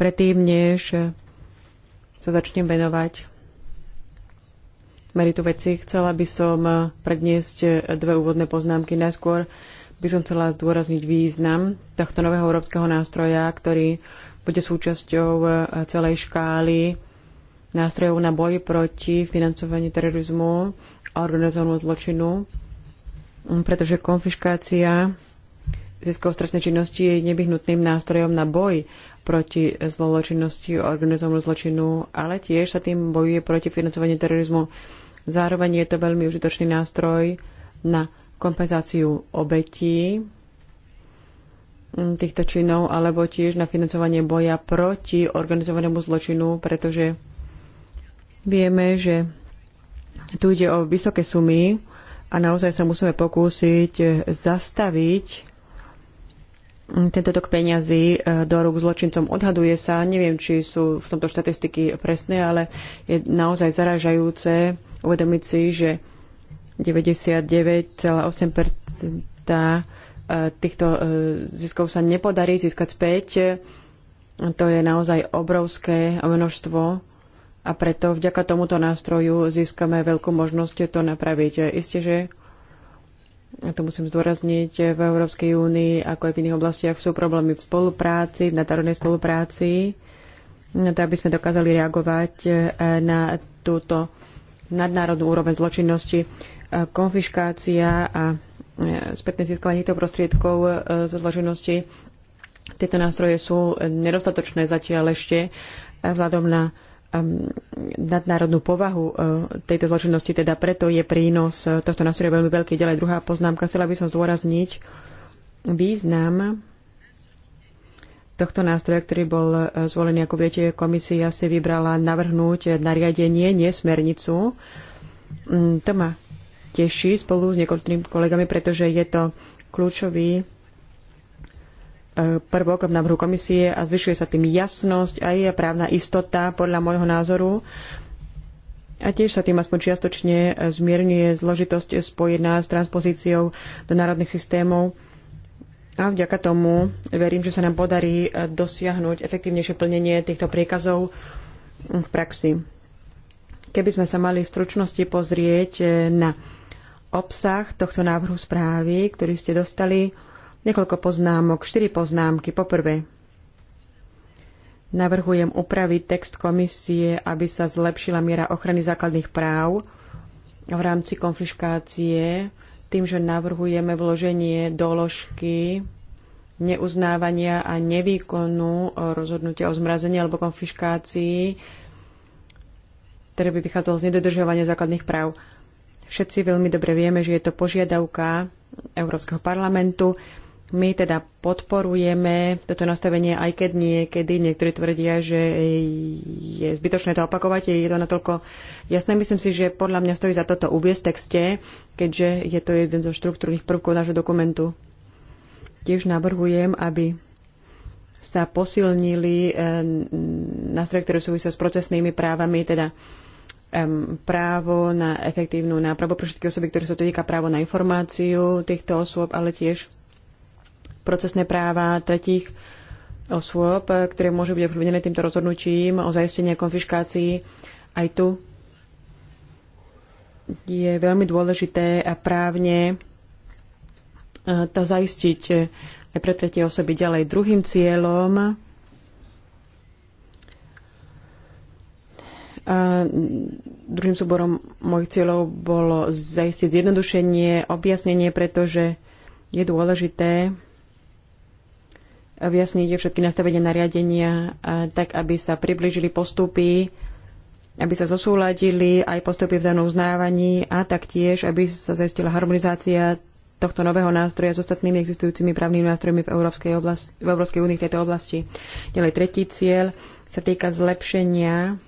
Predtým, než sa začnem venovať meritu veci. Chcela by som eh, predniesť eh, dve úvodné poznámky. Najskôr by som chcela zdôrazniť význam tohto nového európskeho nástroja, ktorý bude súčasťou eh, celej škály nástrojov na boj proti financovaniu terorizmu a organizovanú zločinu, hm, pretože konfiškácia ziskov stresnej činnosti je nevyhnutným nástrojom na boj proti zločinnosti a organizovanú zločinu, ale tiež sa tým bojuje proti financovaniu terorizmu. Zároveň je to veľmi užitočný nástroj na kompenzáciu obetí týchto činov alebo tiež na financovanie boja proti organizovanému zločinu, pretože vieme, že tu ide o vysoké sumy a naozaj sa musíme pokúsiť zastaviť tento tok peňazí e, do rúk zločincom. Odhaduje sa, neviem, či sú v tomto štatistiky presné, ale je naozaj zaražajúce, uvedomiť si, že 99,8% e, týchto e, ziskov sa nepodarí získať späť. To je naozaj obrovské množstvo a preto vďaka tomuto nástroju získame veľkú možnosť to napraviť. Isté, že a to musím zdôrazniť, v Európskej únii, ako aj v iných oblastiach, sú problémy v spolupráci, v nadárodnej spolupráci, na to, aby sme dokázali reagovať e, na túto nadnárodnú úroveň zločinnosti. E, konfiškácia a e, spätné získanie týchto prostriedkov e, zo zločinnosti. Tieto nástroje sú nedostatočné zatiaľ ešte vzhľadom na nadnárodnú povahu tejto zločinnosti, teda preto je prínos tohto nástroja veľmi veľký. Ďalej druhá poznámka, chcela by som zdôrazniť význam tohto nástroja, ktorý bol e, zvolený, ako viete, komisia si vybrala navrhnúť nariadenie, nie smernicu. Mm, to ma teší spolu s niekoľkými kolegami, pretože je to kľúčový e, prvok v návrhu komisie a zvyšuje sa tým jasnosť aj právna istota podľa môjho názoru. A tiež sa tým aspoň čiastočne zmierňuje zložitosť spojená s transpozíciou do národných systémov a vďaka tomu verím, že sa nám podarí e, dosiahnuť efektívnejšie plnenie týchto príkazov v praxi. Keby sme sa mali v stručnosti pozrieť e, na obsah tohto návrhu správy, ktorý ste dostali, niekoľko poznámok, štyri poznámky. Poprvé, navrhujem upraviť text komisie, aby sa zlepšila miera ochrany základných práv v rámci konfiškácie tým, že navrhujeme vloženie doložky neuznávania a nevýkonu rozhodnutia o zmrazení alebo konfiškácii, ktoré by vychádzalo z nedodržovania základných práv. Všetci veľmi dobre vieme, že je to požiadavka Európskeho parlamentu. My teda podporujeme toto nastavenie, aj keď niekedy niektorí tvrdia, že je zbytočné to opakovať, je to natoľko jasné. Myslím si, že podľa mňa stojí za toto uviezť v texte, keďže je to jeden zo štruktúrnych prvkov nášho dokumentu. Tiež navrhujem, aby sa posilnili eh, nástroje, ktoré súvisia s procesnými právami, teda právo na efektívnu nápravu pre všetky osoby, ktoré sa to týka právo na informáciu týchto osôb, ale tiež procesné práva tretích osôb, ktoré môžu byť ovplyvnené týmto rozhodnutím o zaistení a konfiškácii. Aj tu je veľmi dôležité a právne e, to zaistiť aj pre tretie osoby ďalej. Druhým cieľom A e, druhým súborom mojich cieľov bolo zaistiť zjednodušenie, objasnenie, pretože je dôležité vyjasniť všetky nastavenia nariadenia, tak aby sa priblížili postupy, aby sa zosúladili aj postupy v danom uznávaní a taktiež, aby sa zaistila harmonizácia tohto nového nástroja s ostatnými existujúcimi právnymi nástrojmi v Európskej, oblasti, v Európskej únii v tejto oblasti. Ďalej tretí cieľ sa týka zlepšenia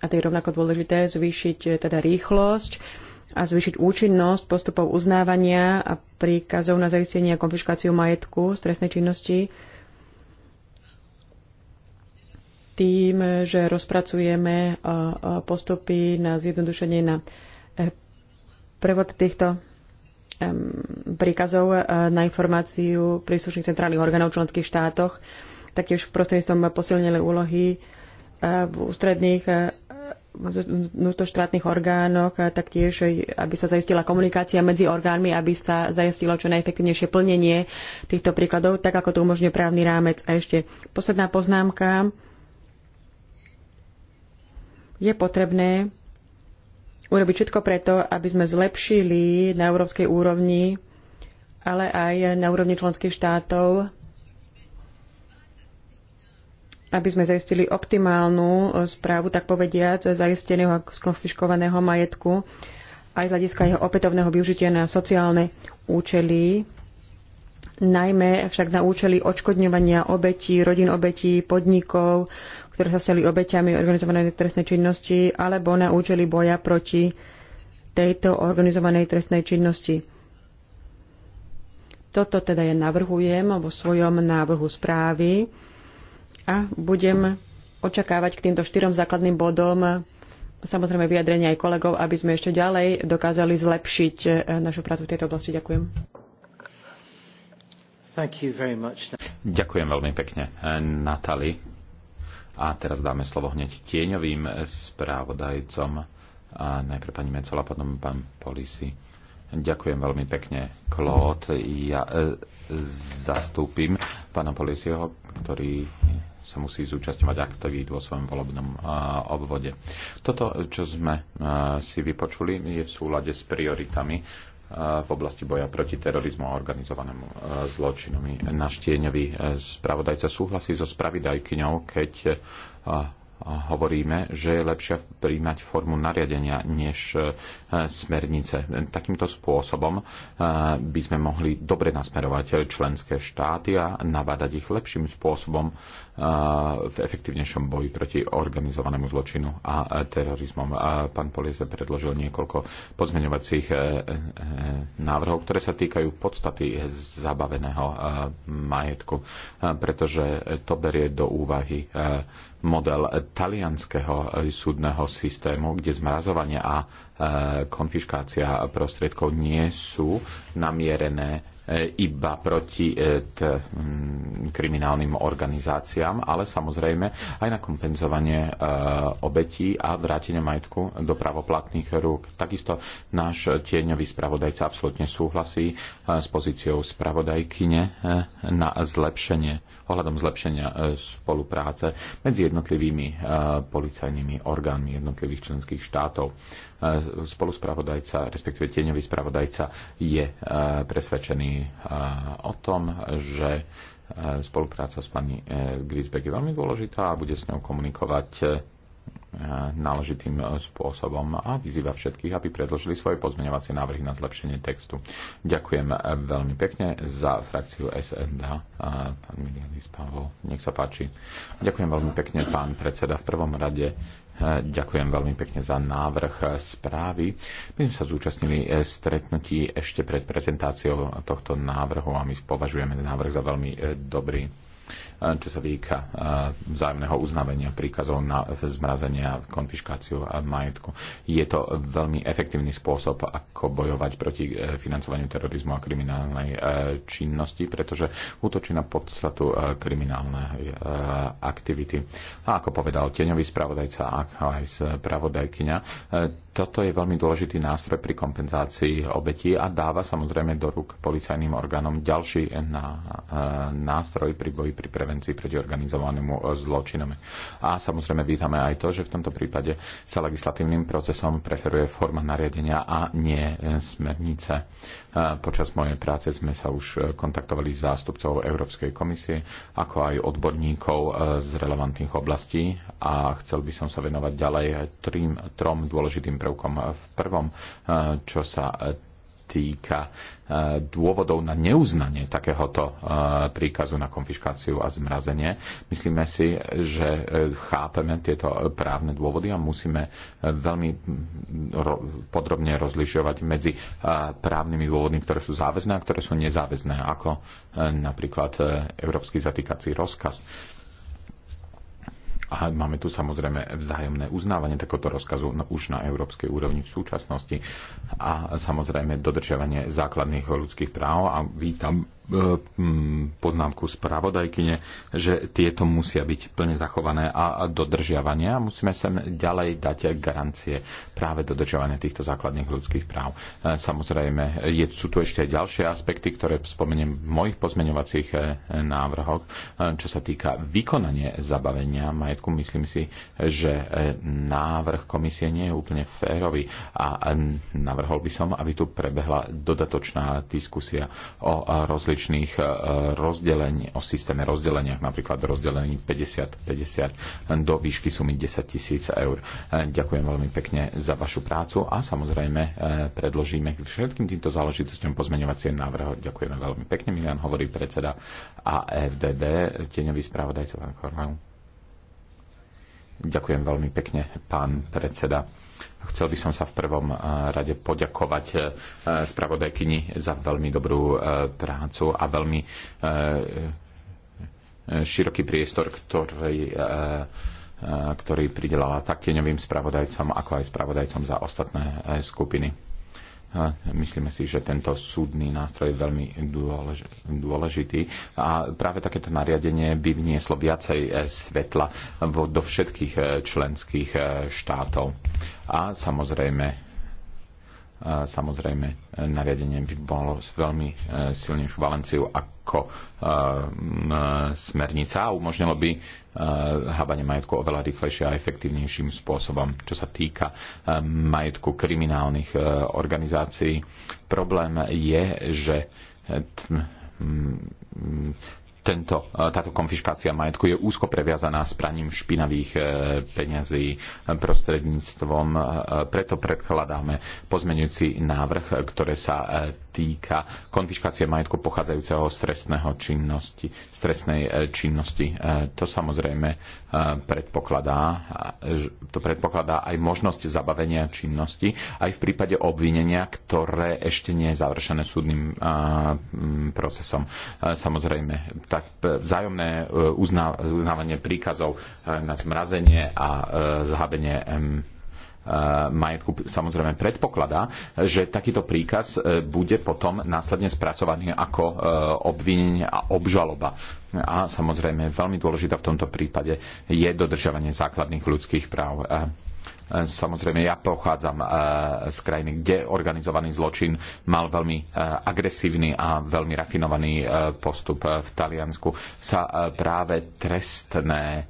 a to je rovnako dôležité zvýšiť e, teda rýchlosť a zvýšiť účinnosť postupov uznávania a príkazov na zaistenie a konfiškáciu majetku z trestnej činnosti tým, že rozpracujeme e, e, postupy na zjednodušenie na e, prevod týchto príkazov na informáciu príslušných centrálnych orgánov v členských štátoch, taktiež prostredníctvom posilnenej úlohy v ústredných vnútroštátnych orgánoch, taktiež, e, aby sa zaistila komunikácia medzi orgánmi, aby sa zaistilo čo najefektívnejšie plnenie týchto príkladov, tak ako to umožňuje právny rámec. A ešte posledná poznámka. Je potrebné urobiť všetko preto, aby sme zlepšili na európskej úrovni, ale aj na úrovni členských štátov aby sme zaistili optimálnu e, správu, tak povediať, zaisteného a skonfiškovaného majetku aj z hľadiska jeho opätovného využitia na sociálne účely, najmä však na účely odškodňovania obetí, rodín obetí, podnikov, ktoré sa stali obeťami organizovanej trestnej činnosti, alebo na účely boja proti tejto organizovanej trestnej činnosti. Toto teda ja navrhujem vo svojom návrhu správy a budem očakávať k týmto štyrom základným bodom samozrejme vyjadrenie aj kolegov, aby sme ešte ďalej dokázali zlepšiť eh, našu prácu v tejto oblasti. Ďakujem. Ďakujem veľmi pekne, eh, Natali. A teraz dáme slovo hneď tieňovým eh, správodajcom. A najprv pani Mecola, potom pán Polisi. Ďakujem veľmi pekne, Claude. Ja e, zastúpim pána Polisieho, ktorý sa musí zúčastňovať aktivít vo svojom volebnom obvode. Toto, čo sme si vypočuli, je v súlade s prioritami v oblasti boja proti terorizmu a organizovanému zločinu. Naštieňový e, spravodajca súhlasí so spravidajkyňou, keď hovoríme, že je lepšie príjmať formu nariadenia než e, smernice. Takýmto spôsobom e, by sme mohli dobre nasmerovať členské štáty a nabádať ich lepším spôsobom e, v efektívnejšom boji proti organizovanému zločinu a terorizmom. Pán Poliese predložil niekoľko pozmeňovacích návrhov, ktoré sa týkajú podstaty zabaveného majetku, pretože to berie do úvahy model talianského eh, súdneho systému, kde zmrazovanie a E, konfiškácia prostriedkov nie sú namierené e, iba proti e, kriminálnym organizáciám, ale samozrejme aj na kompenzovanie obetí a vrátenie majetku do pravoplatných rúk. Takisto náš tieňový spravodajca absolútne súhlasí s pozíciou spravodajkyne na zlepšenie, ohľadom zlepšenia spolupráce medzi jednotlivými policajnými orgánmi jednotlivých členských štátov spoluspravodajca, respektíve tieňový spravodajca je e, presvedčený e, o tom, že e, spolupráca s pani Grisbeck je veľmi dôležitá a bude s ňou komunikovať náležitým spôsobom a vyzýva všetkých, aby predložili svoje pozmeňovacie návrhy na zlepšenie textu. Ďakujem veľmi pekne za frakciu SND. Pán Milianis Pavol, nech sa páči. Ďakujem veľmi pekne, pán predseda. V prvom rade Ďakujem veľmi pekne za návrh správy. My sme sa zúčastnili e, stretnutí ešte pred prezentáciou tohto návrhu a my považujeme návrh za veľmi e, dobrý čo sa týka vzájomného uznavenia príkazov na zmrazenie a konfiškáciu majetku. Je to veľmi efektívny spôsob, ako bojovať proti e, financovaniu terorizmu a kriminálnej e, činnosti, pretože útočí na podstatu e, kriminálnej aktivity. A ako povedal tieňový spravodajca, ako aj spravodajkyňa, toto je veľmi dôležitý nástroj pri kompenzácii obetí a dáva samozrejme do rúk policajným orgánom ďalší eh, eh, nástroj pri boji pri prevencii proti organizovanému eh, zločinom. A samozrejme vítame aj to, že v tomto prípade sa legislatívnym procesom preferuje forma nariadenia a nie smernice. Počas mojej práce sme sa už e, kontaktovali s zástupcov Európskej komisie, ako aj odborníkov e, z relevantných oblastí a chcel by som sa venovať ďalej trím, trom dôležitým prvkom. V prvom, e, čo sa týka e, dôvodov na neuznanie takéhoto e, príkazu na konfiškáciu a zmrazenie. Myslíme si, že e, chápeme tieto právne dôvody a musíme veľmi podrobne rozlišovať medzi právnymi dôvodmi, ktoré sú záväzné a ktoré sú nezáväzné, ako napríklad Európsky zatýkací rozkaz a máme tu samozrejme vzájomné uznávanie takéhoto rozkazu no, už na európskej úrovni v súčasnosti a samozrejme dodržiavanie základných ľudských práv a vítam E, poznámku spravodajkyne, že tieto musia byť plne zachované a dodržiavania. Musíme sem ďalej dať garancie práve dodržiavania týchto základných ľudských práv. E, samozrejme, je, sú tu ešte aj ďalšie aspekty, ktoré spomeniem v mojich pozmeňovacích e, návrhoch. Čo sa týka vykonanie zabavenia majetku, myslím si, že návrh komisie nie je úplne férový a navrhol by som, aby tu prebehla dodatočná diskusia o rozličných rozličných eh, rozdelení, o systéme rozdeleniach, napríklad rozdelení 50-50 do výšky sumy 10 tisíc eur. Eh, ďakujem veľmi pekne za vašu prácu a samozrejme eh, predložíme k všetkým týmto záležitostiam pozmeňovacie návrhy. Ďakujeme veľmi pekne, Milan hovorí predseda AFDD, e tieňový správodajca pán Kornau. Ďakujem veľmi pekne, pán predseda. Chcel by som sa v prvom eh, rade poďakovať eh, spravodajkyni za veľmi dobrú eh, prácu a veľmi široký priestor, ktorý ktorý pridelala tak tieňovým spravodajcom, ako aj spravodajcom za ostatné skupiny. A myslíme si, že tento súdny nástroj je veľmi dôležitý a práve takéto nariadenie by vnieslo viacej eh, svetla do všetkých eh, členských eh, štátov. A samozrejme Samozrejme, nariadenie by malo veľmi e, silnejšiu valenciou ako e, smernica a umožnilo by e, hábanie majetku oveľa rýchlejšie a efektívnejším spôsobom. Čo sa týka majetku kriminálnych organizácií, problém je, že tento, e, táto konfiškácia majetku je úzko previazaná s praním špinavých e, peňazí e, prostredníctvom. Preto predkladáme pozmenujúci návrh, ktoré sa týka konfiškácie majetku pochádzajúceho z trestného činnosti, z trestnej e, činnosti. E, to samozrejme e, predpokladá, to predpokladá aj možnosť zabavenia činnosti, aj v prípade obvinenia, ktoré ešte nie je završené súdnym procesom. Samozrejme, tak vzájomné uznávanie príkazov na zmrazenie a zhabenie E, majetku samozrejme predpokladá, že takýto príkaz e, bude potom následne spracovaný ako e, obvinenie a obžaloba. A samozrejme veľmi dôležitá v tomto prípade je dodržiavanie základných ľudských práv. Samozrejme, ja pochádzam z krajiny, kde organizovaný zločin mal veľmi agresívny a veľmi rafinovaný postup. V Taliansku sa práve trestné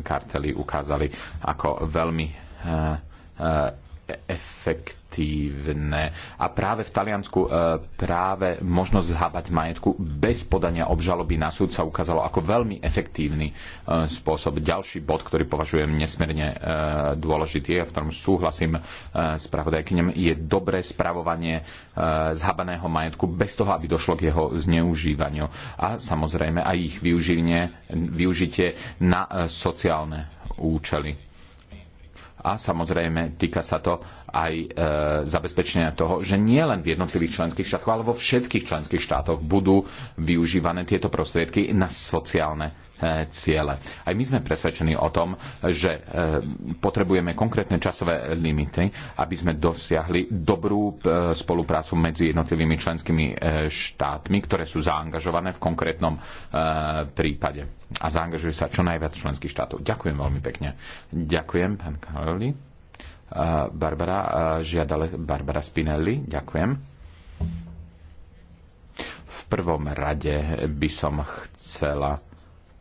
kartely ukázali ako veľmi Eh, eh, efektívne. A práve v Taliansku eh, práve možnosť zhábať majetku bez podania obžaloby na súd sa ukázalo ako veľmi efektívny spôsob. Ďalší bod, ktorý považujem nesmierne dôležitý a v ktorom súhlasím s pravodajkynem, je dobré spravovanie zhabaného majetku bez toho, aby došlo k jeho zneužívaniu. A samozrejme aj ich využitie na sociálne účely a samozrejme týka sa to aj e, zabezpečenia toho, že nie len v jednotlivých členských štátoch, ale vo všetkých členských štátoch budú využívané tieto prostriedky na sociálne E, ciele. Aj my sme presvedčení o tom, že e, potrebujeme konkrétne časové limity, aby sme dosiahli dobrú e, spoluprácu medzi jednotlivými členskými štátmi, ktoré sú zaangažované v konkrétnom prípade. A zaangažujú sa čo najviac členských štátov. Ďakujem veľmi pekne. Ďakujem, pán Karoli. Barbara žiadale Barbara Spinelli. Ďakujem. V prvom rade by som chcela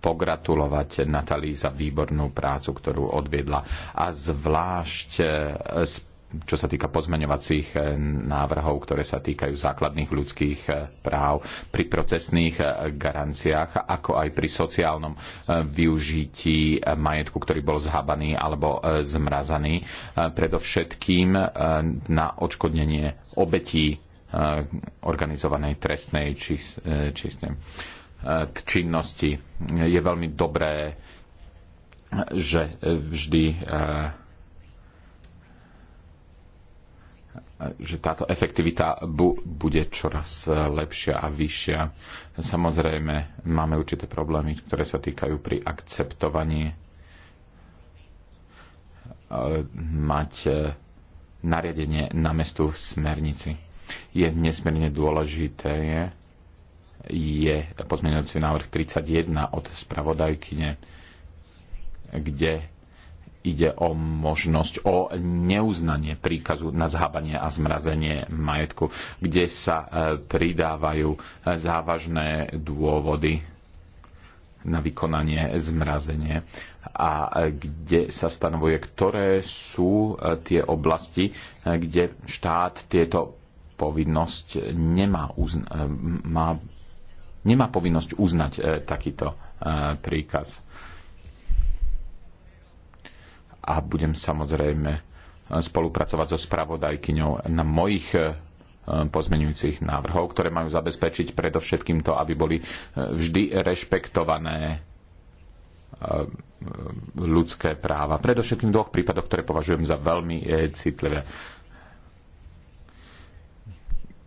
pogratulovať Natalí za výbornú prácu, ktorú odviedla. A zvlášť e, čo sa týka pozmeňovacích e, návrhov, ktoré sa týkajú základných ľudských e, práv pri procesných garanciách, ako aj pri sociálnom využití majetku, ktorý bol zhabaný alebo zmrazaný, predovšetkým na odškodnenie obetí organizovanej trestnej či, Či, k činnosti. Je veľmi dobré, že vždy eh, že táto efektivita bu- bude čoraz lepšia a vyššia. Samozrejme, máme určité problémy, ktoré sa týkajú pri akceptovaní eh, mať eh, nariadenie na mestu v smernici. Je nesmierne dôležité, je, je pozmeňujúci návrh 31 od spravodajkyne, kde ide o možnosť o neuznanie príkazu na zhábanie a zmrazenie majetku, kde sa e, pridávajú e, závažné dôvody na vykonanie zmrazenie a e, kde sa stanovuje, ktoré sú tie oblasti, kde štát tieto povinnosť nemá uzna- má nemá povinnosť uznať e, takýto e, príkaz. A budem samozrejme e, spolupracovať so spravodajkyňou na mojich pozmeňujúcich návrhov, ktoré majú zabezpečiť predovšetkým to, aby boli vždy rešpektované ľudské práva. Predovšetkým v dvoch prípadoch, ktoré považujem za veľmi citlivé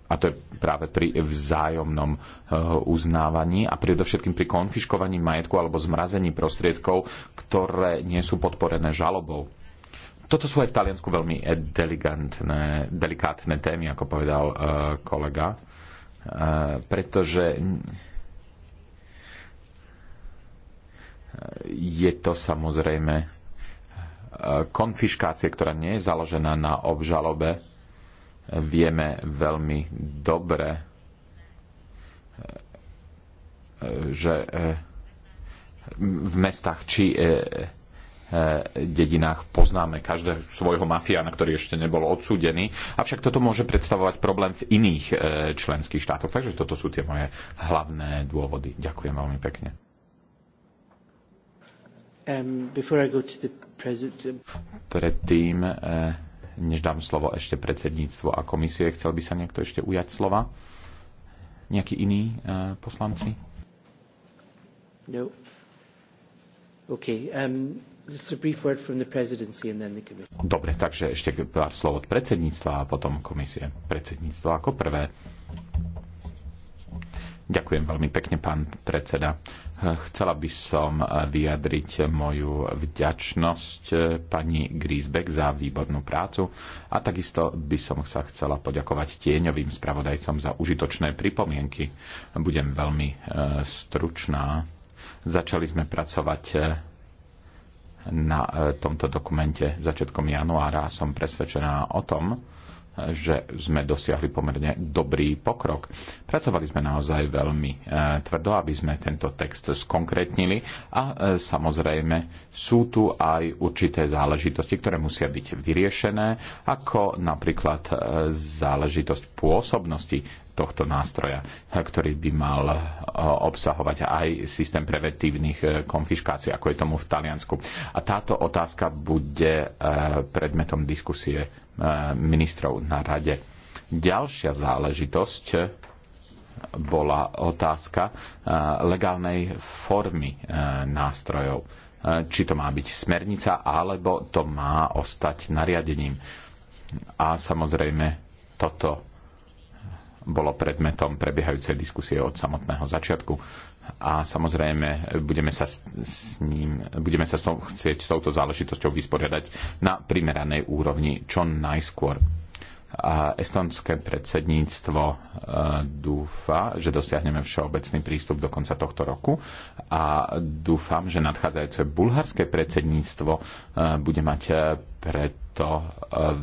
a to je práve pri vzájomnom eh, uznávaní a predovšetkým pri konfiškovaní majetku alebo zmrazení prostriedkov, ktoré nie sú podporené žalobou. Toto sú aj v Taliansku veľmi eh, delikátne témy, ako povedal eh, kolega, pretože je to samozrejme konfiškácia, ktorá nie je založená na obžalobe, vieme veľmi dobre, eh, že eh, v mestách či eh, dedinách poznáme každého svojho mafiána, ktorý ešte nebol odsúdený. Avšak toto môže predstavovať problém v iných členských štátoch. Takže toto sú tie moje hlavné dôvody. Ďakujem veľmi pekne. Um, Predtým než dám slovo ešte predsedníctvo a komisie, chcel by sa niekto ešte ujať slova? Nejakí iní e, poslanci? No. Okay, um, Dobre, takže ešte pár slov od predsedníctva a potom komisie. Predsedníctvo ako prvé. Ďakujem veľmi pekne, pán predseda. Chcela by som vyjadriť moju vďačnosť eh, pani Griesbeck za výbornú prácu a takisto by som sa chcela poďakovať tieňovým spravodajcom za užitočné pripomienky. Budem veľmi eh, stručná. Začali sme pracovať eh, na tomto dokumente začiatkom januára a som presvedčená o tom, že sme dosiahli pomerne dobrý pokrok. Pracovali sme naozaj veľmi eh, tvrdo, aby sme tento text skonkrétnili a eh, samozrejme sú tu aj určité záležitosti, ktoré musia byť vyriešené, ako napríklad eh, záležitosť pôsobnosti tohto nástroja, ktorý by mal e, obsahovať aj systém preventívnych e, konfiškácií, ako je tomu v Taliansku. A táto otázka bude e, predmetom diskusie ministrov na rade. Ďalšia záležitosť bola otázka legálnej formy nástrojov. Či to má byť smernica, alebo to má ostať nariadením. A samozrejme, toto bolo predmetom prebiehajúcej diskusie od samotného začiatku. A samozrejme, budeme sa, s ním, budeme sa s tom, chcieť s touto záležitosťou vysporiadať na primeranej úrovni čo najskôr. A estonské predsedníctvo e, dúfa, že dosiahneme všeobecný prístup do konca tohto roku a dúfam, že nadchádzajúce bulharské predsedníctvo e, bude mať e, preto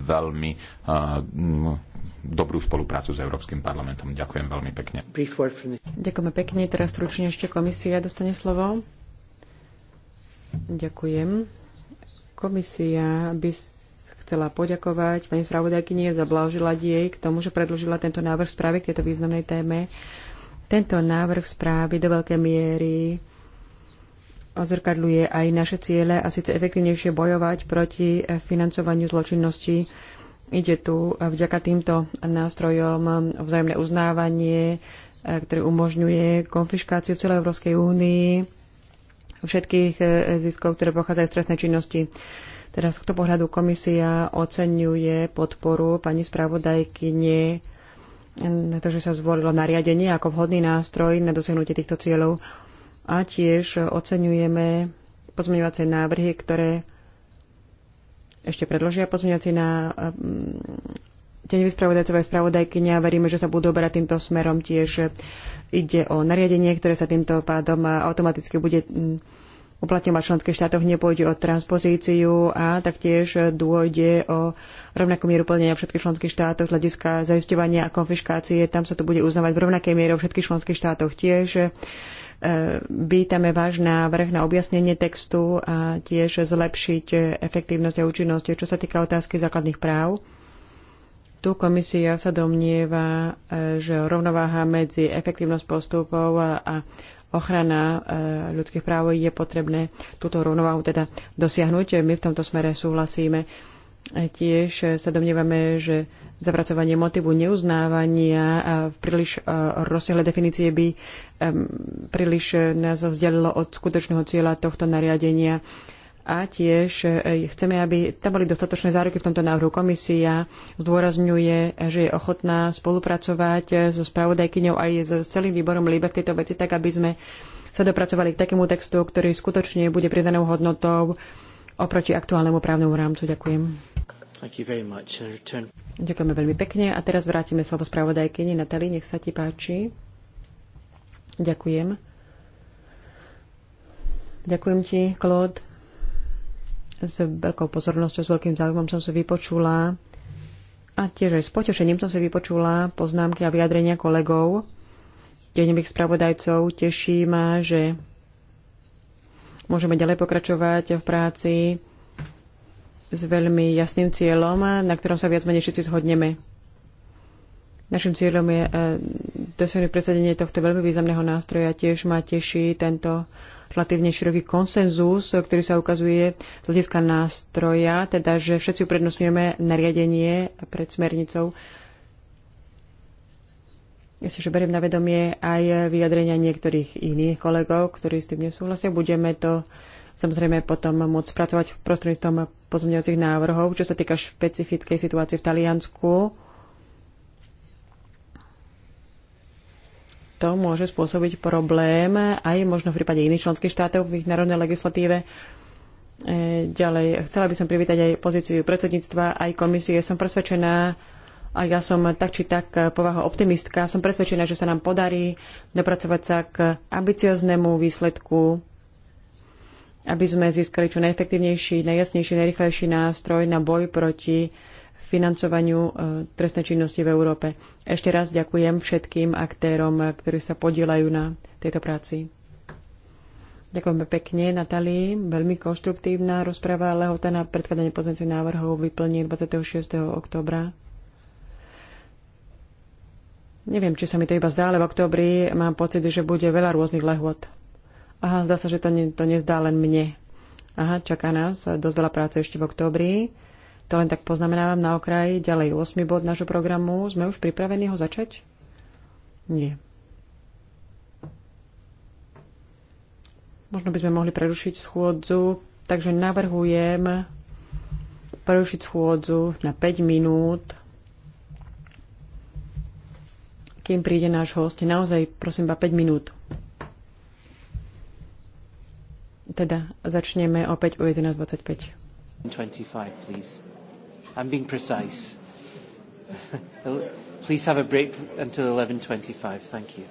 veľmi dobrú spoluprácu s Európskym parlamentom. Ďakujem veľmi pekne. Ďakujeme pekne. Teraz stručne ešte komisia dostane slovo. Ďakujem. Komisia by chcela poďakovať pani spravodajkyni, blážila jej k tomu, že predložila tento návrh správy k tejto významnej téme. Tento návrh správy do veľkej miery odzrkadľuje aj naše ciele a síce efektívnejšie bojovať proti financovaniu zločinnosti Ide tu vďaka týmto nástrojom o vzájomné uznávanie, e, ktoré umožňuje konfiškáciu v celej Európskej únii všetkých e, ziskov, ktoré pochádzajú z trestnej činnosti. Teraz z tohto pohľadu komisia oceňuje podporu pani spravodajkyne na to, že sa zvolilo nariadenie ako vhodný nástroj na dosiahnutie týchto cieľov. A tiež oceňujeme pozmeňovacie návrhy, ktoré ešte predložia pozmeňovací na ehm, tenevý spravodajcová spravodajkynia. Veríme, že sa budú oberať týmto smerom tiež. Ide o nariadenie, ktoré sa týmto pádom automaticky bude hm, uplatňovať v členských štátoch, nepôjde o transpozíciu a taktiež dôjde o rovnakú mieru plnenia všetkých členských štátoch z hľadiska zaisťovania a konfiškácie. Tam sa to bude uznávať v rovnakej miere všetkých členských štátoch tiež. Vítame váš návrh na objasnenie textu a tiež zlepšiť efektívnosť a účinnosť. Čo sa týka otázky základných práv, tu komisia sa domnieva, že rovnováha medzi efektívnosť postupov a ochrana e, ľudských práv je potrebné túto rovnováhu teda dosiahnuť. My v tomto smere súhlasíme. Tiež eh, sa domnievame, že zapracovanie motivu neuznávania a eh, príliš eh, rozsiahle definície by príliš nás vzdialilo od skutočného cieľa tohto nariadenia. A tiež chceme, aby tam boli dostatočné záruky v tomto návrhu. Komisia zdôrazňuje, že je ochotná spolupracovať so spravodajkyňou aj s celým výborom LIBE v tejto veci, tak aby sme sa dopracovali k takému textu, ktorý skutočne bude priznanou hodnotou oproti aktuálnemu právnemu rámcu. Ďakujem. Ďakujeme veľmi pekne a teraz vrátime slovo spravodajkyni Natali, nech sa ti páči. Ďakujem. Ďakujem ti, Claude. S veľkou pozornosťou, s veľkým záujmom som si vypočula a tiež aj s potešením som si vypočula poznámky a vyjadrenia kolegov, deňových spravodajcov. Teší ma, že môžeme ďalej pokračovať v práci s veľmi jasným cieľom, na ktorom sa viac menej všetci zhodneme. Našim cieľom je e, dosiahnuť presadenie tohto veľmi významného nástroja. Tiež ma teší tento relatívne široký konsenzus, ktorý sa ukazuje z hľadiska nástroja, teda že všetci uprednostňujeme nariadenie pred smernicou. Ja si, že beriem na vedomie aj vyjadrenia niektorých iných kolegov, ktorí s tým nesúhlasia. Budeme to samozrejme potom môcť spracovať prostredníctvom pozmeňujúcich návrhov, čo sa týka špecifickej situácie v Taliansku. To môže spôsobiť problém aj možno v prípade iných členských štátov v ich národnej legislatíve. E, ďalej, chcela by som privítať aj pozíciu predsedníctva, aj komisie. Som presvedčená, a ja som tak či tak povaho optimistka, som presvedčená, že sa nám podarí dopracovať sa k ambicioznému výsledku aby sme získali čo najefektívnejší, najjasnejší, najrychlejší nástroj na boj proti financovaniu e, trestnej činnosti v Európe. Ešte raz ďakujem všetkým aktérom, ktorí sa podielajú na tejto práci. Ďakujeme pekne, Natalii. Veľmi konštruktívna rozprava lehota na predkladanie pozemcov návrhov vyplní 26. oktobra. Neviem, či sa mi to iba zdá, ale v oktobri mám pocit, že bude veľa rôznych lehôd. Aha, zdá sa, že to, ne, to nezdá len mne. Aha, čaká nás dosť veľa práce ešte v októbri. To len tak poznamenávam na okraji. Ďalej 8. bod nášho programu. Sme už pripravení ho začať? Nie. Možno by sme mohli prerušiť schôdzu. Takže navrhujem prerušiť schôdzu na 5 minút, kým príde náš host. Naozaj, prosím, iba 5 minút. Teda začneme opäť o 11.25. please. I'm being precise. please have a break until 11.25. Thank you.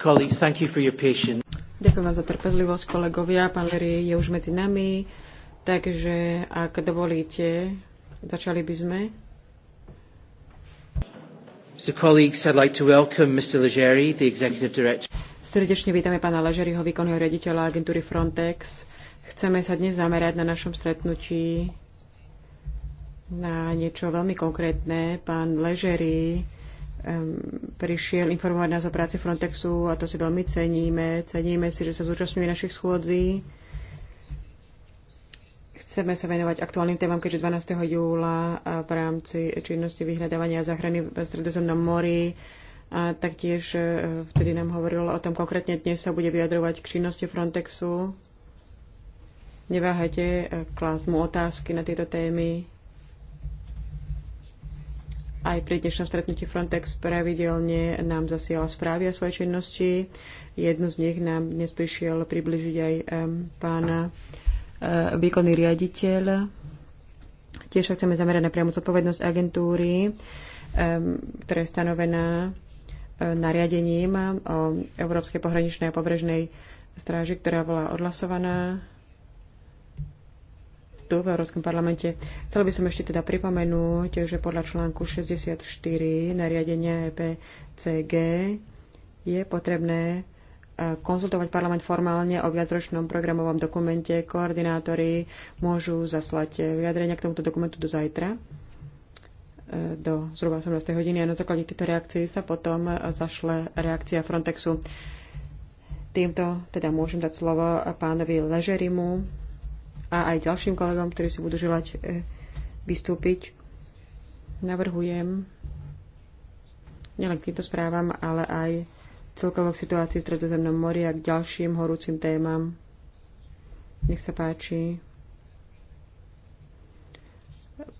Colleagues, thank you for your patience. Ďakujem vám za trpezlivosť, kolegovia. Pán Lery je už medzi nami, takže ak dovolíte, začali by sme. So colleagues, I'd like to welcome Mr. Legeri, the executive director. Srdečne vítame pána Ležeriho, výkonného riaditeľa agentúry Frontex. Chceme sa dnes zamerať na našom stretnutí na niečo veľmi konkrétne. Pán Ležeri prišiel informovať nás o práci Frontexu a to si veľmi ceníme. Ceníme si, že sa zúčastňuje našich schôdzí. Chceme sa venovať aktuálnym témam, keďže 12. júla v rámci činnosti vyhľadávania a záchrany v Stredozemnom mori a taktiež e, vtedy nám hovoril o tom konkrétne dnes sa bude vyjadrovať k činnosti Frontexu. Neváhajte e, klásť mu otázky na tieto témy. Aj pri dnešnom stretnutí Frontex pravidelne nám zasiela správy o svojej činnosti. Jednu z nich nám dnes prišiel približiť aj pána eh, výkonný riaditeľ. Tiež sa chceme zamerať na priamu zodpovednosť agentúry, ktorá je stanovená eh, nariadením o Európskej pohraničnej a pobrežnej stráži, ktorá bola odhlasovaná tu v Európskom parlamente. Chcel by som ešte teda pripomenúť, že podľa článku 64 nariadenia EPCG je potrebné e, konzultovať parlament formálne o viacročnom programovom dokumente. Koordinátori môžu zaslať e, vyjadrenia k tomuto dokumentu do zajtra e, do zhruba 18. hodiny a na základe týchto reakcií sa potom zašle reakcia Frontexu. Týmto teda môžem dať slovo pánovi Ležerimu, a aj ďalším kolegom, ktorí si budú želať e, vystúpiť, navrhujem nielen k týmto správam, ale aj celkovo k situácii v Stredozemnom mori a k ďalším horúcim témam. Nech sa páči.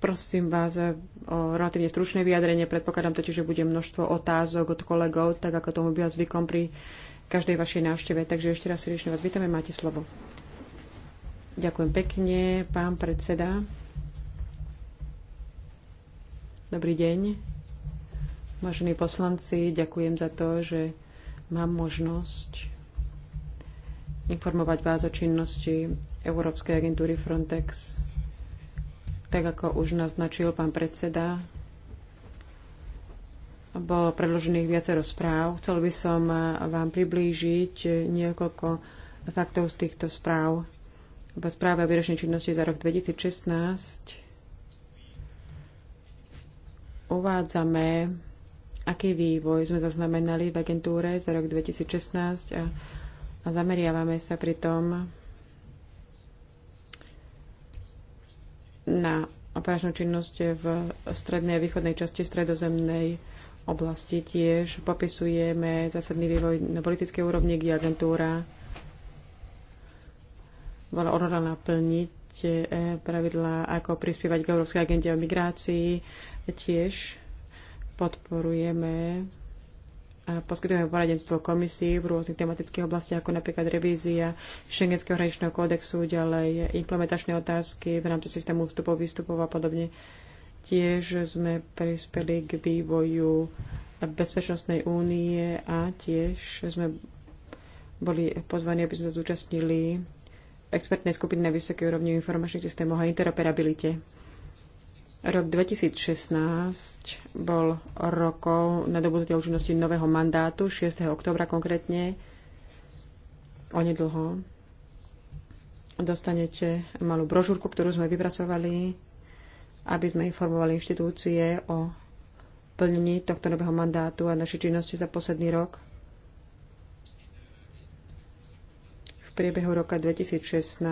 Prosím vás o relatívne stručné vyjadrenie. Predpokladám totiž, že bude množstvo otázok od kolegov, tak ako tomu býva zvykom pri každej vašej návšteve. Takže ešte raz srdečne vás vítame, máte slovo. Ďakujem pekne, pán predseda. Dobrý deň. Vážení poslanci, ďakujem za to, že mám možnosť informovať vás o činnosti Európskej agentúry Frontex. Tak ako už naznačil pán predseda, bolo predložených viacero správ. Chcel by som vám priblížiť niekoľko faktov z týchto správ v správe o výročnej činnosti za rok 2016 uvádzame, aký vývoj sme zaznamenali v agentúre za rok 2016 a, a zameriavame sa pritom na operačnú činnosť v strednej a východnej časti stredozemnej oblasti. Tiež popisujeme zásadný vývoj na politickej úrovni, kde agentúra bola odhodlaná plniť eh, pravidlá, ako prispievať k Európskej agende o migrácii. Tiež podporujeme a poskytujeme poradenstvo komisii v rôznych tematických oblastiach, ako napríklad revízia Schengenského hraničného kódexu, ďalej implementačné otázky v rámci systému vstupov, výstupov a podobne. Tiež sme prispeli k vývoju Bezpečnostnej únie a tiež sme boli pozvaní, aby sme sa zúčastnili expertnej skupiny na vysokej úrovni informačných systémov a interoperabilite. Rok 2016 bol rokom nadobudnutia účinnosti nového mandátu, 6. oktobra konkrétne, onedlho. Dostanete malú brožúrku, ktorú sme vypracovali, aby sme informovali inštitúcie o plnení tohto nového mandátu a našej činnosti za posledný rok. priebehu roka 2016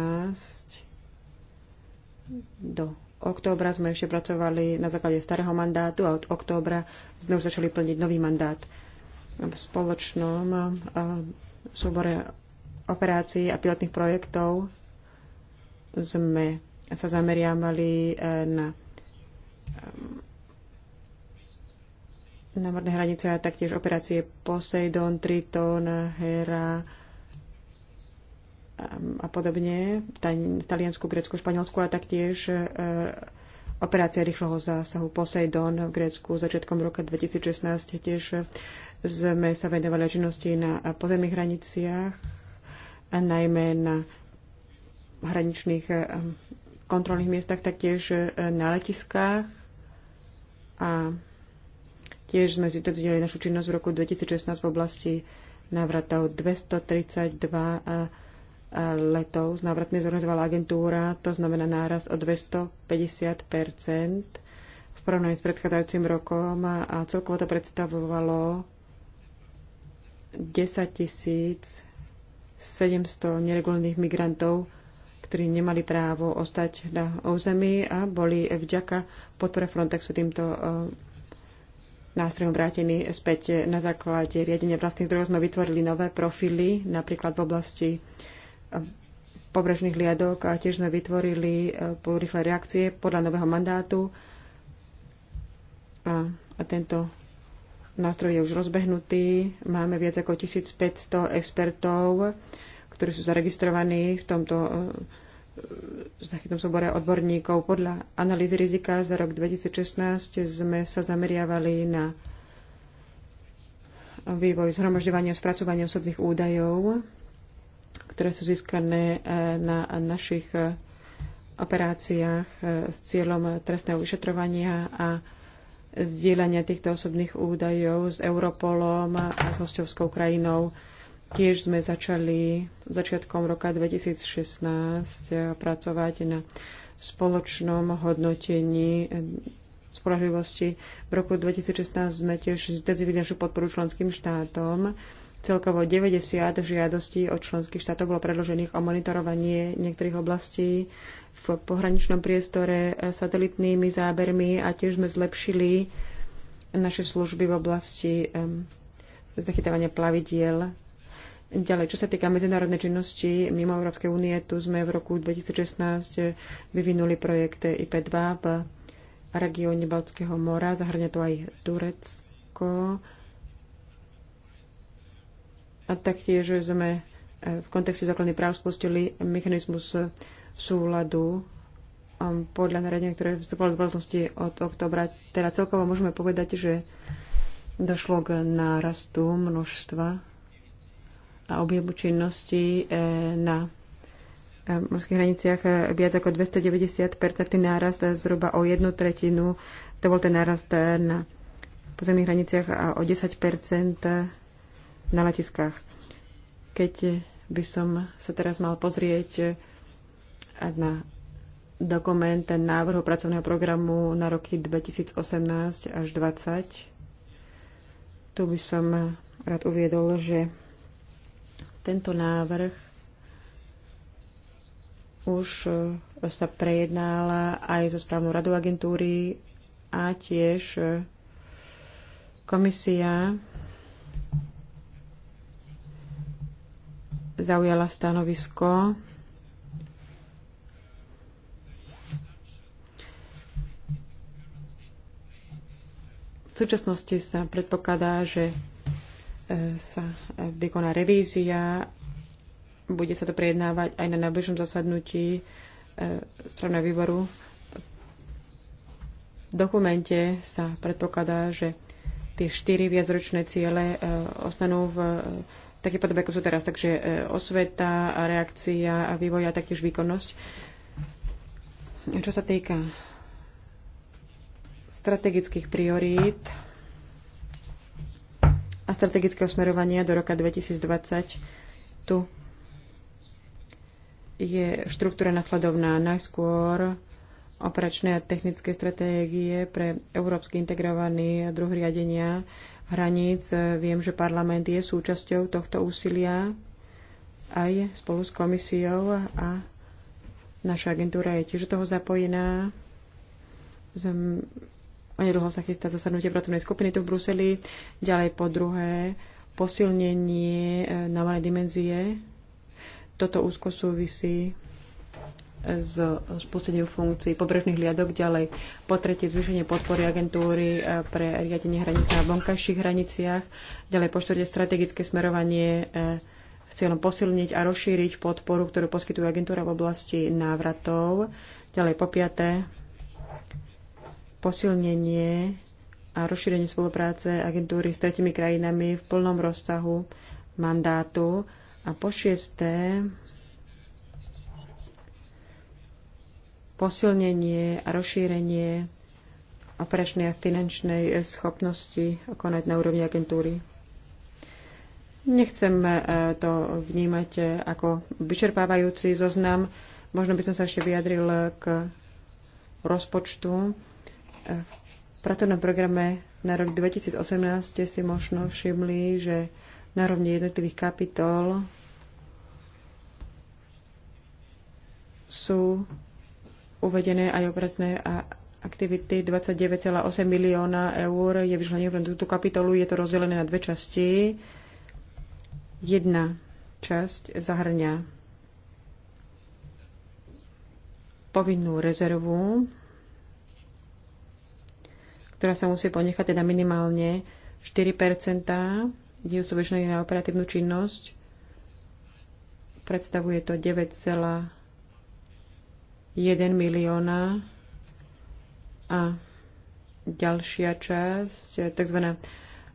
do októbra sme ešte pracovali na základe starého mandátu a od októbra sme už začali plniť nový mandát v spoločnom eh, súbore operácií a pilotných projektov sme sa zameriavali eh, na eh, námorné hranice a taktiež operácie Poseidon, Triton, Hera, a podobne v Taliansku, Grécku, Španielsku a taktiež e, operácia rýchloho zásahu Poseidon v Grécku začiatkom roka 2016. Tiež sme sa venovali činnosti na pozemných hraniciach, a najmä na hraničných e, kontrolných miestach, taktiež e, na letiskách a tiež sme zintenzívnili našu činnosť v roku 2016 v oblasti návratov 232 letov s návratmi zorganizovala agentúra, to znamená náraz o 250 v porovnaní s predchádzajúcim rokom a celkovo to predstavovalo 10 700 neregulných migrantov, ktorí nemali právo ostať na území a boli vďaka podpore Frontexu týmto e, nástrojom vrátení späť na základe riadenia vlastných zdrojov sme vytvorili nové profily, napríklad v oblasti pobrežných liadok a tiež sme vytvorili e, rýchle reakcie podľa nového mandátu. A, a tento nástroj je už rozbehnutý. Máme viac ako 1500 expertov, ktorí sú zaregistrovaní v tomto e, zachytnom sobore odborníkov. Podľa analýzy rizika za rok 2016 sme sa zameriavali na vývoj zhromažďovania a spracovania osobných údajov ktoré sú získané e, na našich e, operáciách e, s cieľom trestného vyšetrovania a zdieľania týchto osobných údajov s Europolom a s hostovskou krajinou. Tiež sme začali začiatkom roka 2016 pracovať na spoločnom hodnotení spolahlivosti. V roku 2016 sme tiež zdezivili našu podporu členským štátom Celkovo 90 žiadostí od členských štátov bolo predložených o monitorovanie niektorých oblastí v pohraničnom priestore satelitnými zábermi a tiež sme zlepšili naše služby v oblasti zachytávania plavidiel. Ďalej, čo sa týka medzinárodnej činnosti mimo Európskej únie, tu sme v roku 2016 vyvinuli projekt IP2 v regióne Baltského mora, zahrňa to aj Turecko, a taktiež sme e, v kontexte základných práv spustili mechanizmus súladu um, podľa naradenia, ktoré vstupovalo do platnosti od oktobra. Teda celkovo môžeme povedať, že došlo k nárastu množstva a objemu činností e, na e, morských hraniciach viac ako 290 nárast, zhruba o jednu tretinu. To bol ten nárast na pozemných hraniciach a o 10 na letiskách. Keď by som sa teraz mal pozrieť eh, na dokument, ten návrh pracovného programu na roky 2018 až 2020, tu by som rád uviedol, že tento návrh už eh, sa prejednala aj so správnou radou agentúry a tiež eh, komisia zaujala stanovisko, V súčasnosti sa predpokladá, že e, sa vykoná revízia, bude sa to prejednávať aj na najbližšom zasadnutí e, správneho výboru. V dokumente sa predpokladá, že tie štyri viacročné ciele e, ostanú v také podobe, ako sú teraz. Takže e, osveta, reakcia a vývoj a taktiež výkonnosť. Čo sa týka strategických priorít a strategického smerovania do roka 2020, tu je štruktúra nasledovná. Najskôr operačné a technické stratégie pre európsky integrovaný druh riadenia hraníc. Viem, že parlament je súčasťou tohto úsilia aj spolu s komisiou a naša agentúra je tiež toho zapojená. Zem, onedlho sa chystá zasadnutie pracovnej skupiny tu v Bruseli. Ďalej po druhé posilnenie eh, na malé dimenzie. Toto úzko súvisí z spustenia funkcií pobrežných liadok ďalej. Po tretie, zvýšenie podpory agentúry e, pre riadenie hraníc na vonkajších hraniciach. Ďalej, po štvrte, strategické smerovanie e, s cieľom posilniť a rozšíriť podporu, ktorú poskytuje agentúra v oblasti návratov. Ďalej, po piaté, posilnenie a rozšírenie spolupráce agentúry s tretimi krajinami v plnom rozsahu mandátu. A po šiesté, posilnenie a rozšírenie operačnej a finančnej eh, schopnosti konať na úrovni agentúry. Nechcem eh, to vnímať eh, ako vyčerpávajúci zoznam. Možno by som sa ešte vyjadril k rozpočtu. V pracovnom programe na rok 2018 ste si možno všimli, že na rovni jednotlivých kapitol sú uvedené aj obratné aktivity 29,8 milióna eur je vyšlenené pre túto kapitolu. Je to rozdelené na dve časti. Jedna časť zahrňa povinnú rezervu, ktorá sa musí ponechať teda minimálne 4 je usúbečná na operatívnu činnosť. Predstavuje to 9,8 1 milióna a ďalšia časť, eh, tzv.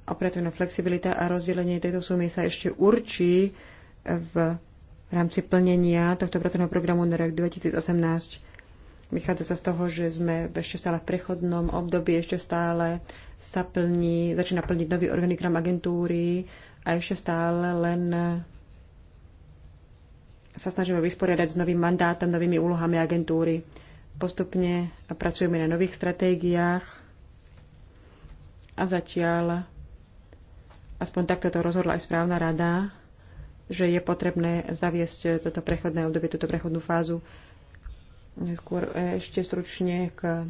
operatívna flexibilita a rozdelenie tejto sumy sa ešte určí v rámci plnenia tohto pracovného programu na rok 2018. Vychádza sa z toho, že sme ešte stále v prechodnom období, ešte stále sa plní, začína plniť nový organigram agentúry a ešte stále len sa snažíme vysporiadať s novým mandátom, novými úlohami agentúry. Postupne pracujeme na nových stratégiách a zatiaľ, aspoň takto to rozhodla aj správna rada, že je potrebné zaviesť toto prechodné obdobie, túto prechodnú fázu. Skôr e, ešte stručne k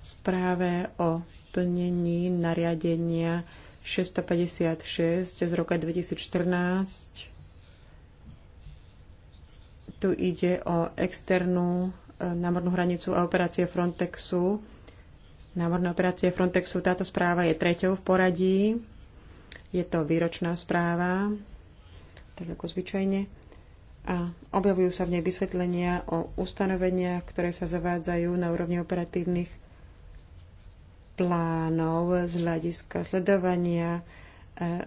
správe o plnení nariadenia 656 z roka 2014 tu ide o externú e, námornú hranicu a operácie Frontexu. Námorné operácie Frontexu, táto správa je treťou v poradí. Je to výročná správa, tak ako zvyčajne. A objavujú sa v nej vysvetlenia o ustanoveniach, ktoré sa zavádzajú na úrovni operatívnych plánov z hľadiska sledovania e,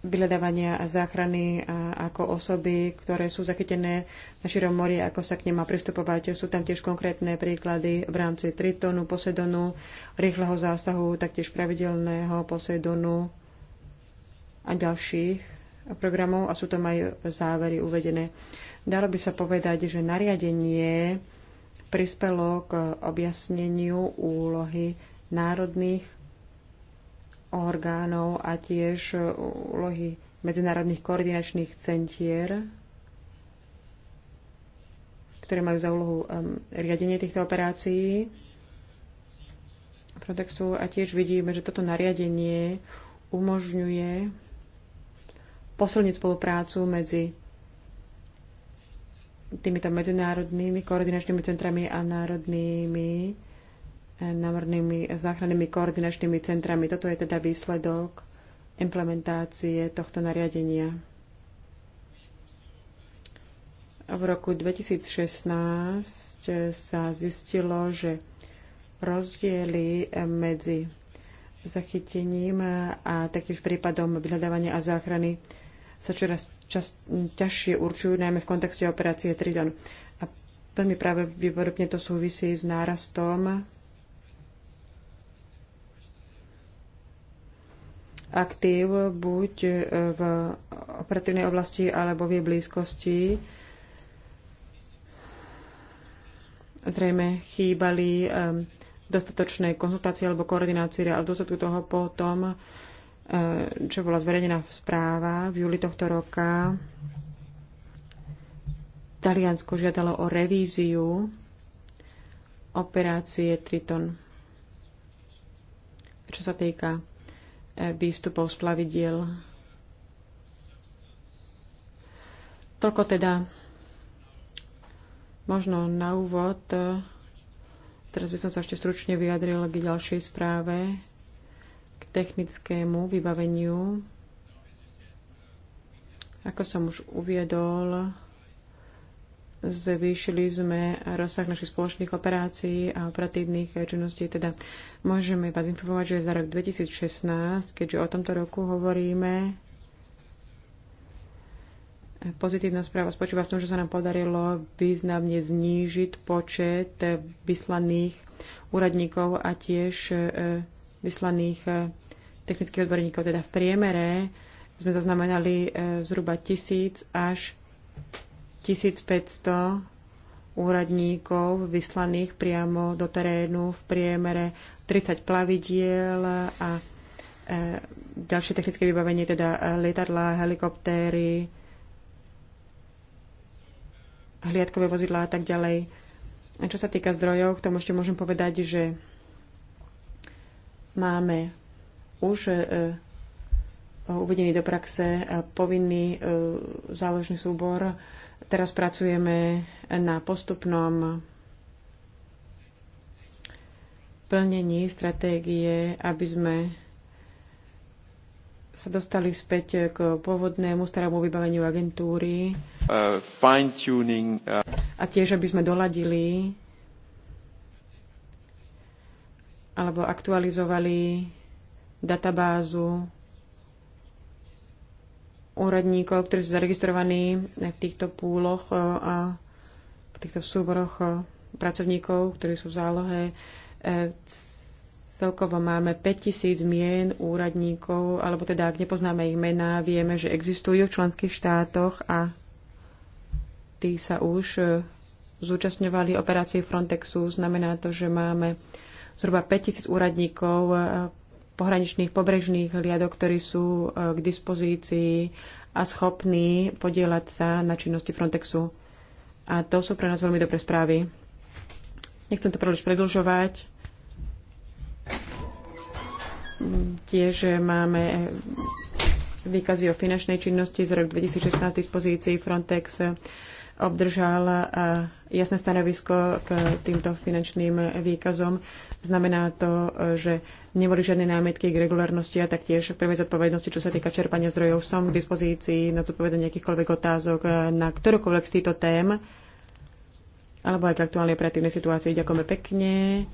vyhľadávania a záchrany a ako osoby, ktoré sú zachytené na širom mori, ako sa k nemá pristupovať. Sú tam tiež konkrétne príklady v rámci Tritonu, Posedonu, rýchleho zásahu, taktiež pravidelného Posedonu a ďalších programov a sú tam aj závery uvedené. Dalo by sa povedať, že nariadenie prispelo k objasneniu úlohy národných orgánov a tiež e, úlohy medzinárodných koordinačných centier, ktoré majú za úlohu riadenie týchto operácií Frontexu a tiež vidíme, že toto nariadenie umožňuje posilniť spoluprácu medzi týmito medzinárodnými koordinačnými centrami a národnými námornými záchrannými koordinačnými centrami. Toto je teda výsledok implementácie tohto nariadenia. V roku 2016 sa zistilo, že rozdiely medzi zachytením a taktiež prípadom vyhľadávania a záchrany sa čoraz čas, ťažšie určujú, najmä v kontexte operácie Tridon. A veľmi práve výborne to súvisí s nárastom aktív buď e, v operatívnej oblasti alebo v jej blízkosti. Zrejme chýbali dostatočné konzultácie alebo koordinácie, ale dôsledku toho potom, e, čo bola zverejnená správa v júli tohto roka, Taliansko žiadalo o revíziu operácie Triton. Čo sa týka výstupov z plavidiel. Toľko teda možno na úvod. Teraz by som sa ešte stručne vyjadril k ďalšej správe, k technickému vybaveniu. Ako som už uviedol, Zvýšili sme rozsah našich spoločných operácií a operatívnych činností. Teda môžeme vás informovať, že za rok 2016, keďže o tomto roku hovoríme, pozitívna správa spočíva v tom, že sa nám podarilo významne znížiť počet vyslaných úradníkov a tiež e, vyslaných e, technických odborníkov. Teda v priemere sme zaznamenali e, zhruba tisíc až 1500 úradníkov vyslaných priamo do terénu v priemere 30 plavidiel a e, ďalšie technické vybavenie, teda e, lietadla, helikoptéry, hliadkové vozidlá a tak ďalej. A čo sa týka zdrojov, k tomu ešte môžem povedať, že máme už e, uvedený do praxe povinný záložný súbor Teraz pracujeme na postupnom plnení stratégie, aby sme sa dostali späť k pôvodnému starému vybaveniu agentúry uh, uh... a tiež, aby sme doladili alebo aktualizovali databázu úradníkov, ktorí sú zaregistrovaní v týchto púloch e, a v týchto súboroch e, pracovníkov, ktorí sú v zálohe. E, celkovo máme 5000 mien úradníkov, alebo teda ak nepoznáme ich mená, vieme, že existujú v členských štátoch a tí sa už zúčastňovali operácií Frontexu. Znamená to, že máme zhruba 5000 úradníkov pohraničných pobrežných hliadok, ktorí sú e, k dispozícii a schopní podielať sa na činnosti Frontexu. A to sú pre nás veľmi dobré správy. Nechcem to príliš predlžovať. Tiež máme výkazy o finančnej činnosti z roku 2016 dispozícii Frontex obdržal e, jasné stanovisko k týmto finančným výkazom. Znamená to, že neboli žiadne námietky k regulárnosti a taktiež prvej zodpovednosti, čo sa týka čerpania zdrojov. Som k dispozícii na zodpovedanie akýchkoľvek otázok na ktorúkoľvek z týchto tém alebo aj k aktuálnej operatívnej situácii. Ďakujeme pekne.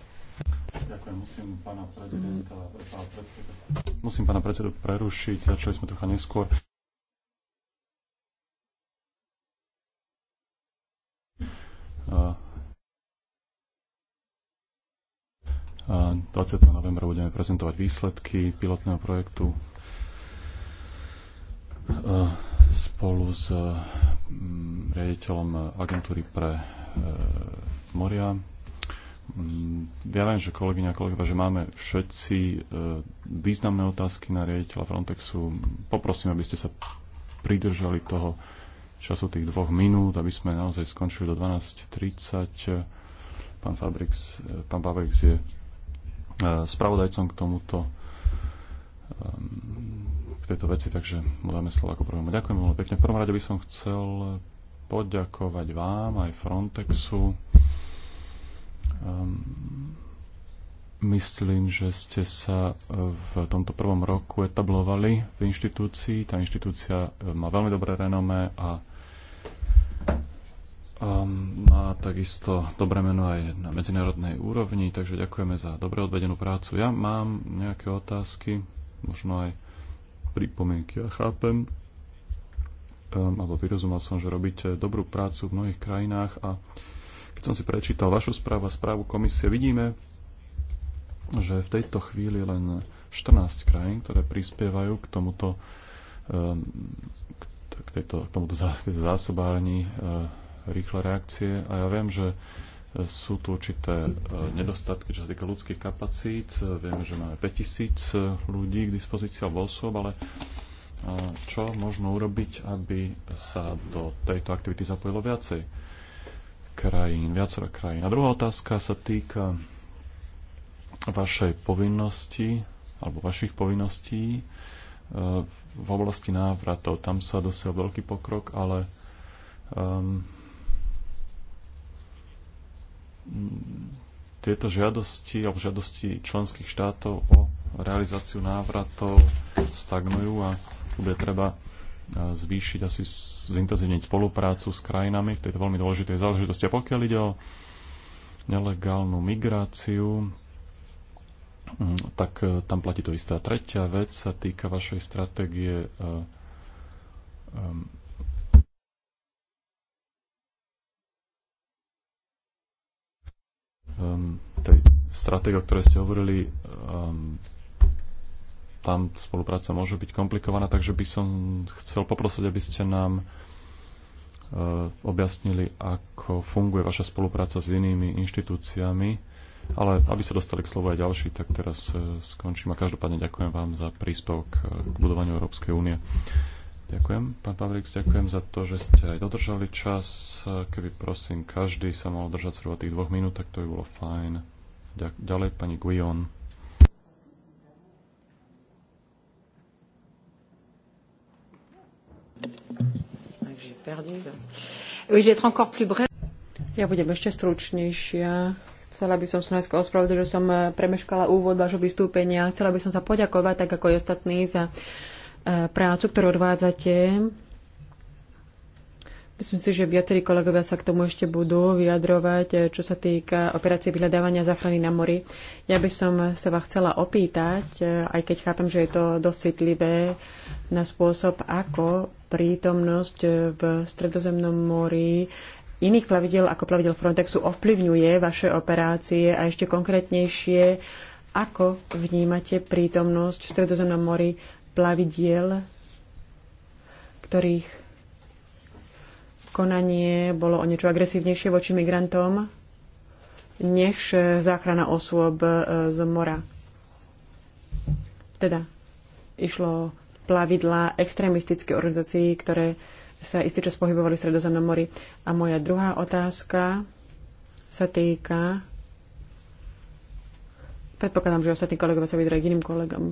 Ďakujem, musím pána prezidenta, musím pána predsedu prerušiť, začali sme trocha neskôr. 20. novembra budeme prezentovať výsledky pilotného projektu spolu s riaditeľom agentúry pre e, moria. Ja viem, že kolegyňa a kolegova, že máme všetci e, významné otázky na riaditeľa Frontexu. Poprosím, aby ste sa pridržali toho času tých dvoch minút, aby sme naozaj skončili do 12.30. Pán Fabrix, pán Fabrix je e, spravodajcom k tomuto e, k tejto veci, takže mu dáme slovo ako prvému. Ďakujem veľmi pekne. V prvom rade by som chcel poďakovať vám aj Frontexu. Um, myslím, že ste sa v tomto prvom roku etablovali v inštitúcii. Tá inštitúcia e, má veľmi dobré renomé a a má takisto dobré meno aj na medzinárodnej úrovni, takže ďakujeme za dobre odvedenú prácu. Ja mám nejaké otázky, možno aj pripomienky. Ja chápem, um, alebo vyrozumel som, že robíte dobrú prácu v mnohých krajinách a keď som si prečítal vašu správu a správu komisie, vidíme, že v tejto chvíli len 14 krajín, ktoré prispievajú k tomuto, um, k k, tejto, k tomuto zásobárni e, rýchle reakcie a ja viem, že e, sú tu určité e, nedostatky, čo sa týka ľudských kapacít. Vieme, že máme 5000 ľudí k dispozícii alebo osôb, ale čo možno urobiť, aby sa do tejto aktivity zapojilo viacej krajín, viacero krajín. A druhá otázka sa týka vašej povinnosti alebo vašich povinností v oblasti návratov. Tam sa dosiel veľký pokrok, ale um, tieto žiadosti alebo žiadosti členských štátov o realizáciu návratov stagnujú a bude treba uh, zvýšiť asi zintenzívniť spoluprácu s krajinami v tejto veľmi dôležitej záležitosti. A pokiaľ ide o nelegálnu migráciu, Mm, tak e, tam platí to isté. A tretia vec sa týka vašej stratégie e, tej stratégie, o ktorej ste hovorili, tam spolupráca môže byť komplikovaná, takže by som chcel poprosiť, aby ste nám e, objasnili, ako funguje vaša spolupráca s inými inštitúciami ale aby sa dostali k slovu aj ďalší, tak teraz e, skončím. A každopádne ďakujem vám za príspevok k budovaniu Európskej únie. Ďakujem, pán Pavlík, ďakujem za to, že ste aj dodržali čas. E, keby prosím, každý sa mal držať zhruba tých dvoch minút, tak to by bolo fajn. Ďalej pani Guion. Ja budem ešte stručnejšia. Chcela by som sa najskôr ospravedlniť, že som e, premeškala úvod vášho vystúpenia. Chcela by som sa poďakovať, tak ako aj ostatní, za e, prácu, ktorú odvádzate. Myslím si, že viacerí kolegovia sa k tomu ešte budú vyjadrovať, e, čo sa týka operácie vyhľadávania záchrany na mori. Ja by som sa vás chcela opýtať, aj keď chápem, že je to dosť citlivé, na spôsob, ako prítomnosť v Stredozemnom mori iných plavidel ako plavidel Frontexu ovplyvňuje vaše operácie a ešte konkrétnejšie, ako vnímate prítomnosť v Stredozemnom mori plavidiel, ktorých konanie bolo o niečo agresívnejšie voči migrantom než záchrana osôb e, z mora. Teda išlo plavidla extrémistických organizácií, ktoré sa istý čas pohybovali v Sredozemnom mori. A moja druhá otázka sa týka Predpokladám, že ostatní kolegovia sa vydrajú k iným kolegom.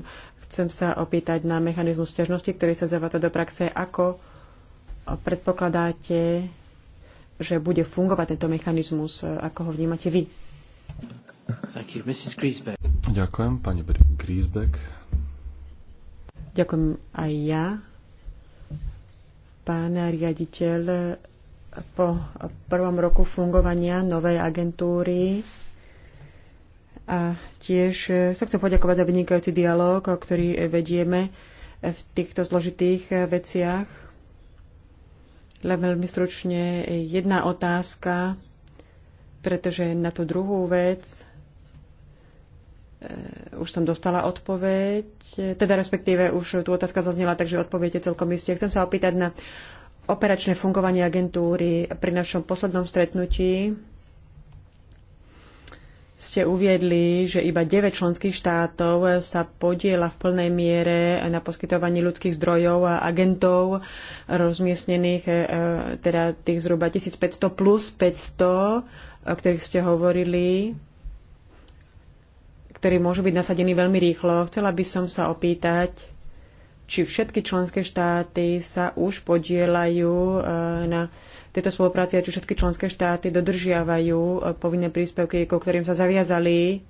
Chcem sa opýtať na mechanizmus ťažnosti, ktorý sa zavádza do praxe. Ako predpokladáte, že bude fungovať tento mechanizmus? Ako ho vnímate vy? Thank you. Mrs. Ďakujem, pani Griesbeck. Ďakujem aj ja Pán riaditeľ, po prvom roku fungovania novej agentúry a tiež sa chcem poďakovať za vynikajúci dialog, ktorý vedieme v týchto zložitých veciach. Len veľmi stručne jedna otázka, pretože na tú druhú vec Eh, už som dostala odpoveď, eh, teda respektíve už tu otázka zaznela, takže odpoviete celkom isté. Chcem sa opýtať na operačné fungovanie agentúry. Pri našom poslednom stretnutí ste uviedli, že iba 9 členských štátov sa podiela v plnej miere na poskytovaní ľudských zdrojov a agentov rozmiestnených, eh, teda tých zhruba 1500 plus 500, o ktorých ste hovorili ktorý môže byť nasadený veľmi rýchlo. Chcela by som sa opýtať, či všetky členské štáty sa už podielajú eh, na tejto spolupráci a či všetky členské štáty dodržiavajú eh, povinné príspevky, ko ktorým sa zaviazali,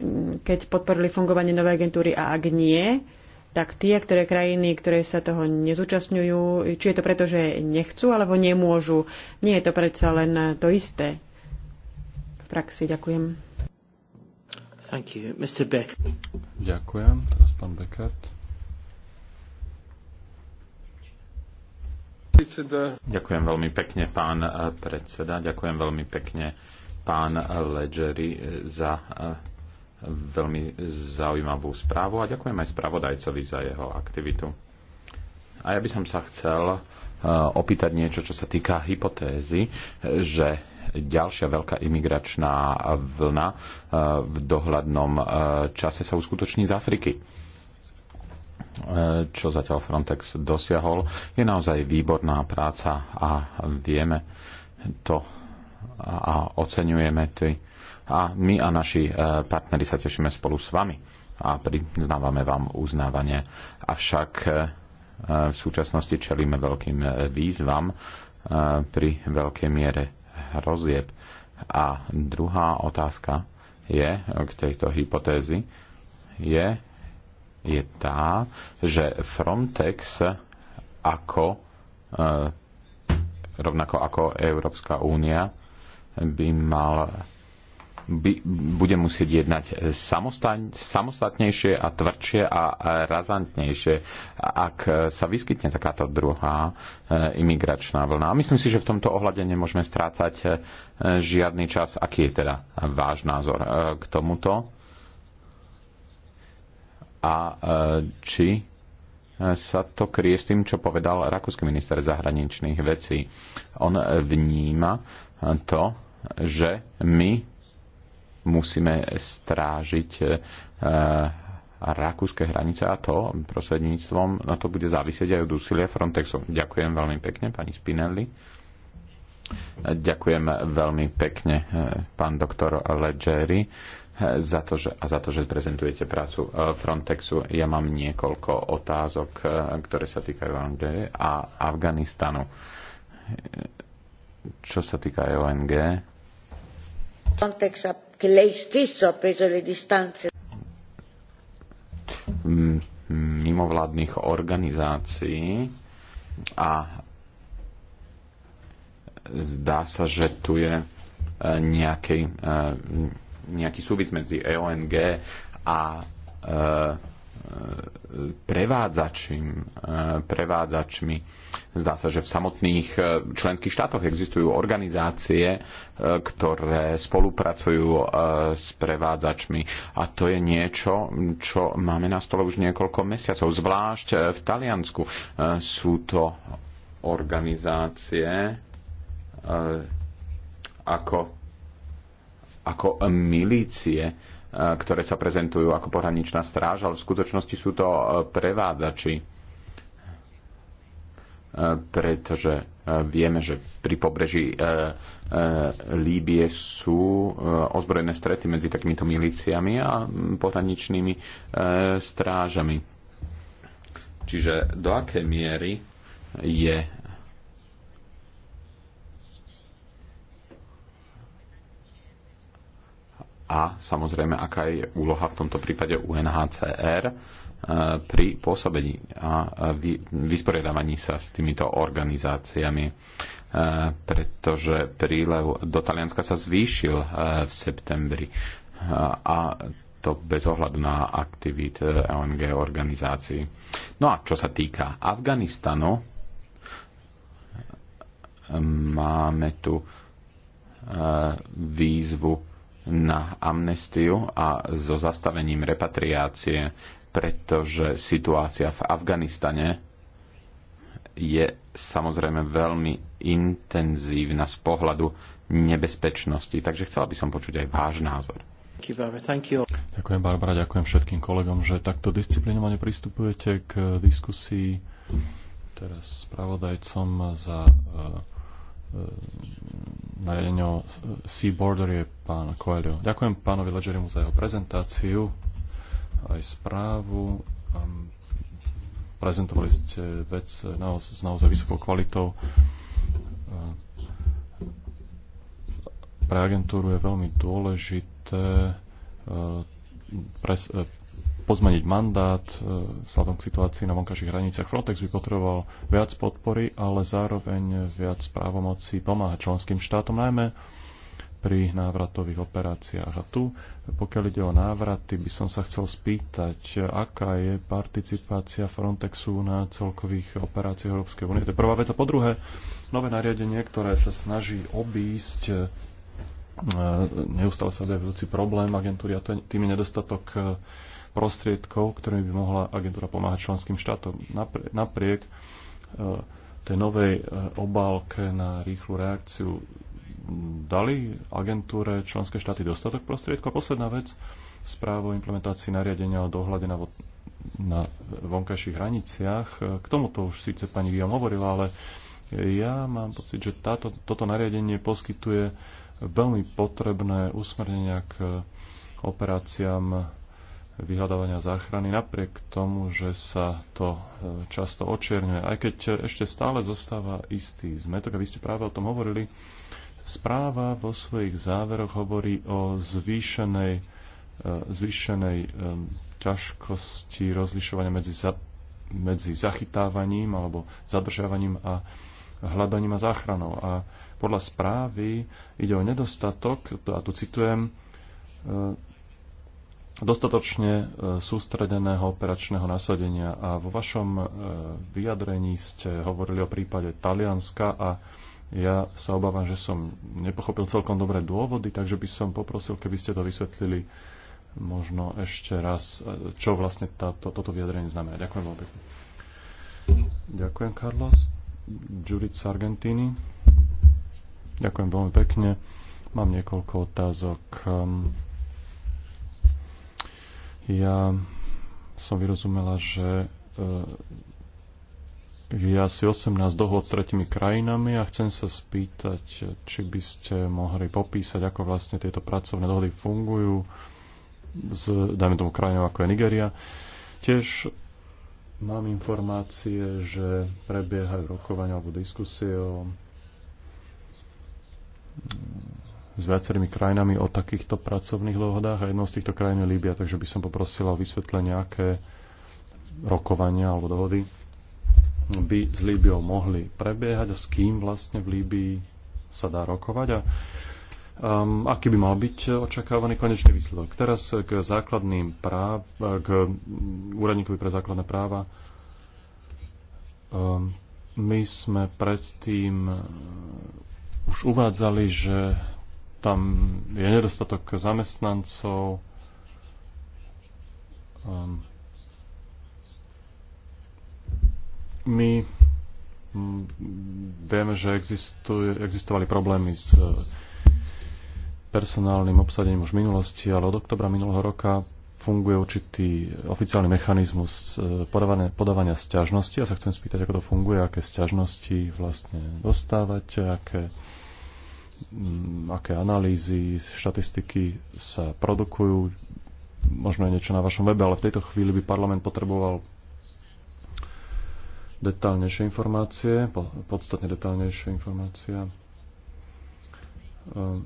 mm, keď podporili fungovanie novej agentúry a ak nie, tak tie, ktoré krajiny, ktoré sa toho nezúčastňujú, či je to preto, že nechcú alebo nemôžu, nie je to predsa len to isté v praxi. Ďakujem. Thank you. Mr. Beck. Ďakujem. Teraz pán Beckert. Ďakujem veľmi pekne, pán eh, predseda. Ďakujem veľmi pekne, pán eh, Ledgeri, eh, za veľmi zaujímavú správu a ďakujem aj spravodajcovi za jeho aktivitu. A ja by som sa chcel opýtať niečo, čo sa týka hypotézy, že ďalšia veľká imigračná vlna eh, v dohľadnom eh, čase sa uskutoční z Afriky eh, čo zatiaľ Frontex dosiahol, je naozaj výborná práca a vieme to a oceňujeme to. A my a naši partneri sa tešíme spolu s vami a priznávame vám uznávanie. Avšak v súčasnosti čelíme veľkým výzvam pri veľkej miere hrozieb. A druhá otázka je k tejto hypotézy je, je tá, že Frontex ako eh, rovnako ako Európska únia by mal by, bude musieť jednať samostatnejšie a tvrdšie a razantnejšie, ak sa vyskytne takáto druhá e, imigračná vlna. A myslím si, že v tomto ohľade nemôžeme strácať e, žiadny čas. Aký je teda váš názor e, k tomuto? A či sa to krie s tým, čo povedal rakúsky minister zahraničných vecí. On vníma to, že my musíme strážiť e, rakúske hranice a to prostredníctvom, na to bude závisieť aj od úsilia Frontexu. Ďakujem veľmi pekne, pani Spinelli. E, ďakujem veľmi pekne, e, pán doktor Leggeri, za to, že, a za to, že prezentujete prácu Frontexu. Ja mám niekoľko otázok, ktoré sa týkajú ONG a Afganistanu. Čo sa týka ONG? Frontex che lei stesso ha preso le distanze. Mimovládnych organizácií a zdá sa, že tu je e, nejaký, e, nejaký súvis medzi EONG a e, prevádzačím, prevádzačmi. Zdá sa, že v samotných eh, členských štátoch existujú organizácie, eh, ktoré spolupracujú eh, s prevádzačmi. A to je niečo, čo máme na stole už niekoľko mesiacov, zvlášť v Taliansku. Sú to organizácie ako, ako milície, ktoré sa prezentujú ako pohraničná stráž, ale v skutočnosti sú to e, prevádzači, e, pretože e, vieme, že pri pobreží Líbie sú ozbrojené strety medzi takýmito milíciami a pohraničnými strážami. Čiže do akej miery je a samozrejme, aká je úloha v tomto prípade UNHCR eh, pri pôsobení a vysporiadávaní sa s týmito organizáciami, eh, pretože prílev do Talianska sa zvýšil eh, v septembri a to bez ohľadu na aktivít ONG organizácií. No a čo sa týka Afganistanu, máme tu výzvu na amnestiu a so zastavením repatriácie, pretože situácia v Afganistane je samozrejme veľmi intenzívna z pohľadu nebezpečnosti. Takže chcela by som počuť aj váš názor. Ďakujem, Barbara, ďakujem všetkým kolegom, že takto disciplinovane pristupujete k diskusii. Teraz spravodajcom za eh, E, nariadenie o Sea Border je pán Coelho. Ďakujem pánovi Ledgerimu za jeho prezentáciu aj správu. Prezentovali ste vec s naozaj vysokou kvalitou. E, pre agentúru je veľmi dôležité e, pre pozmeniť mandát e, vzhľadom k situácii na vonkajších hraniciach. Frontex by potreboval viac podpory, ale zároveň viac právomocí pomáhať členským štátom, najmä pri návratových operáciách. A tu, pokiaľ ide o návraty, by som sa chcel spýtať, aká je participácia Frontexu na celkových operáciách Európskej únie. To je prvá vec. A po druhé, nové nariadenie, ktoré sa snaží obísť e, neustále sa vedúci problém agentúry a tým je nedostatok e, prostriedkov, ktorými by mohla agentúra pomáhať členským štátom. Napriek e, tej novej e, obálke na rýchlu reakciu dali agentúre členské štáty dostatok prostriedkov. A posledná vec, správa o implementácii nariadenia o dohľade na, na vonkajších hraniciach. E, k tomuto už síce pani Viam hovorila, ale ja mám pocit, že táto, toto nariadenie poskytuje veľmi potrebné usmernenia k operáciám vyhľadávania záchrany, napriek tomu, že sa to e, často očierňuje. Aj keď ešte stále zostáva istý zmetok, a vy ste práve o tom hovorili, správa vo svojich záveroch hovorí o zvýšenej, e, zvýšenej e, ťažkosti rozlišovania medzi, za, medzi zachytávaním alebo zadržiavaním a hľadaním a záchranou. A podľa správy ide o nedostatok, a tu citujem, dostatočne e, sústredeného operačného nasadenia. A vo vašom e, vyjadrení ste hovorili o prípade Talianska a ja sa obávam, že som nepochopil celkom dobré dôvody, takže by som poprosil, keby ste to vysvetlili možno ešte raz, e, čo vlastne táto, toto vyjadrenie znamená. Ďakujem veľmi pekne. Ďakujem, Carlos. Judith z Argentíny. Ďakujem veľmi pekne. Mám niekoľko otázok. Ehm, ja som vyrozumela, že e, je asi 18 dohod s tretimi krajinami a chcem sa spýtať, či by ste mohli popísať, ako vlastne tieto pracovné dohody fungujú s, dajme tomu, krajinou ako je Nigeria. Tiež mám informácie, že prebiehajú rokovania alebo diskusie o s viacerými krajinami o takýchto pracovných dohodách a jednou z týchto krajín je Líbia, takže by som poprosil o vysvetlenie, aké rokovania alebo dohody by s Líbiou mohli prebiehať a s kým vlastne v Líbii sa dá rokovať a um, aký by mal byť očakávaný konečný výsledok. Teraz k základným práv, k úradníkovi pre základné práva. Um, my sme predtým uh, už uvádzali, že tam je nedostatok zamestnancov. Um, my mm, vieme, že existuje, existovali problémy s e, personálnym obsadením už v minulosti, ale od oktobra minulého roka funguje určitý oficiálny mechanizmus e, podávania, podávania sťažnosti. Ja sa chcem spýtať, ako to funguje, aké sťažnosti vlastne dostávate, aké Mm, aké analýzy, štatistiky sa produkujú. Možno je niečo na vašom webe, ale v tejto chvíli by parlament potreboval detálnejšie informácie, podstatne detálnejšie informácia. Ehm,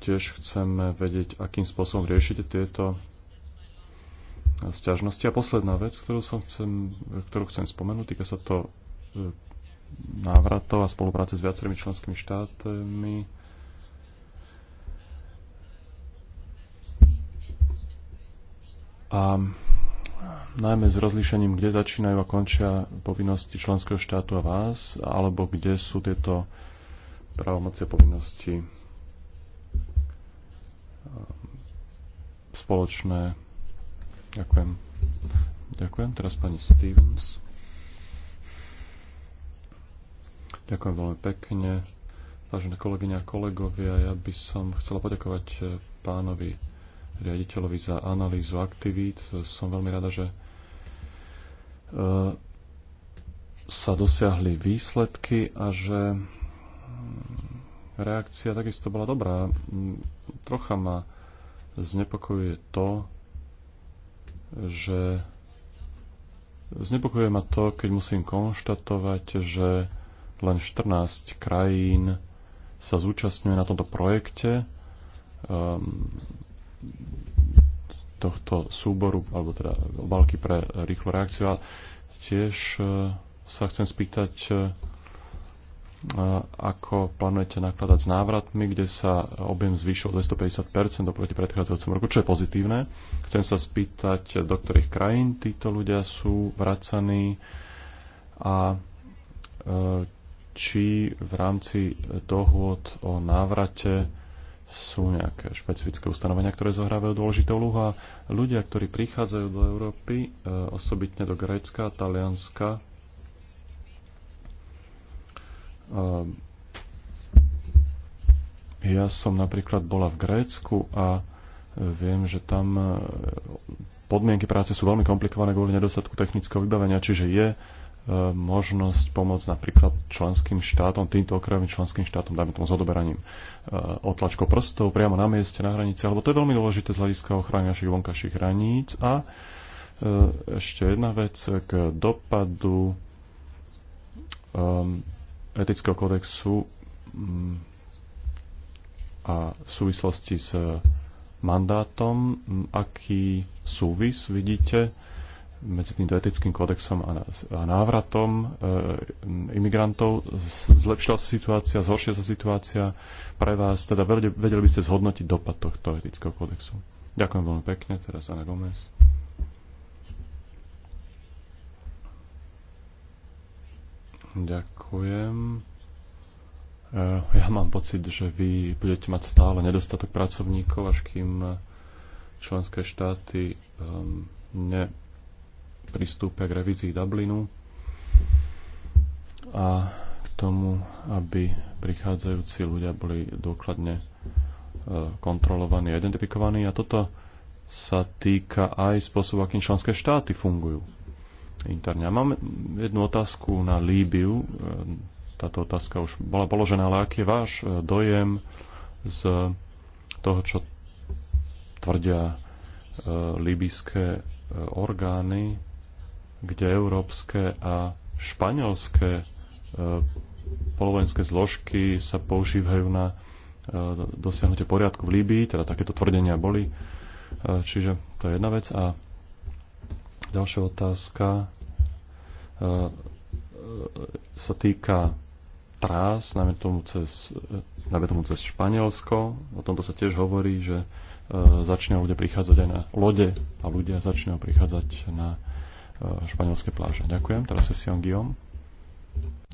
tiež chceme vedieť, akým spôsobom riešite tieto sťažnosti. A posledná vec, ktorú, som chcem, ktorú chcem spomenúť, týka sa to e, návratov a spolupráce s viacerými členskými štátmi. A najmä s rozlíšením, kde začínajú a končia povinnosti členského štátu a vás, alebo kde sú tieto právomoci a povinnosti um, spoločné. Ďakujem. Ďakujem. Teraz pani Stevens. Ďakujem veľmi pekne. Vážené kolegyne a kolegovia, ja by som chcela poďakovať eh, pánovi riaditeľovi za analýzu aktivít. Som veľmi rada, že eh, sa dosiahli výsledky a že mm, reakcia takisto bola dobrá. Trocha ma znepokojuje to, že znepokojuje ma to, keď musím konštatovať, že len 14 krajín sa zúčastňuje na tomto projekte um, tohto súboru, alebo teda obálky pre rýchlu reakciu. A tiež e, sa chcem spýtať, e, ako plánujete nakladať s návratmi, kde sa objem zvýšil 250% oproti predchádzajúcemu roku, čo je pozitívne. Chcem sa spýtať, do ktorých krajín títo ľudia sú vracaní a e, či v rámci dohôd o návrate sú nejaké špecifické ustanovenia, ktoré zohrávajú dôležitú úlohu a ľudia, ktorí prichádzajú do Európy, e, osobitne do Grécka a Talianska, e, ja som napríklad bola v Grécku a viem, že tam e, podmienky práce sú veľmi komplikované kvôli nedostatku technického vybavenia, čiže je možnosť pomôcť napríklad členským štátom, týmto okrajovým členským štátom, dajme tomu s odoberaním e, otlačkov prstov priamo na mieste, na hranici, alebo to je veľmi dôležité z hľadiska ochrany našich vonkajších hraníc. A e, ešte jedna vec k dopadu um, etického kodexu um, mm, a v súvislosti s mandátom, aký súvis vidíte medzi týmto etickým kódexom a návratom e, imigrantov. Zlepšila sa situácia, zhoršila sa situácia pre vás. Teda vedeli by ste zhodnotiť dopad tohto etického kódexu. Ďakujem veľmi pekne. Teraz Ana Gomez. Ďakujem. E, ja mám pocit, že vy budete mať stále nedostatok pracovníkov, až kým členské štáty ehm, ne pristúpia k revízii Dublinu a k tomu, aby prichádzajúci ľudia boli dôkladne e, kontrolovaní a identifikovaní. A toto sa týka aj spôsobu, akým členské štáty fungujú interne. A mám jednu otázku na Líbiu. E, táto otázka už bola položená, ale aký je váš e, dojem z toho, čo tvrdia líbyské orgány kde európske a španielské e, polovojenské zložky sa používajú na e, dosiahnutie poriadku v Líbii, teda takéto tvrdenia boli. E, čiže to je jedna vec. A ďalšia otázka sa týka trás, najmä tomu cez, najmä tomu cez Španielsko. O tomto sa tiež hovorí, že začne ľudia prichádzať aj na lode a ľudia začnú prichádzať na Eh, španielské pláže. Ďakujem. Teraz je Sion Guillaume.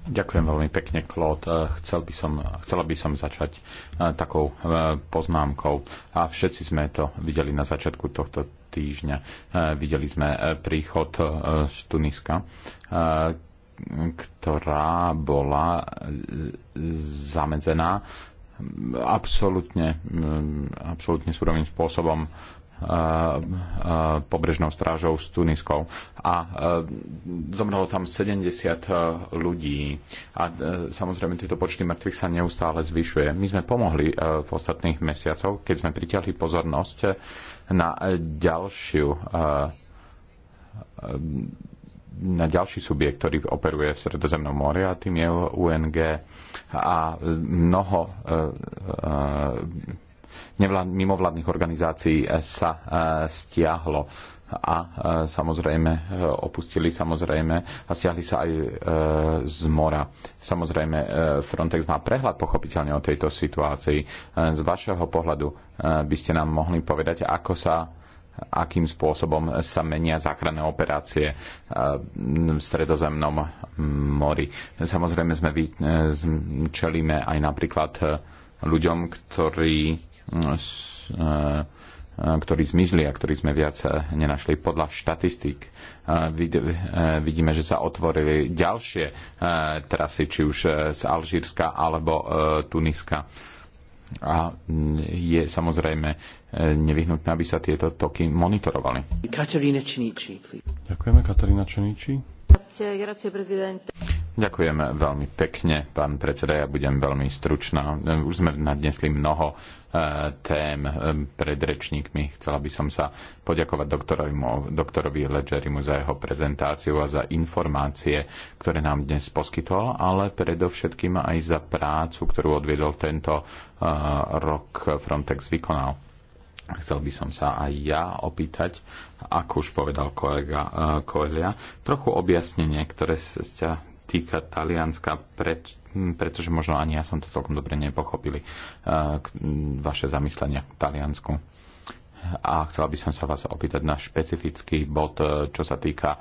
Ďakujem veľmi pekne, Claude. Eh, chcel by som, chcela by som začať eh, takou poznámkou. A všetci sme to videli na začiatku tohto týždňa. Videli sme príchod z Tuniska, ktorá bola zamedzená mm, absolútne, mm, absolútne súrovným spôsobom pobrežnou strážou s Tuniskou. A e, zomrelo tam 70 e, ľudí. A e, samozrejme, tieto počty mŕtvych sa neustále zvyšuje. My sme pomohli v ostatných mesiacoch, keď sme pritiahli pozornosť na ďalšiu na ďalší subjekt, ktorý operuje v Sredozemnom mori a tým je UNG. A mnoho nevlád, mimovládnych organizácií e, sa e, stiahlo a e, samozrejme opustili samozrejme a stiahli sa aj z mora. Samozrejme Frontex má prehľad pochopiteľne o tejto situácii. Z vašeho pohľadu by ste nám mohli povedať, ako sa akým spôsobom sa menia záchranné operácie v stredozemnom mori. Samozrejme sme čelíme aj napríklad ľuďom, ktorí E, e, ktorí zmizli a ktorí sme viac e, nenašli. Podľa štatistík vidíme, že sa otvorili ďalšie trasy, či už z Alžírska alebo Tuniska. A je samozrejme nevyhnutné, aby sa tieto toky monitorovali. Katarína Činíči, Ďakujeme, Katarína Činíči. Grazie, grazie, Ďakujem veľmi pekne, pán predseda. Ja budem veľmi stručná. Už sme nadnesli mnoho e, tém e, pred rečníkmi. Chcela by som sa poďakovať doktorovi, doktorovi Ledgerimu za jeho prezentáciu a za informácie, ktoré nám dnes poskytol, ale predovšetkým aj za prácu, ktorú odviedol tento e, rok Frontex vykonal. Chcel by som sa aj ja opýtať, ako už povedal kolega Koelia, trochu objasnenie, ktoré ste týka Talianska, preč, hm, pretože možno ani ja som to celkom dobre nepochopili, eh, hm, vaše zamyslenia k Taliansku. A chcela by som sa vás opýtať na špecifický bod, eh, čo sa týka eh,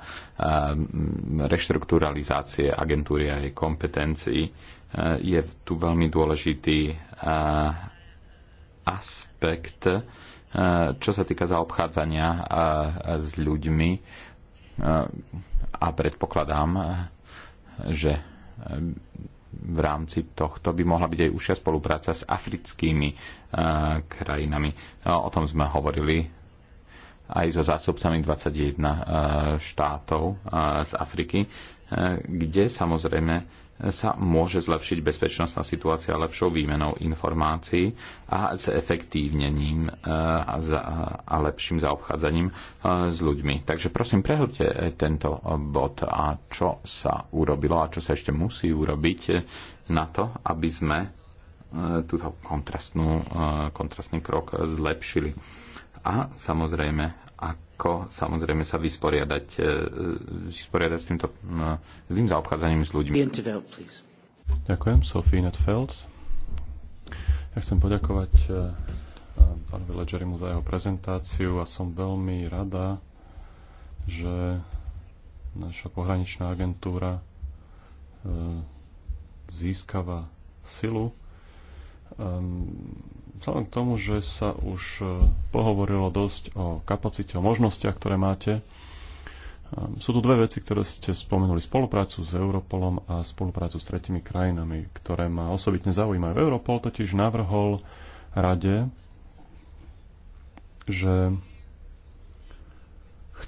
hm, reštrukturalizácie agentúry a jej kompetencií. Je tu veľmi dôležitý aspekt, čo sa týka zaobchádzania s ľuďmi a predpokladám, že e, v rámci tohto by mohla byť aj užšia spolupráca s africkými e, krajinami. No, o tom sme hovorili aj so zásobcami 21 e, štátov z Afriky, kde samozrejme sa môže zlepšiť bezpečnostná situácia lepšou výmenou informácií a s efektívnením e, a lepším zaobchádzaním e, s ľuďmi. Takže prosím, prehodte tento bod a čo sa urobilo a čo sa ešte musí urobiť na to, aby sme e, túto kontrastnú, kontrastný krok zlepšili. A samozrejme, ako samozrejme sa vysporiadať, e, vysporiadať s týmto e, zlým zaobchádzaním s ľuďmi. Ďakujem, Sophie Netfeld. Ja chcem poďakovať e, pánovi Ledgerimu za jeho prezentáciu a som veľmi rada, že naša pohraničná agentúra získava silu. Ehm, vzhľadom k tomu, že sa už e, pohovorilo dosť o kapacite, o možnostiach, ktoré máte, e, sú tu dve veci, ktoré ste spomenuli. Spoluprácu s Europolom a spoluprácu s tretimi krajinami, ktoré ma osobitne zaujímajú. Europol totiž navrhol rade, že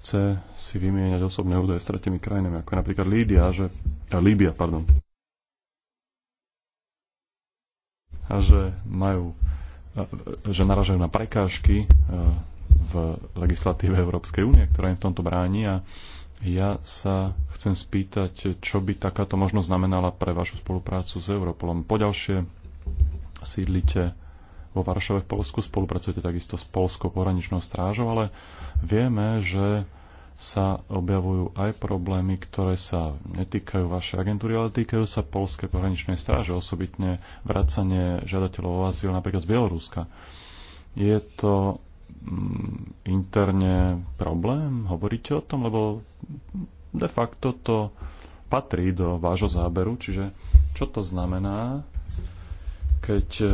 chce si vymieňať osobné údaje s tretimi krajinami, ako napríklad Lídia, že, a Líbia, pardon, a že majú že naražajú na prekážky e, v legislatíve Európskej únie, ktorá im v tomto bráni a ja sa chcem spýtať, čo by takáto možnosť znamenala pre vašu spoluprácu s Europolom. Poďalšie sídlite vo Varšave v Polsku, spolupracujete takisto s Polskou pohraničnou strážou, ale vieme, že sa objavujú aj problémy, ktoré sa netýkajú vašej agentúry, ale týkajú sa Polskej pohraničnej stráže, osobitne vracanie žiadateľov o azyl napríklad z Bieloruska. Je to mm, interne problém? Hovoríte o tom? Lebo de facto to patrí do vášho záberu, čiže čo to znamená, keď e,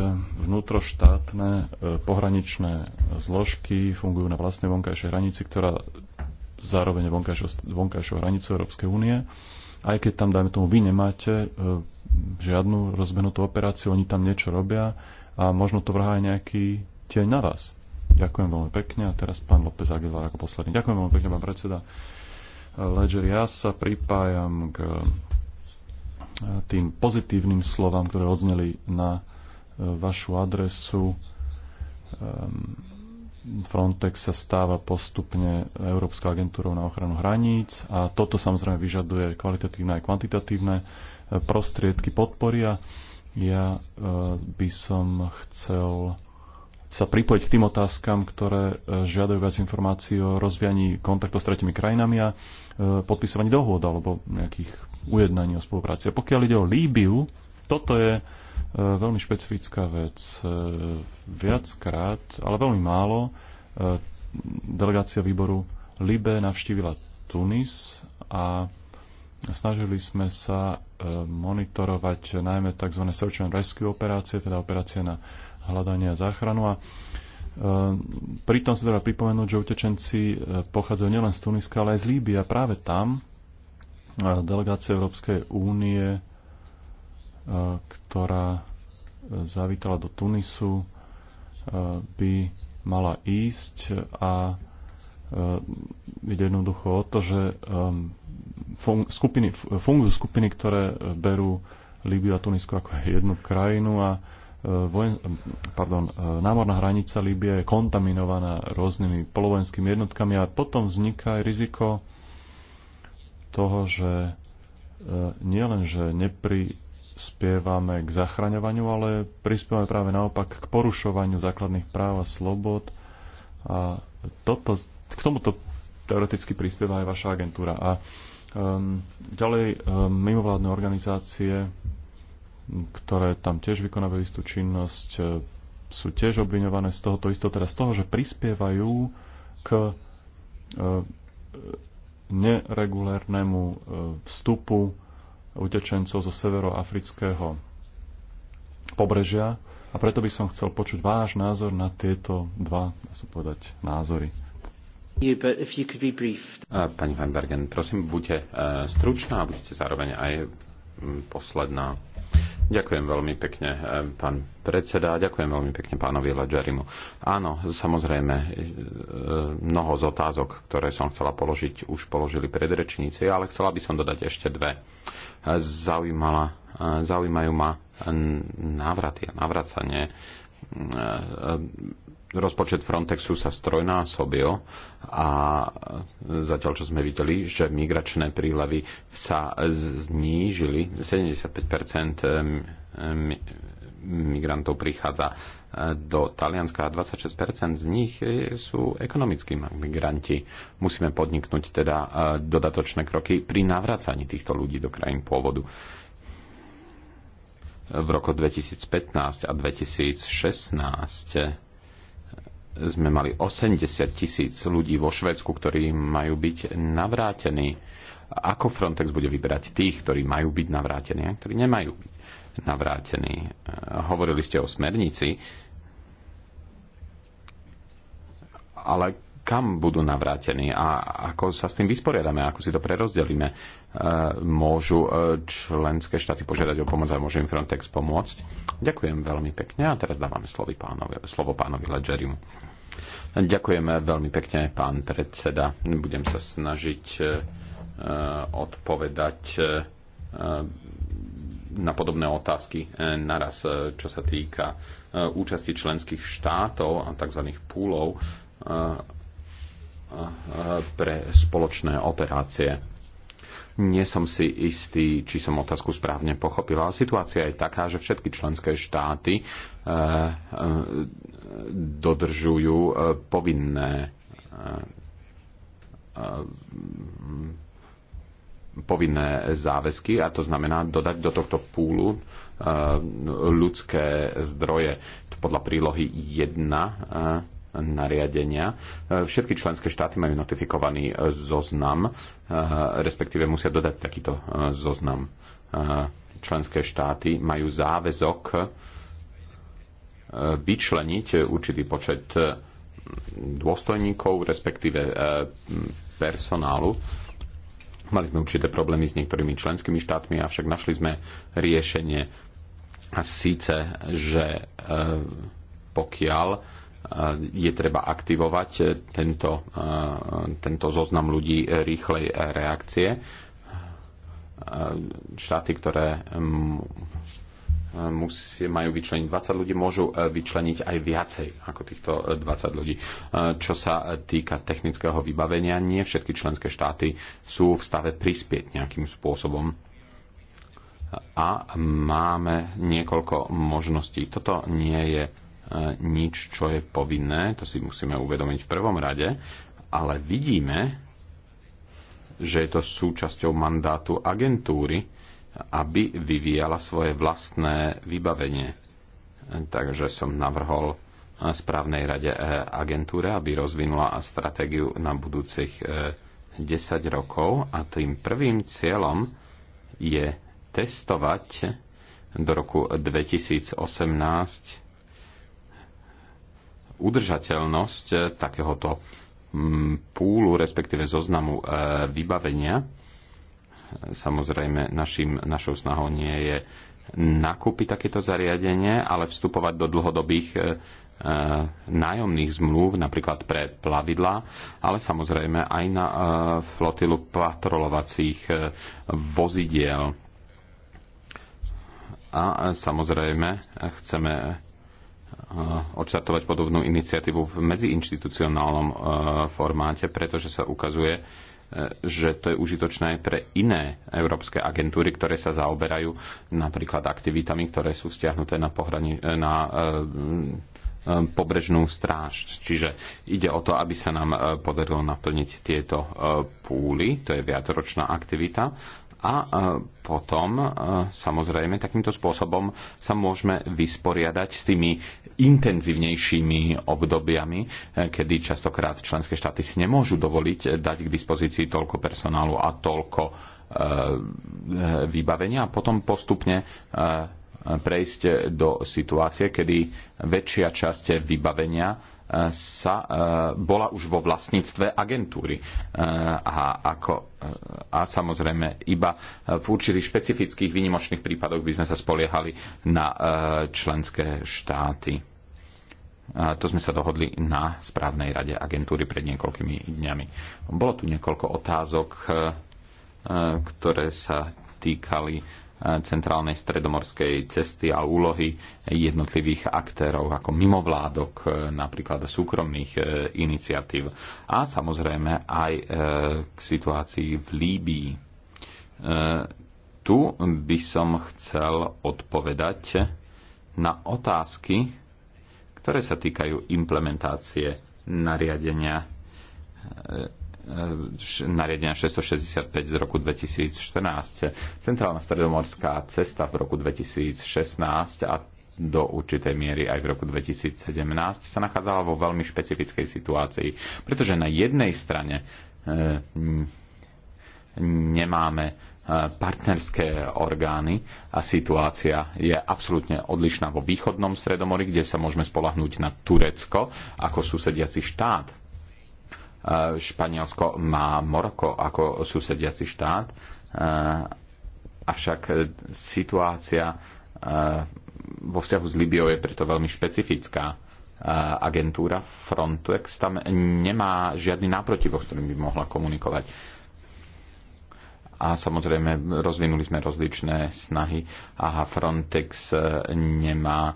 vnútroštátne e, pohraničné zložky fungujú na vlastnej vonkajšej hranici, ktorá zároveň vonkajšou, vonkajšou hranicou Európskej únie. Aj keď tam, dajme tomu, vy nemáte e, žiadnu rozbenutú operáciu, oni tam niečo robia a možno to vrhá aj nejaký tieň na vás. Ďakujem veľmi pekne a teraz pán López Aguilar ako posledný. Ďakujem veľmi pekne, pán predseda. Ledger, ja sa pripájam k e, tým pozitívnym slovám, ktoré odzneli na e, vašu adresu. Um, Frontex sa stáva postupne Európskou agentúrou na ochranu hraníc a toto samozrejme vyžaduje kvalitatívne aj kvantitatívne e, prostriedky podporia. Ja e, by som chcel sa pripojiť k tým otázkam, ktoré e, žiadajú viac informácií o rozvianí kontaktov s tretimi krajinami a podpisovaní dohôd alebo nejakých ujednaní o spolupráci. A pokiaľ ide o Líbiu, toto je E, veľmi špecifická vec. E, viackrát, ale veľmi málo, e, delegácia výboru Libe navštívila Tunis a snažili sme sa monitorovať najmä tzv. search and rescue operácie, teda operácie na hľadanie a záchranu. A pritom sa treba pripomenúť, že utečenci pochádzajú nielen z Tuniska, ale aj z Líby A práve tam delegácia Európskej únie ktorá zavítala do Tunisu, e, by mala ísť a e, ide jednoducho o to, že e, fun- skupiny, fungujú skupiny, ktoré berú Líbiu a Tunisko ako jednu krajinu a vojen, pardon, námorná hranica Líbie je kontaminovaná rôznymi polovojenskými jednotkami a potom vzniká aj riziko toho, že nielen, že nepri, prispievame k zachraňovaniu, ale prispievame práve naopak k porušovaniu základných práv a slobod. A toto, k tomuto teoreticky prispieva aj vaša agentúra. A um, ďalej um, mimovládne organizácie, ktoré tam tiež vykonávajú istú činnosť, e, sú tiež obviňované z tohoto isto, teda z toho, že prispievajú k e, e, neregulérnemu vstupu utečencov zo severoafrického pobrežia a preto by som chcel počuť váš názor na tieto dva, dá sa povedať, názory. Pani Bergen, prosím, buďte eh, stručná a buďte zároveň aj mm, posledná. Ďakujem veľmi pekne, eh, pán predseda, ďakujem veľmi pekne pánovi Ledgerimu. Áno, samozrejme, eh, mnoho z otázok, ktoré som chcela položiť, už položili predrečníci, ale chcela by som dodať ešte dve. Zaujímala, eh, zaujímajú ma návraty a navracanie E, e, rozpočet Frontexu sa strojnásobil a zatiaľ čo sme videli, že migračné prílevy sa znížili, 75% e, migrantov prichádza do Talianska a 26% z nich sú ekonomickí migranti. Musíme podniknúť teda dodatočné kroky pri navracaní týchto ľudí do krajín pôvodu v roku 2015 a 2016 sme mali 80 tisíc ľudí vo Švedsku, ktorí majú byť navrátení. Ako Frontex bude vybrať tých, ktorí majú byť navrátení a ktorí nemajú byť navrátení? Hovorili ste o smernici, ale kam budú navrátení a ako sa s tým vysporiadame, ako si to prerozdelíme. E, môžu e, členské štáty požiadať o pomoc a môže im Frontex pomôcť. Ďakujem veľmi pekne a teraz dávame slovo pánovi, slovo pánovi Ledgerimu. Ďakujem veľmi pekne, pán predseda. Budem sa snažiť e, odpovedať na podobné otázky naraz, čo sa týka účasti členských štátov a tzv. púlov pre spoločné operácie. Nie som si istý, či som otázku správne pochopila. Situácia je taká, že všetky členské štáty eh, eh, dodržujú eh, povinné povinné záväzky a to znamená dodať do tohto púlu ľudské zdroje. Podľa prílohy 1 nariadenia. E, Všetky členské štáty majú notifikovaný e, zoznam, e, respektíve musia dodať takýto zoznam. Členské štáty majú záväzok vyčleniť určitý počet dôstojníkov, respektíve personálu. Mali sme určité problémy s niektorými členskými štátmi, avšak našli sme riešenie a síce, že pokiaľ je treba aktivovať eh, tento, eh, tento zoznam ľudí eh, rýchlej reakcie. Štáty, ktoré mm, musí, majú vyčleniť 20 ľudí, môžu vyčleniť aj viacej ako týchto 20 ľudí. Čo sa týka technického vybavenia, nie všetky členské štáty sú v stave prispieť nejakým spôsobom a máme niekoľko možností. Toto nie je nič, čo je povinné, to si musíme uvedomiť v prvom rade, ale vidíme, že je to súčasťou mandátu agentúry, aby vyvíjala svoje vlastné vybavenie. Takže som navrhol správnej rade e, agentúre, aby rozvinula stratégiu na budúcich 10 e, rokov a tým prvým cieľom je testovať do roku 2018 udržateľnosť eh, takéhoto mm, púlu, respektíve zoznamu eh, vybavenia. Eh, samozrejme, našim, našou snahou nie je nakúpiť takéto zariadenie, ale vstupovať do dlhodobých nájomných zmluv, napríklad pre plavidlá, ale samozrejme aj na flotilu patrolovacích vozidiel. A samozrejme chceme Eh, odštartovať podobnú iniciatívu v medziinstitucionálnom eh, formáte, pretože sa ukazuje, eh, že to je užitočné aj pre iné európske agentúry, ktoré sa zaoberajú napríklad aktivitami, ktoré sú stiahnuté na, pohrani, na pobrežnú stráž. Čiže ide o to, aby sa nám podarilo naplniť tieto púly, to je viacročná aktivita. A potom, samozrejme, takýmto spôsobom sa môžeme vysporiadať s tými intenzívnejšími obdobiami, eh, kedy častokrát členské štáty si nemôžu dovoliť eh, dať k dispozícii toľko personálu a toľko eh, vybavenia a potom postupne prejsť do situácie, kedy väčšia časť vybavenia sa e, bola už vo vlastníctve agentúry. E, a, ako, e, a samozrejme iba v určitých špecifických výnimočných prípadoch by sme sa spoliehali na členské štáty. A to sme sa dohodli na správnej rade agentúry pred niekoľkými dňami. Bolo tu niekoľko otázok, ktoré sa týkali centrálnej stredomorskej cesty a úlohy jednotlivých aktérov ako mimovládok, e, napríklad súkromných e, iniciatív a samozrejme aj e, k situácii v Líbii. Tu by som chcel odpovedať na otázky, ktoré sa týkajú implementácie nariadenia nariadenia 665 z roku 2014. Centrálna stredomorská cesta v roku 2016 a do určitej miery aj v roku 2017 sa nachádzala vo veľmi špecifickej situácii, pretože na jednej strane e, nemáme e, partnerské orgány a situácia je absolútne odlišná vo východnom Stredomori, kde sa môžeme spolahnúť na Turecko ako susediaci štát Španielsko má Moroko ako susediaci štát, avšak situácia vo vzťahu s Libiou je preto veľmi špecifická. Agentúra Frontex tam nemá žiadny náprotivok, s ktorým by mohla komunikovať a samozrejme rozvinuli sme rozličné snahy. Aha, Frontex e, nemá e,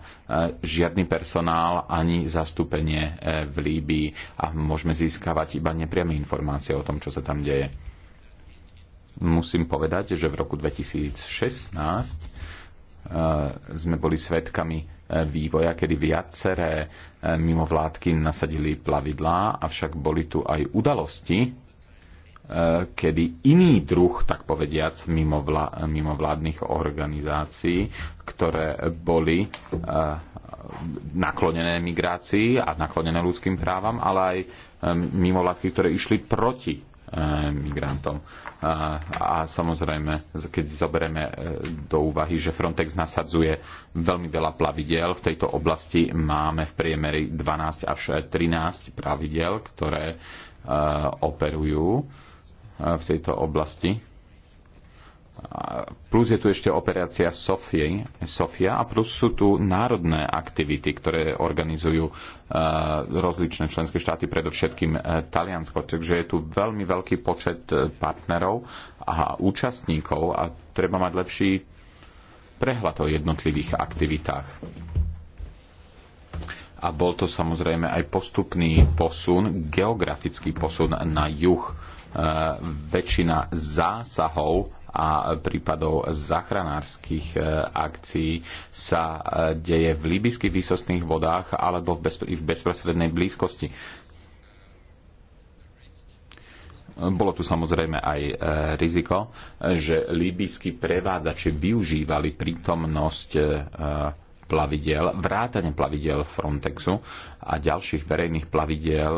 žiadny personál ani zastúpenie e, v Líbii a môžeme získavať iba nepriame informácie o tom, čo sa tam deje. Musím povedať, že v roku 2016 sme boli svetkami vývoja, kedy viaceré mimovládky nasadili plavidlá, avšak boli tu aj udalosti, kedy iný druh, tak povediac, mimovládnych organizácií, ktoré boli eh, naklonené migrácii a naklonené ľudským právam, ale aj eh, mimovládky, ktoré išli proti eh, migrantom. A, samozrejme, keď zoberieme do úvahy, že Frontex nasadzuje veľmi veľa plavidiel, v tejto oblasti máme v priemeri 12 až 13 plavidel, ktoré operujú v tejto oblasti. Plus je tu ešte operácia Sofie, Sofia a plus sú tu národné aktivity, ktoré organizujú e, rozličné členské štáty, predovšetkým e, Taliansko. Takže je tu veľmi veľký počet e, partnerov a účastníkov a treba mať lepší prehľad o jednotlivých aktivitách. A bol to samozrejme aj postupný posun, geografický posun na juh E, väčšina zásahov a prípadov zachranárskych e, akcií sa e, deje v libyských výsostných vodách alebo v, bezpr v bezprostrednej blízkosti. Bolo tu samozrejme aj riziko, že líbyskí prevádzači využívali prítomnosť plavidel, vrátane plavidel Frontexu a ďalších verejných plavidel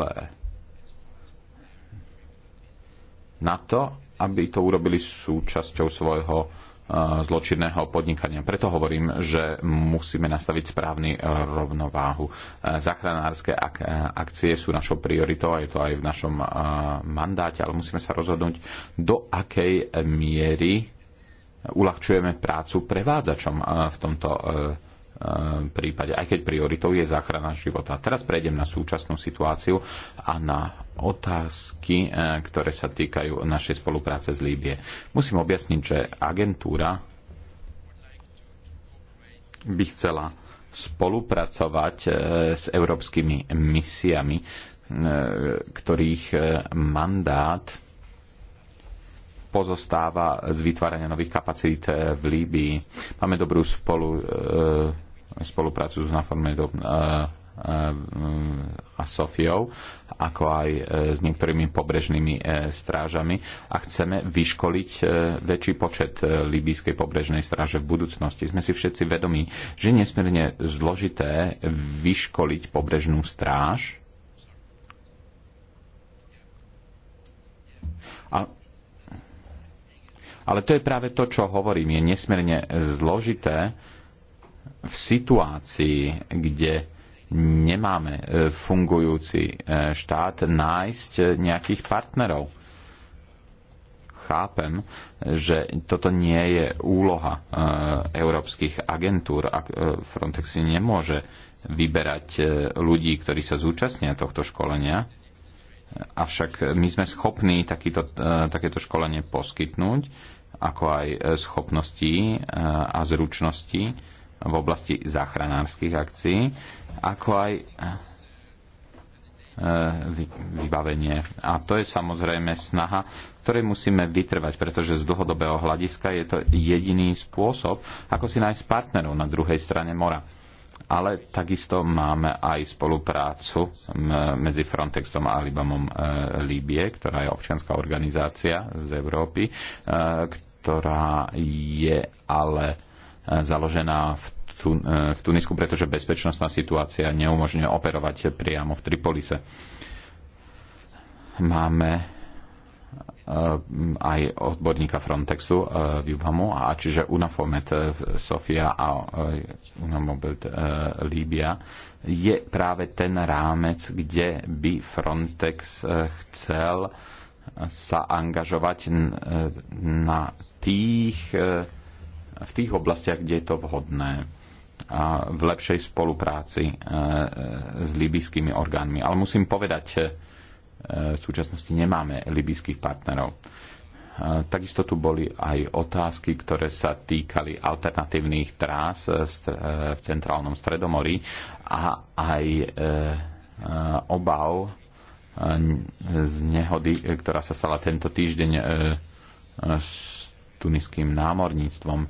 na to, aby to urobili súčasťou svojho eh, zločinného podnikania. Preto hovorím, že musíme nastaviť správny eh, rovnováhu. Eh, Zachranárske ak- akcie sú našou prioritou a je to aj v našom mandáte, ale musíme sa rozhodnúť, do akej miery uľahčujeme prácu prevádzačom v tomto prípade, aj keď prioritou je záchrana života. Teraz prejdem na súčasnú situáciu a na otázky, e, ktoré sa týkajú našej spolupráce s Líbie. Musím objasniť, že agentúra by chcela spolupracovať e, s európskymi misiami, e, ktorých mandát pozostáva z vytvárania nových kapacít v Líbii. Máme dobrú spolu spoluprácu s Naformedom e, e, a Sofiou, ako aj e, s niektorými pobrežnými strážami a chceme vyškoliť väčší počet libýskej pobrežnej stráže v budúcnosti. Sme si všetci vedomí, že je nesmierne zložité vyškoliť pobrežnú stráž a ale to je práve to, čo hovorím. Je nesmierne zložité v situácii, kde nemáme e, fungujúci e, štát, nájsť e, nejakých partnerov. Chápem, že toto nie je úloha európskych agentúr. Frontex si nemôže vyberať ľudí, ktorí sa zúčastnia tohto školenia, avšak my sme schopní takýto, takéto školenie poskytnúť, ako aj schopnosti a zručnosti v oblasti záchranárskych akcií, ako aj eh, vybavenie. A to je samozrejme snaha, ktorej musíme vytrvať, pretože z dlhodobého hľadiska je to jediný spôsob, ako si nájsť partnerov na druhej strane mora. Ale takisto máme aj spoluprácu medzi Frontexom a Libamom eh, Líbie, ktorá je občianská organizácia z Európy, eh, ktorá je ale založená v, e, v Tunisku, pretože bezpečnostná situácia neumožňuje operovať priamo v Tripolise. Máme e, aj odborníka Frontexu e, v Jubhamu, a čiže Unafomet Sofia a Unamobilt Líbia je práve ten rámec, kde by Frontex chcel sa angažovať na tých v tých oblastiach, kde je to vhodné a v lepšej spolupráci e, e, s libyskými orgánmi. Ale musím povedať, e, v súčasnosti nemáme libyských partnerov. Takisto tu boli aj otázky, ktoré sa týkali alternatívnych trás v centrálnom stredomorí a aj obav z nehody, ktorá sa stala tento týždeň tuniským námorníctvom. E,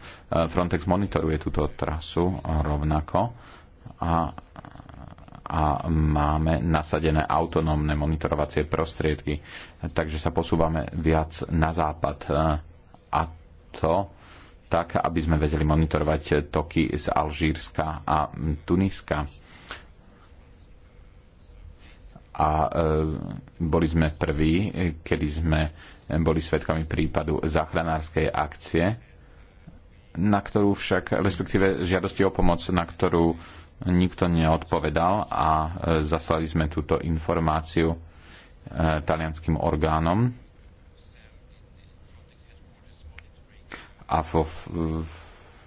Frontex monitoruje túto trasu rovnako a, a máme nasadené autonómne monitorovacie prostriedky. Takže sa posúvame viac na západ e, a to tak, aby sme vedeli monitorovať toky z Alžírska a Tuniska a e, boli sme prví, kedy sme boli svetkami prípadu záchranárskej akcie, na ktorú však, respektíve žiadosti o pomoc, na ktorú nikto neodpovedal a e, zaslali sme túto informáciu e, talianským orgánom. A vo, v,